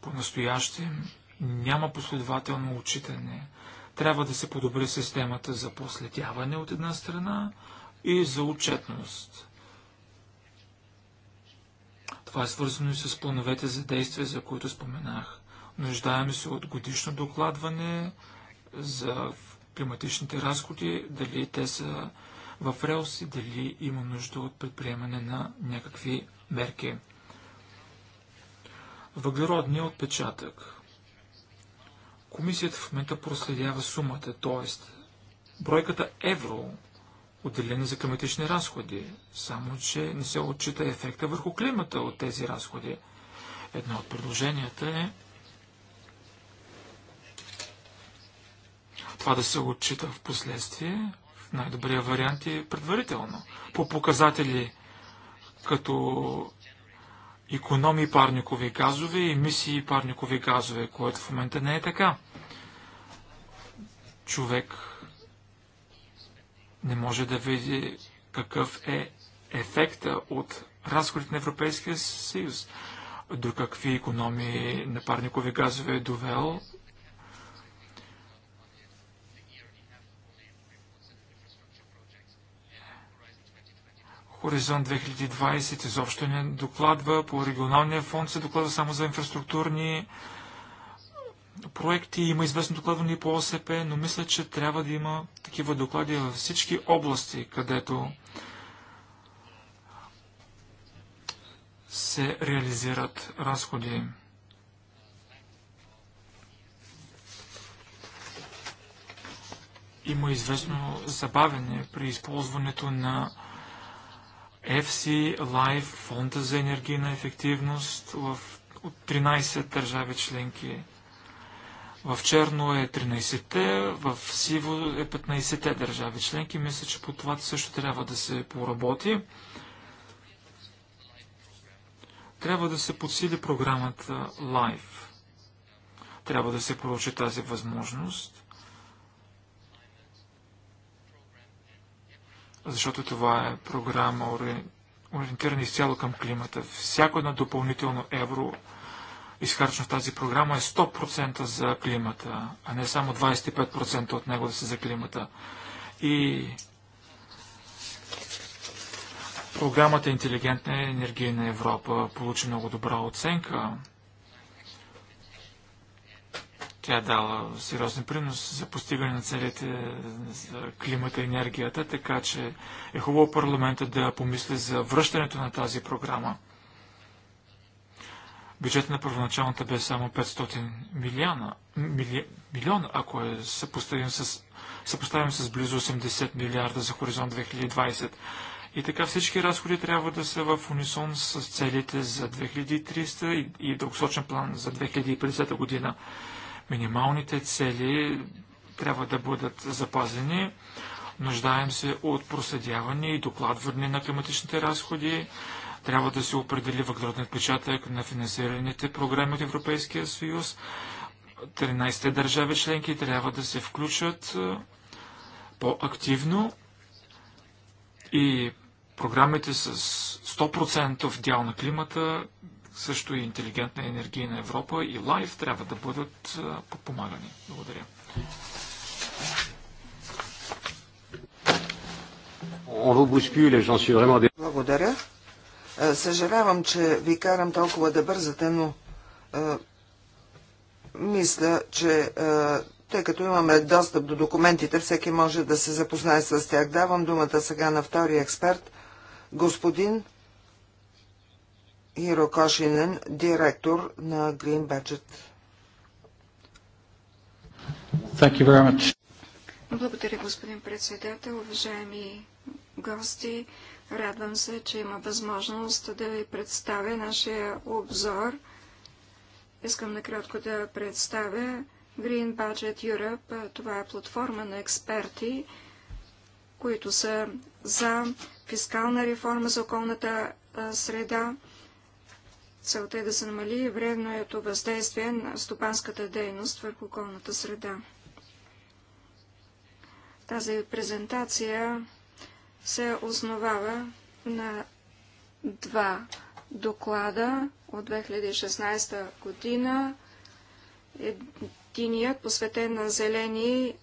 По-настоящем няма последователно учитане. Трябва да се подобри системата за последяване от една страна и за отчетност. Това е свързано и с плановете за действия, за които споменах. Нуждаем се от годишно докладване за климатичните разходи, дали те са в релси, дали има нужда от предприемане на някакви мерки. Въглеродният отпечатък. Комисията в момента проследява сумата, т.е. бройката евро, отделени за климатични разходи, само че не се отчита ефекта върху климата от тези разходи. Едно от предложенията е това да се отчита в последствие, в най-добрия вариант е предварително, по показатели като економии парникови газове и емисии парникови газове, което в момента не е така. Човек не може да види какъв е ефекта от разходите на Европейския съюз, до какви економии на парникови газове е довел. Хоризонт 2020 изобщо не докладва, по регионалния фонд се докладва само за инфраструктурни проекти проекти, има известно докладване и по ОСП, но мисля, че трябва да има такива доклади във всички области, където се реализират разходи. Има известно забавене при използването на FC Life, фонда за енергийна ефективност в от 13 държави членки. В черно е 13-те, в сиво е 15-те държави членки. Мисля, че по това също трябва да се поработи. Трябва да се подсили програмата LIFE. Трябва да се проучи тази възможност. Защото това е програма ориентирана изцяло към климата. Всяко едно допълнително евро изхарчено в тази програма е 100% за климата, а не само 25% от него да са за климата. И програмата Интелигентна енергийна Европа получи много добра оценка. Тя дала сериозен принос за постигане на целите за климата и енергията, така че е хубаво парламента да помисли за връщането на тази програма. Бюджетът на първоначалната бе само 500 милиона, мили, милиона ако е съпоставим с, съпоставим с близо 80 милиарда за хоризонт 2020. И така всички разходи трябва да са в унисон с целите за 2300 и, и дългосрочен план за 2050 година. Минималните цели трябва да бъдат запазени. Нуждаем се от проследяване и докладване на климатичните разходи, трябва да се определи въглеродният отпечатък на финансираните програми от Европейския съюз. 13-те държави членки трябва да се включат е, по-активно и програмите с 100% дял на климата, също и интелигентна енергийна Европа и Лайф трябва да бъдат е, подпомагани. Благодаря. Благодаря. Е, съжалявам, че ви карам толкова да бързате, но а, е, мисля, че а, е, тъй като имаме достъп до документите, всеки може да се запознае с тях. Давам думата сега на втори експерт, господин Иро Кошинен, директор на Green Budget. Thank you very much. Благодаря, господин председател, уважаеми гости. Радвам се, че има възможност да ви представя нашия обзор. Искам накратко да представя Green Budget Europe. Това е платформа на експерти, които са за фискална реформа за околната среда. Целта е да се намали вредното въздействие на стопанската дейност върху околната среда. Тази презентация се основава на два доклада от 2016 година. Единият посветен на зелени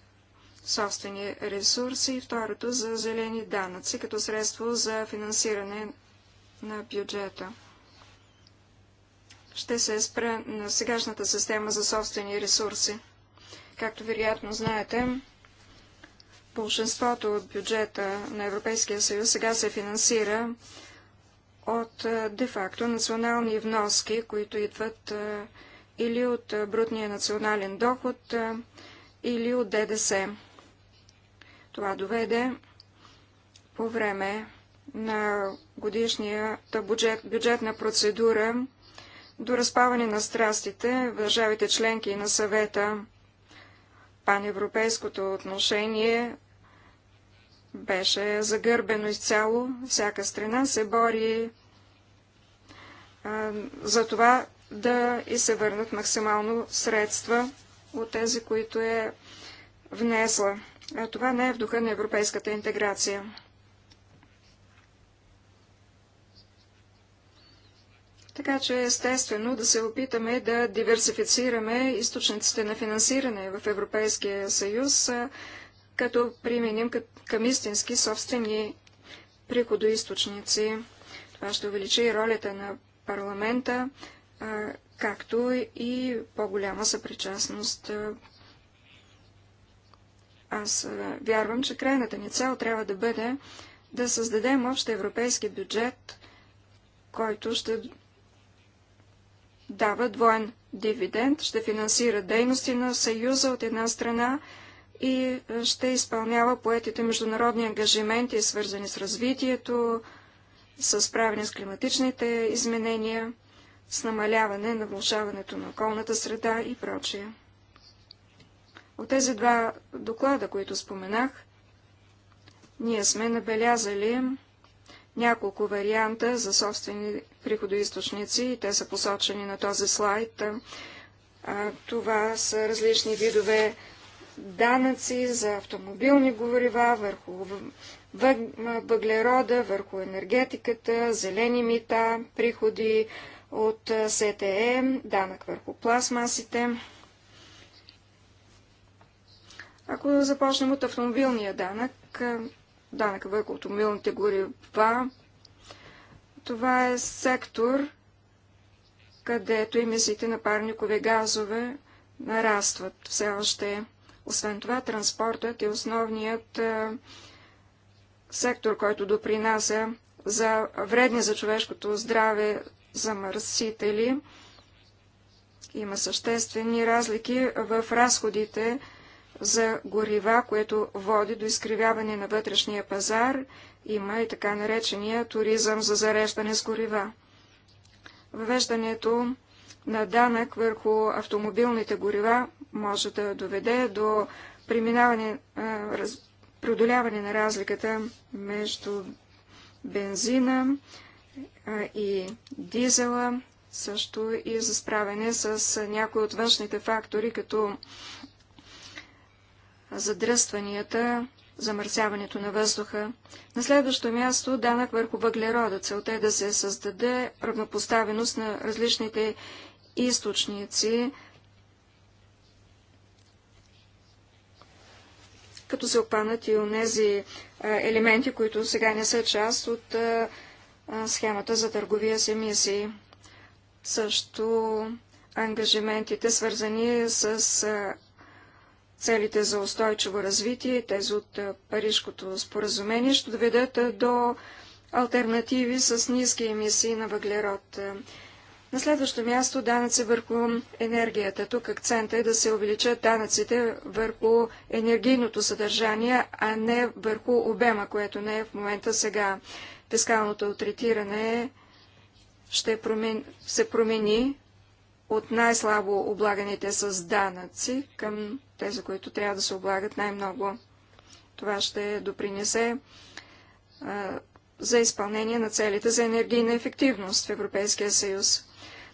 собствени ресурси и второто за зелени данъци като средство за финансиране на бюджета. Ще се спра на сегашната система за собствени ресурси. Както вероятно знаете, Большинството от бюджета на Европейския съюз сега се финансира от е, де-факто национални вноски, които идват е, или от е, брутния национален доход, или от ДДС. Това доведе по време на годишния бюджет, бюджетна процедура до разпаване на страстите в държавите членки на съвета Паневропейското отношение беше загърбено изцяло. Всяка страна се бори за това да и се върнат максимално средства от тези, които е внесла. А това не е в духа на европейската интеграция. Така че естествено да се опитаме да диверсифицираме източниците на финансиране в Европейския съюз, като применим към истински собствени приходоисточници. Това ще увеличи ролята на парламента, както и по-голяма съпричастност. Аз вярвам, че крайната ни цел трябва да бъде да създадем общ европейски бюджет, който ще дава двоен дивиденд, ще финансира дейности на Съюза от една страна и е, ще изпълнява поетите международни ангажименти, свързани с развитието, с справяне с климатичните изменения, с намаляване на влушаването на околната среда и прочие. От тези два доклада, които споменах, ние сме набелязали няколко варианта за собствени приходоисточници и те са посочени на този слайд. Това са различни видове данъци за автомобилни горива, върху въглерода, върху енергетиката, зелени мита, приходи от СТЕ, данък върху пластмасите. Ако започнем от автомобилния данък, данъка върху автомобилните горива. Това е сектор, където емисиите на парникови газове нарастват все още. Освен това, транспортът е основният е, сектор, който допринася за вредни за човешкото здраве замърсители. Има съществени разлики в разходите за горива, което води до изкривяване на вътрешния пазар. Има и така наречения туризъм за зареждане с горива. Въвеждането на данък върху автомобилните горива може да доведе до преминаване, раз, преодоляване на разликата между бензина и дизела, също и за справяне с някои от външните фактори, като задръстванията, замърсяването на въздуха. На следващо място данък върху въглерода. Целта е да се създаде равнопоставеност на различните източници, като се опанат и у нези елементи, които сега не са част от схемата за търговия с емисии. Също ангажиментите, свързани с целите за устойчиво развитие, тези от Парижкото споразумение, ще доведат до альтернативи с ниски емисии на въглерод. На следващо място данъци върху енергията. Тук акцента е да се увеличат данъците върху енергийното съдържание, а не върху обема, което не е в момента сега. Фискалното третиране ще промен... се промени от най-слабо облаганите с данъци към тези, които трябва да се облагат най-много. Това ще допринесе за изпълнение на целите за енергийна ефективност в Европейския съюз.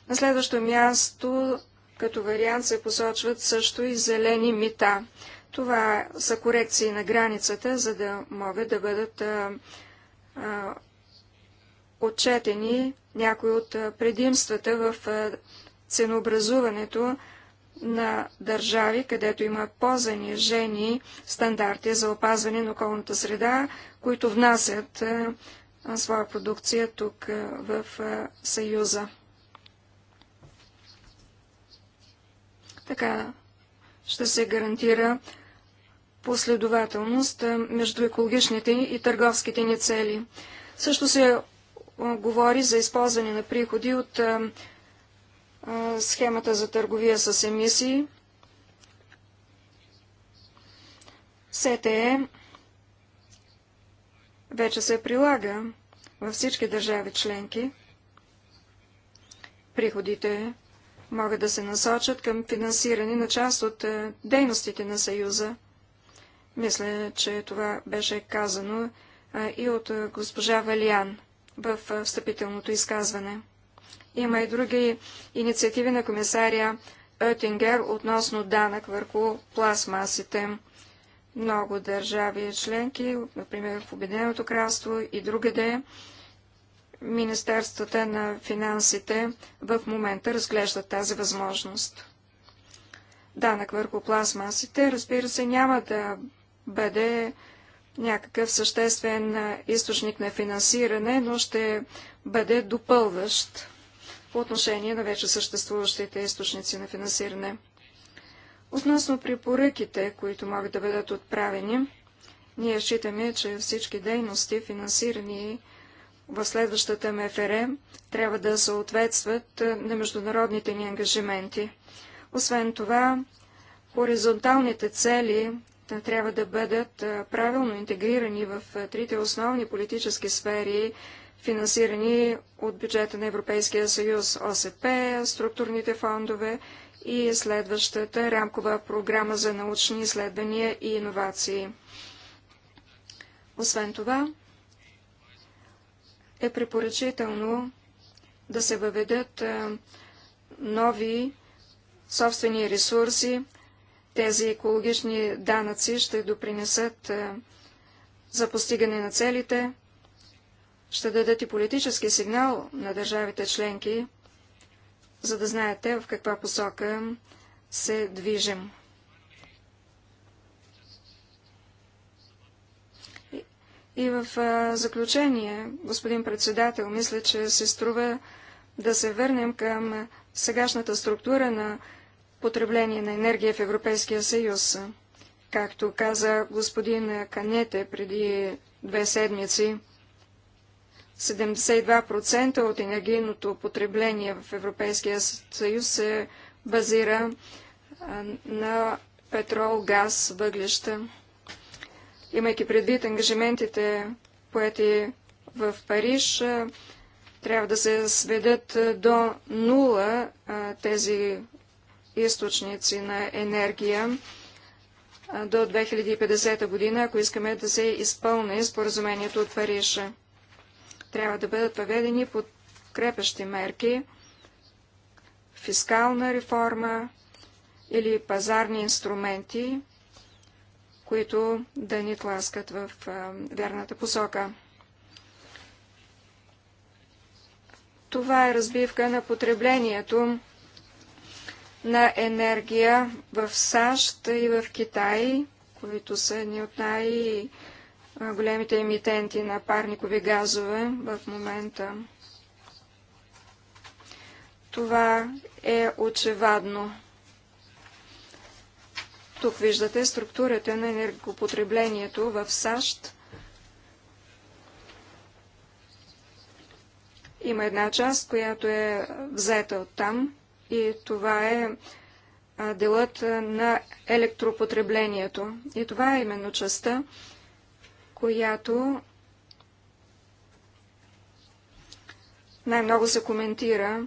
На следващо място, като вариант, се посочват също и зелени мита. Това са корекции на границата, за да могат да бъдат а, а, отчетени някои от предимствата в ценообразуването на държави, където има по-занижени стандарти за опазване на околната среда, които внасят своя продукция тук в Съюза. Така ще се гарантира последователност между екологичните и търговските ни цели. Също се говори за използване на приходи от схемата за търговия с емисии, СТЕ вече се прилага във всички държави членки. Приходите могат да се насочат към финансиране на част от дейностите на Съюза. Мисля, че това беше казано и от госпожа Валиан в встъпителното изказване. Има и други инициативи на комисаря Оттингер относно данък върху пластмасите. Много държави членки, например в Обединеното кралство и другаде, Министерствата на финансите в момента разглеждат тази възможност. Данък върху пластмасите, разбира се, няма да бъде някакъв съществен източник на финансиране, но ще бъде допълващ по отношение на вече съществуващите източници на финансиране. Относно препоръките, които могат да бъдат отправени, ние считаме, че всички дейности, финансирани в следващата МФР, трябва да съответстват на международните ни ангажименти. Освен това, хоризонталните цели трябва да бъдат правилно интегрирани в трите основни политически сфери финансирани от бюджета на Европейския съюз, ОСП, структурните фондове и следващата рамкова програма за научни изследвания и иновации. Освен това, е препоръчително да се въведат нови собствени ресурси. Тези екологични данъци ще допринесат за постигане на целите ще дадат и политически сигнал на държавите членки, за да знаете в каква посока се движим. И, в заключение, господин председател, мисля, че се струва да се върнем към сегашната структура на потребление на енергия в Европейския съюз. Както каза господин Канете преди две седмици, 72% от енергийното потребление в Европейския съюз се базира на петрол, газ, въглища. Имайки предвид ангажиментите, поети в Париж, трябва да се сведат до нула тези източници на енергия до 2050 година, ако искаме да се изпълни споразумението от Париж. Трябва да бъдат въведени подкрепещи мерки, фискална реформа или пазарни инструменти, които да ни тласкат в верната посока. Това е разбивка на потреблението на енергия в САЩ и в Китай, които са ни от най- големите емитенти на парникови газове в момента. Това е очевадно. Тук виждате структурата на енергопотреблението в САЩ. Има една част, която е взета от там и това е делът на електропотреблението. И това е именно частта, която най-много се коментира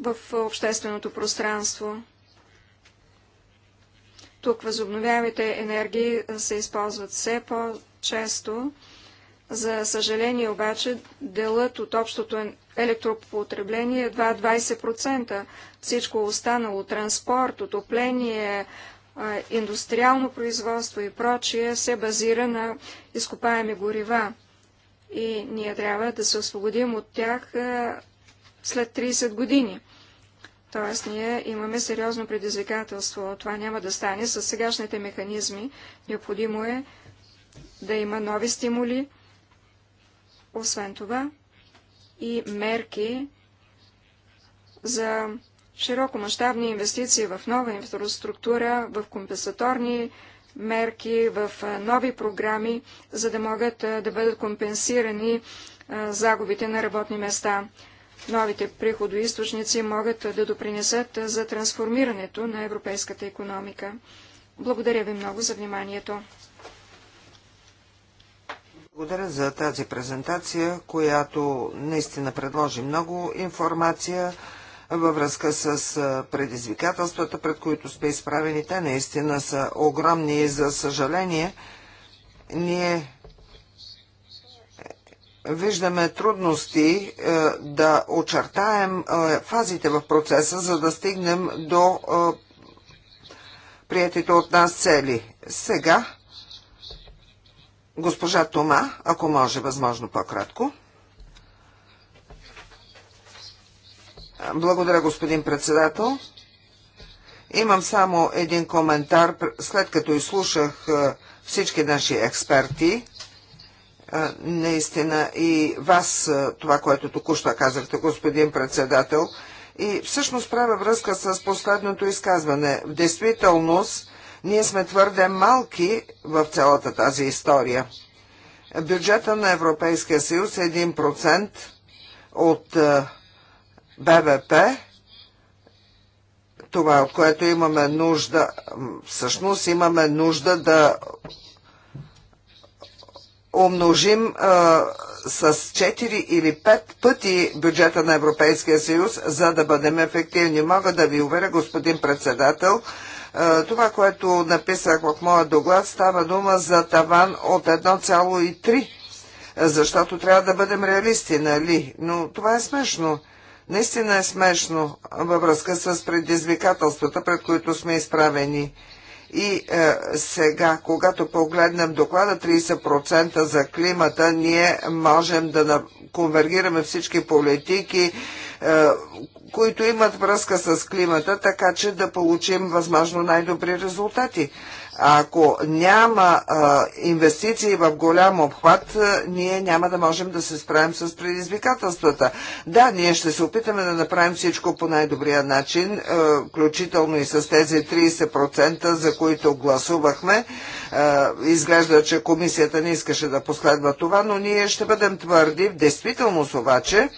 в общественото пространство. Тук възобновявите енергии се използват все по-често. За съжаление обаче, делът от общото електропотребление е едва 20%. Всичко останало, транспорт, отопление, индустриално производство и прочие се базира на изкопаеми горива. И ние трябва да се освободим от тях след 30 години. Тоест, ние имаме сериозно предизвикателство. Това няма да стане с сегашните механизми. Необходимо е да има нови стимули. Освен това, и мерки за широкомащабни инвестиции в нова инфраструктура, в компенсаторни мерки, в нови програми, за да могат да бъдат компенсирани загубите на работни места. Новите приходоисточници могат да допринесат за трансформирането на европейската економика. Благодаря ви много за вниманието. Благодаря за тази презентация, която наистина предложи много информация във връзка с предизвикателствата, пред които сме изправени. Те наистина са огромни и за съжаление ние виждаме трудности е, да очертаем е, фазите в процеса, за да стигнем до е, приятите от нас цели. Сега госпожа Тома, ако може възможно по-кратко. Благодаря, господин председател. Имам само един коментар, след като изслушах е, всички наши експерти. Е, наистина и вас, е, това, което току-що казахте, господин председател. И всъщност правя връзка с последното изказване. В действителност, ние сме твърде малки в цялата тази история. Бюджета на Европейския съюз е 1% от БВП, това, от което имаме нужда, всъщност имаме нужда да умножим а, с 4 или 5 пъти бюджета на Европейския съюз, за да бъдем ефективни. Мога да ви уверя, господин председател, а, това, което написах в моя доклад, става дума за таван от 1,3, защото трябва да бъдем реалисти, нали? Но това е смешно. Наистина е смешно във връзка с предизвикателствата, пред които сме изправени. И е, сега, когато погледнем доклада 30% за климата, ние можем да конвергираме всички политики, е, които имат връзка с климата, така че да получим възможно най-добри резултати. Ако няма а, инвестиции в голям обхват, а, ние няма да можем да се справим с предизвикателствата. Да, ние ще се опитаме да направим всичко по най-добрия начин, а, включително и с тези 30%, за които гласувахме. А, изглежда, че комисията не искаше да последва това, но ние ще бъдем твърди. В действителност обаче,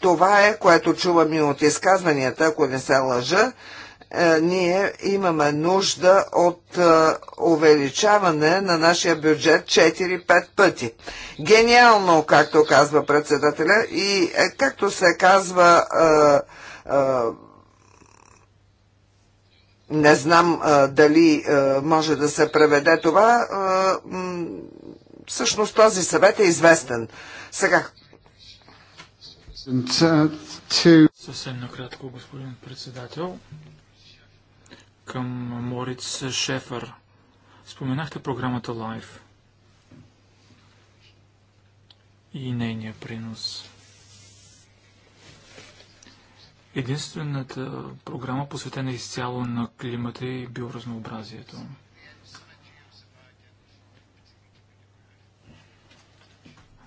това е, което чувам и от изказванията, ако не се лъжа, е, ние имаме нужда от е, увеличаване на нашия бюджет 4-5 пъти. Гениално, както казва председателя и е, както се казва не знам дали може да се преведе това. всъщност този съвет е известен. Сега. Съвсем накратко, господин председател към Мориц Шефър. Споменахте програмата Лайф и нейния принос. Единствената програма, посветена изцяло на климата и биоразнообразието.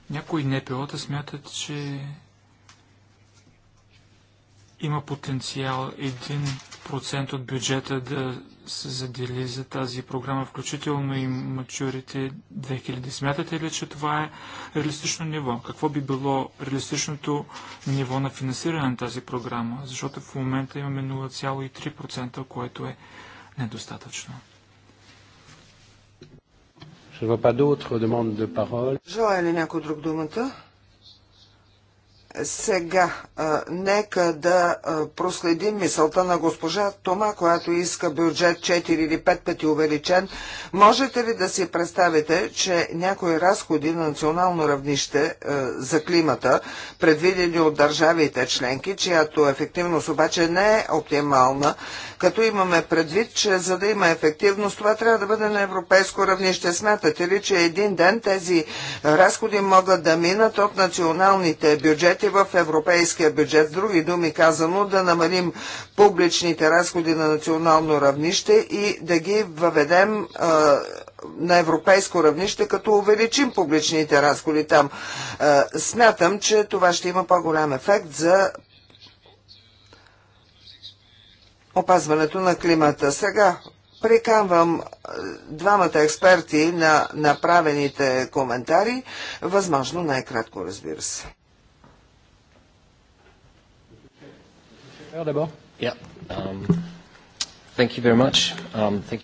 Някои НПО-та смятат, че има потенциал 1% от бюджета да се задели за тази програма, включително и мачурите 2000. Смятате ли, че това е реалистично ниво? Какво би било реалистичното ниво на финансиране на тази програма? Защото в момента имаме 0,3%, което е недостатъчно. Желая ли някой друг думата? Сега, нека да проследим мисълта на госпожа Тома, която иска бюджет 4 или 5 пъти увеличен. Можете ли да си представите, че някои разходи на национално равнище за климата, предвидени от държавите членки, чиято ефективност обаче не е оптимална, като имаме предвид, че за да има ефективност, това трябва да бъде на европейско равнище. Смятате ли, че един ден тези разходи могат да минат от националните бюджети в европейския бюджет? С други думи казано, да намалим публичните разходи на национално равнище и да ги въведем на европейско равнище, като увеличим публичните разходи там. Смятам, че това ще има по-голям ефект за опазването на климата. Сега приканвам е, двамата експерти на направените коментари, възможно най-кратко, разбира се. Um, um,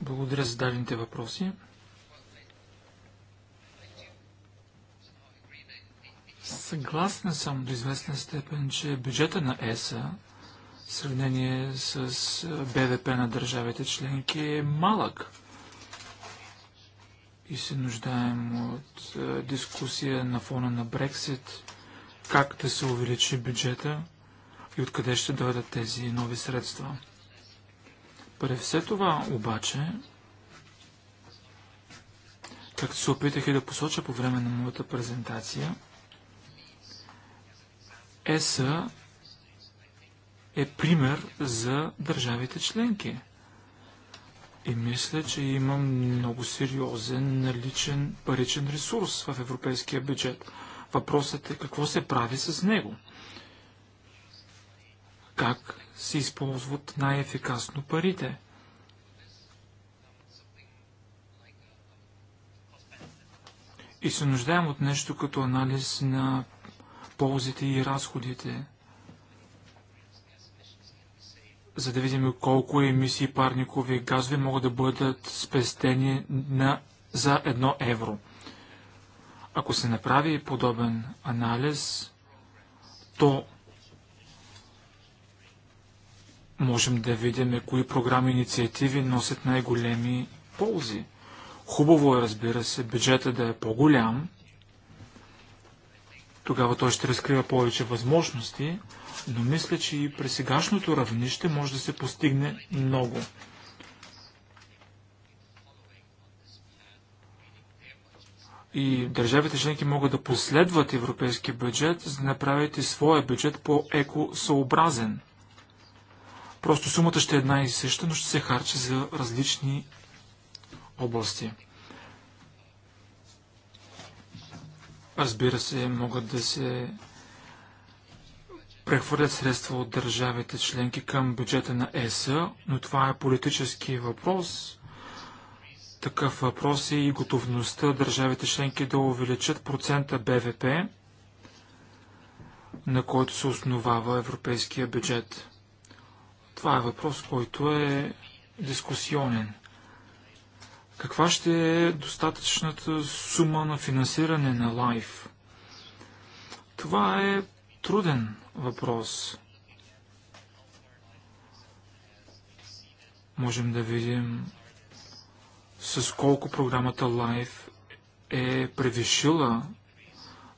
Благодаря за дадените въпроси. Съгласен съм до известен степен, че бюджета на ЕСА в сравнение с БВП на държавите членки е малък. И се нуждаем от дискусия на фона на Брексит, как да се увеличи бюджета и откъде ще дойдат тези нови средства. Пре все това обаче, както се опитах и да посоча по време на моята презентация, ЕСА е пример за държавите членки. И мисля, че има много сериозен наличен паричен ресурс в европейския бюджет. Въпросът е какво се прави с него. Как се използват най-ефикасно парите. И се нуждаем от нещо като анализ на ползите и разходите за да видим колко емисии парникови газове могат да бъдат спестени на, за едно евро. Ако се направи подобен анализ, то можем да видим кои програми и инициативи носят най-големи ползи. Хубаво е, разбира се, бюджета да е по-голям, тогава той ще разкрива повече възможности, но мисля, че и при сегашното равнище може да се постигне много. И държавите членки могат да последват европейския бюджет, за да направят и своя бюджет по-екосъобразен. Просто сумата ще е една и съща, но ще се харчи за различни области. Разбира се, могат да се прехвърлят средства от държавите членки към бюджета на ЕС, но това е политически въпрос. Такъв въпрос е и готовността държавите членки да увеличат процента БВП, на който се основава европейския бюджет. Това е въпрос, който е дискусионен. Каква ще е достатъчната сума на финансиране на лайф? Това е труден въпрос. Можем да видим с колко програмата LIFE е превишила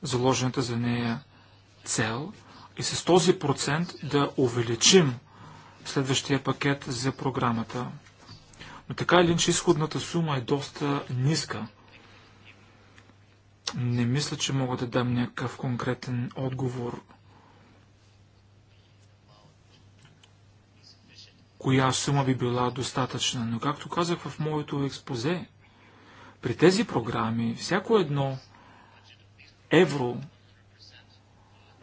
заложената за нея цел и с този процент да увеличим следващия пакет за програмата. Но така или иначе изходната сума е доста ниска. Не мисля, че мога да дам някакъв конкретен отговор коя сума би била достатъчна. Но както казах в моето експозе, при тези програми всяко едно евро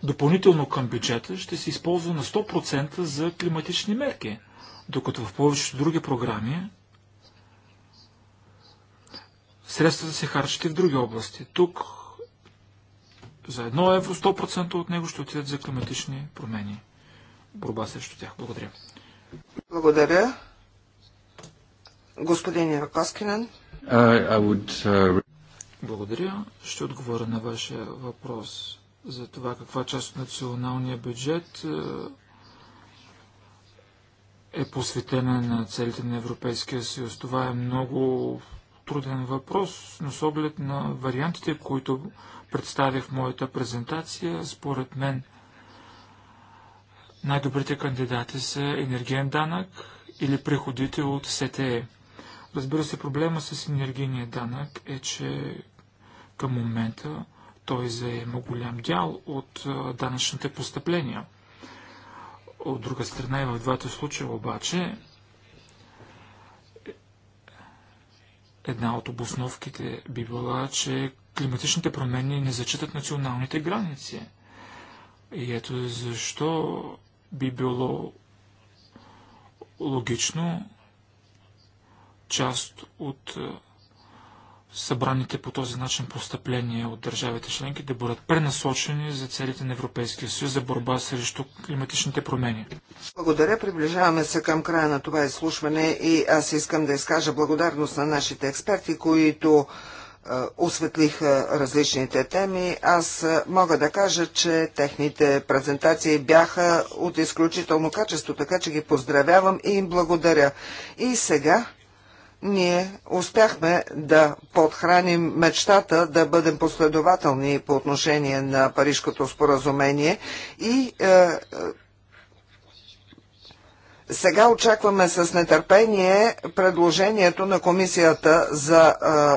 допълнително към бюджета ще се използва на 100% за климатични мерки, докато в повечето други програми средствата се харчат и в други области. Тук за едно евро 100% от него ще отидат за климатични промени. Борба срещу тях. Благодаря. Благодаря. Господин Яркоскинен. Uh, uh, Благодаря. Ще отговоря на вашия въпрос за това каква част от националния бюджет е, е посветена на целите на Европейския съюз. Това е много труден въпрос, но с оглед на вариантите, които представих в моята презентация, според мен – най-добрите кандидати са енергиен данък или приходите от СТЕ. Разбира се, проблема с енергийния данък е, че към момента той заема голям дял от данъчните постъпления. От друга страна и в двата случая обаче една от обосновките би била, че климатичните промени не зачитат националните граници. И ето защо би било логично част от е, събраните по този начин постъпления от държавите членки да бъдат пренасочени за целите на Европейския съюз за борба срещу климатичните промени. Благодаря. Приближаваме се към края на това изслушване и аз искам да изкажа благодарност на нашите експерти, които осветлиха различните теми. Аз мога да кажа, че техните презентации бяха от изключително качество, така че ги поздравявам и им благодаря. И сега ние успяхме да подхраним мечтата да бъдем последователни по отношение на Парижкото споразумение и е, сега очакваме с нетърпение предложението на комисията за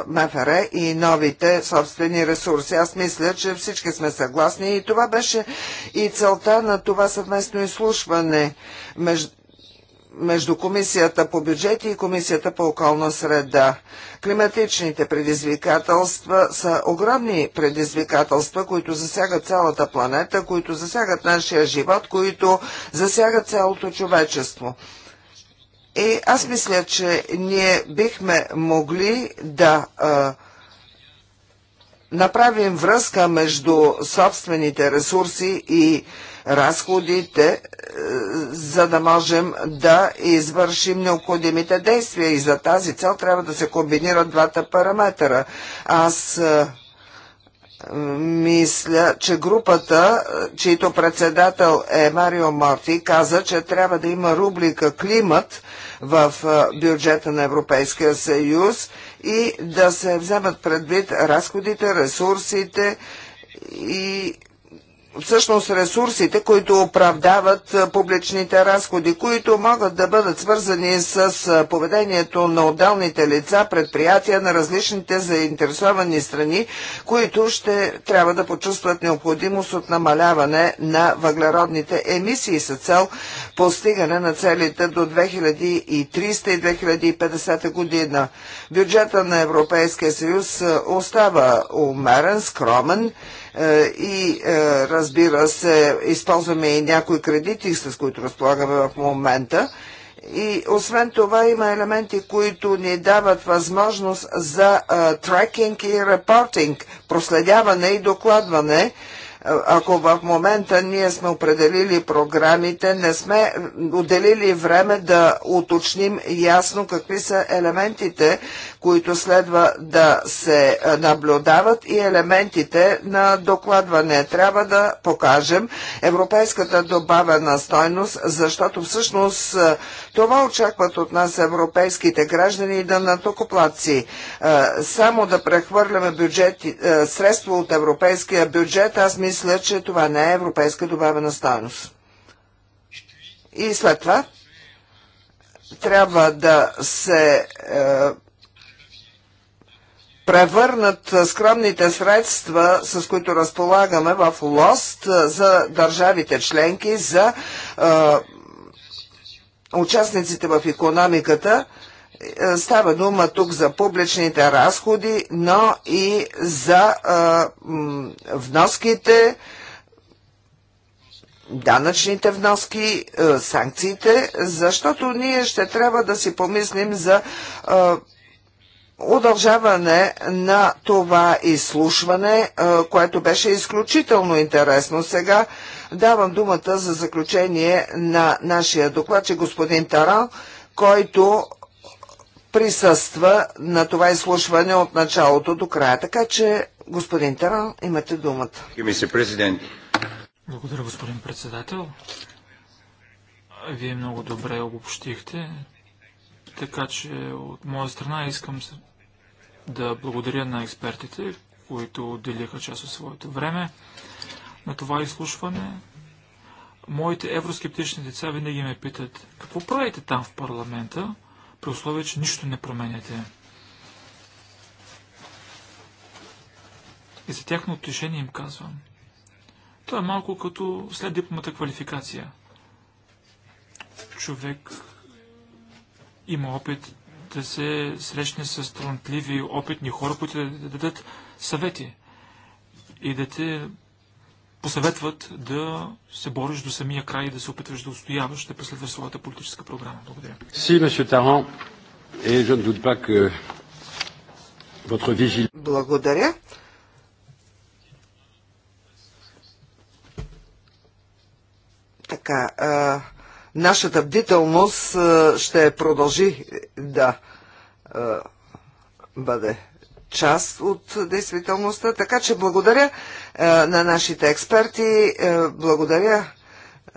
МФР и новите собствени ресурси. Аз мисля, че всички сме съгласни и това беше и целта на това съвместно изслушване между между Комисията по бюджети и Комисията по околна среда. Климатичните предизвикателства са огромни предизвикателства, които засягат цялата планета, които засягат нашия живот, които засягат цялото човечество. И аз мисля, че ние бихме могли да а, направим връзка между собствените ресурси и разходите, е, за да можем да извършим необходимите действия. И за тази цел трябва да се комбинират двата параметъра. Аз е, мисля, че групата, е, чийто председател е Марио Морти, каза, че трябва да има рубрика климат в бюджета на Европейския съюз и да се вземат предвид разходите, ресурсите и всъщност ресурсите, които оправдават публичните разходи, които могат да бъдат свързани с поведението на отделните лица, предприятия на различните заинтересовани страни, които ще трябва да почувстват необходимост от намаляване на въглеродните емисии с цел постигане на целите до 2030 и 2050 година. Бюджета на Европейския съюз остава умерен, скромен, е, и е, разбира се, използваме и някои кредити, с които разполагаме в момента. И освен това има елементи, които ни дават възможност за е, трекинг и репортинг, проследяване и докладване ако в момента ние сме определили програмите, не сме отделили време да уточним ясно какви са елементите, които следва да се наблюдават и елементите на докладване. Трябва да покажем европейската добавена стойност, защото всъщност това очакват от нас европейските граждани да натокоплаци. Само да прехвърляме бюджет, средства от европейския бюджет, аз мисля, че това не е европейска добавена стойност. И след това трябва да се е, превърнат скромните средства, с които разполагаме в лост за държавите членки, за е, участниците в економиката. Е, става дума тук за публичните разходи, но и за е, вноските, данъчните вноски, санкциите, защото ние ще трябва да си помислим за удължаване на това изслушване, което беше изключително интересно. Сега давам думата за заключение на нашия доклад, че господин Тарал, който присъства на това изслушване от началото до края. Така че, господин Тарал, имате думата. Благодаря, господин председател. Вие много добре обобщихте така че от моя страна искам да благодаря на експертите, които отделиха част от своето време на това изслушване. Моите евроскептични деца винаги ме питат, какво правите там в парламента, при условие, че нищо не променяте? И за тяхно отношение им казвам. То е малко като след дипломата квалификация. Човек има опит да се срещне с талантливи, опитни хора, които да, да дадат съвети и да те посъветват да се бориш до самия край и да се опитваш да устояваш, да преследваш своята политическа програма. Благодаря. Си, Таран, и е, je ne doute pas que votre Благодаря. Така, а, нашата бдителност ще продължи да бъде част от действителността. Така че благодаря на нашите експерти, благодаря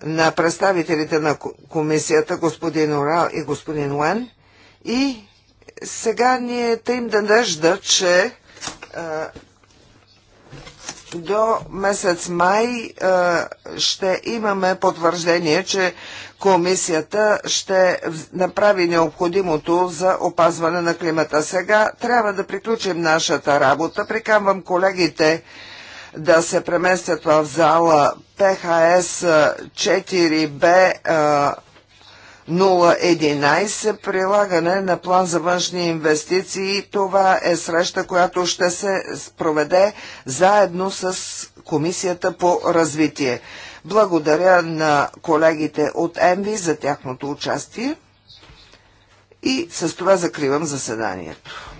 на представителите на комисията, господин Орал и господин Уен. И сега ние им да нежда, че до месец май е, ще имаме потвърждение, че комисията ще направи необходимото за опазване на климата. Сега трябва да приключим нашата работа. Прикамвам колегите да се преместят в зала ПХС 4Б 011 прилагане на план за външни инвестиции. Това е среща, която ще се проведе заедно с Комисията по развитие. Благодаря на колегите от ЕМВИ за тяхното участие и с това закривам заседанието.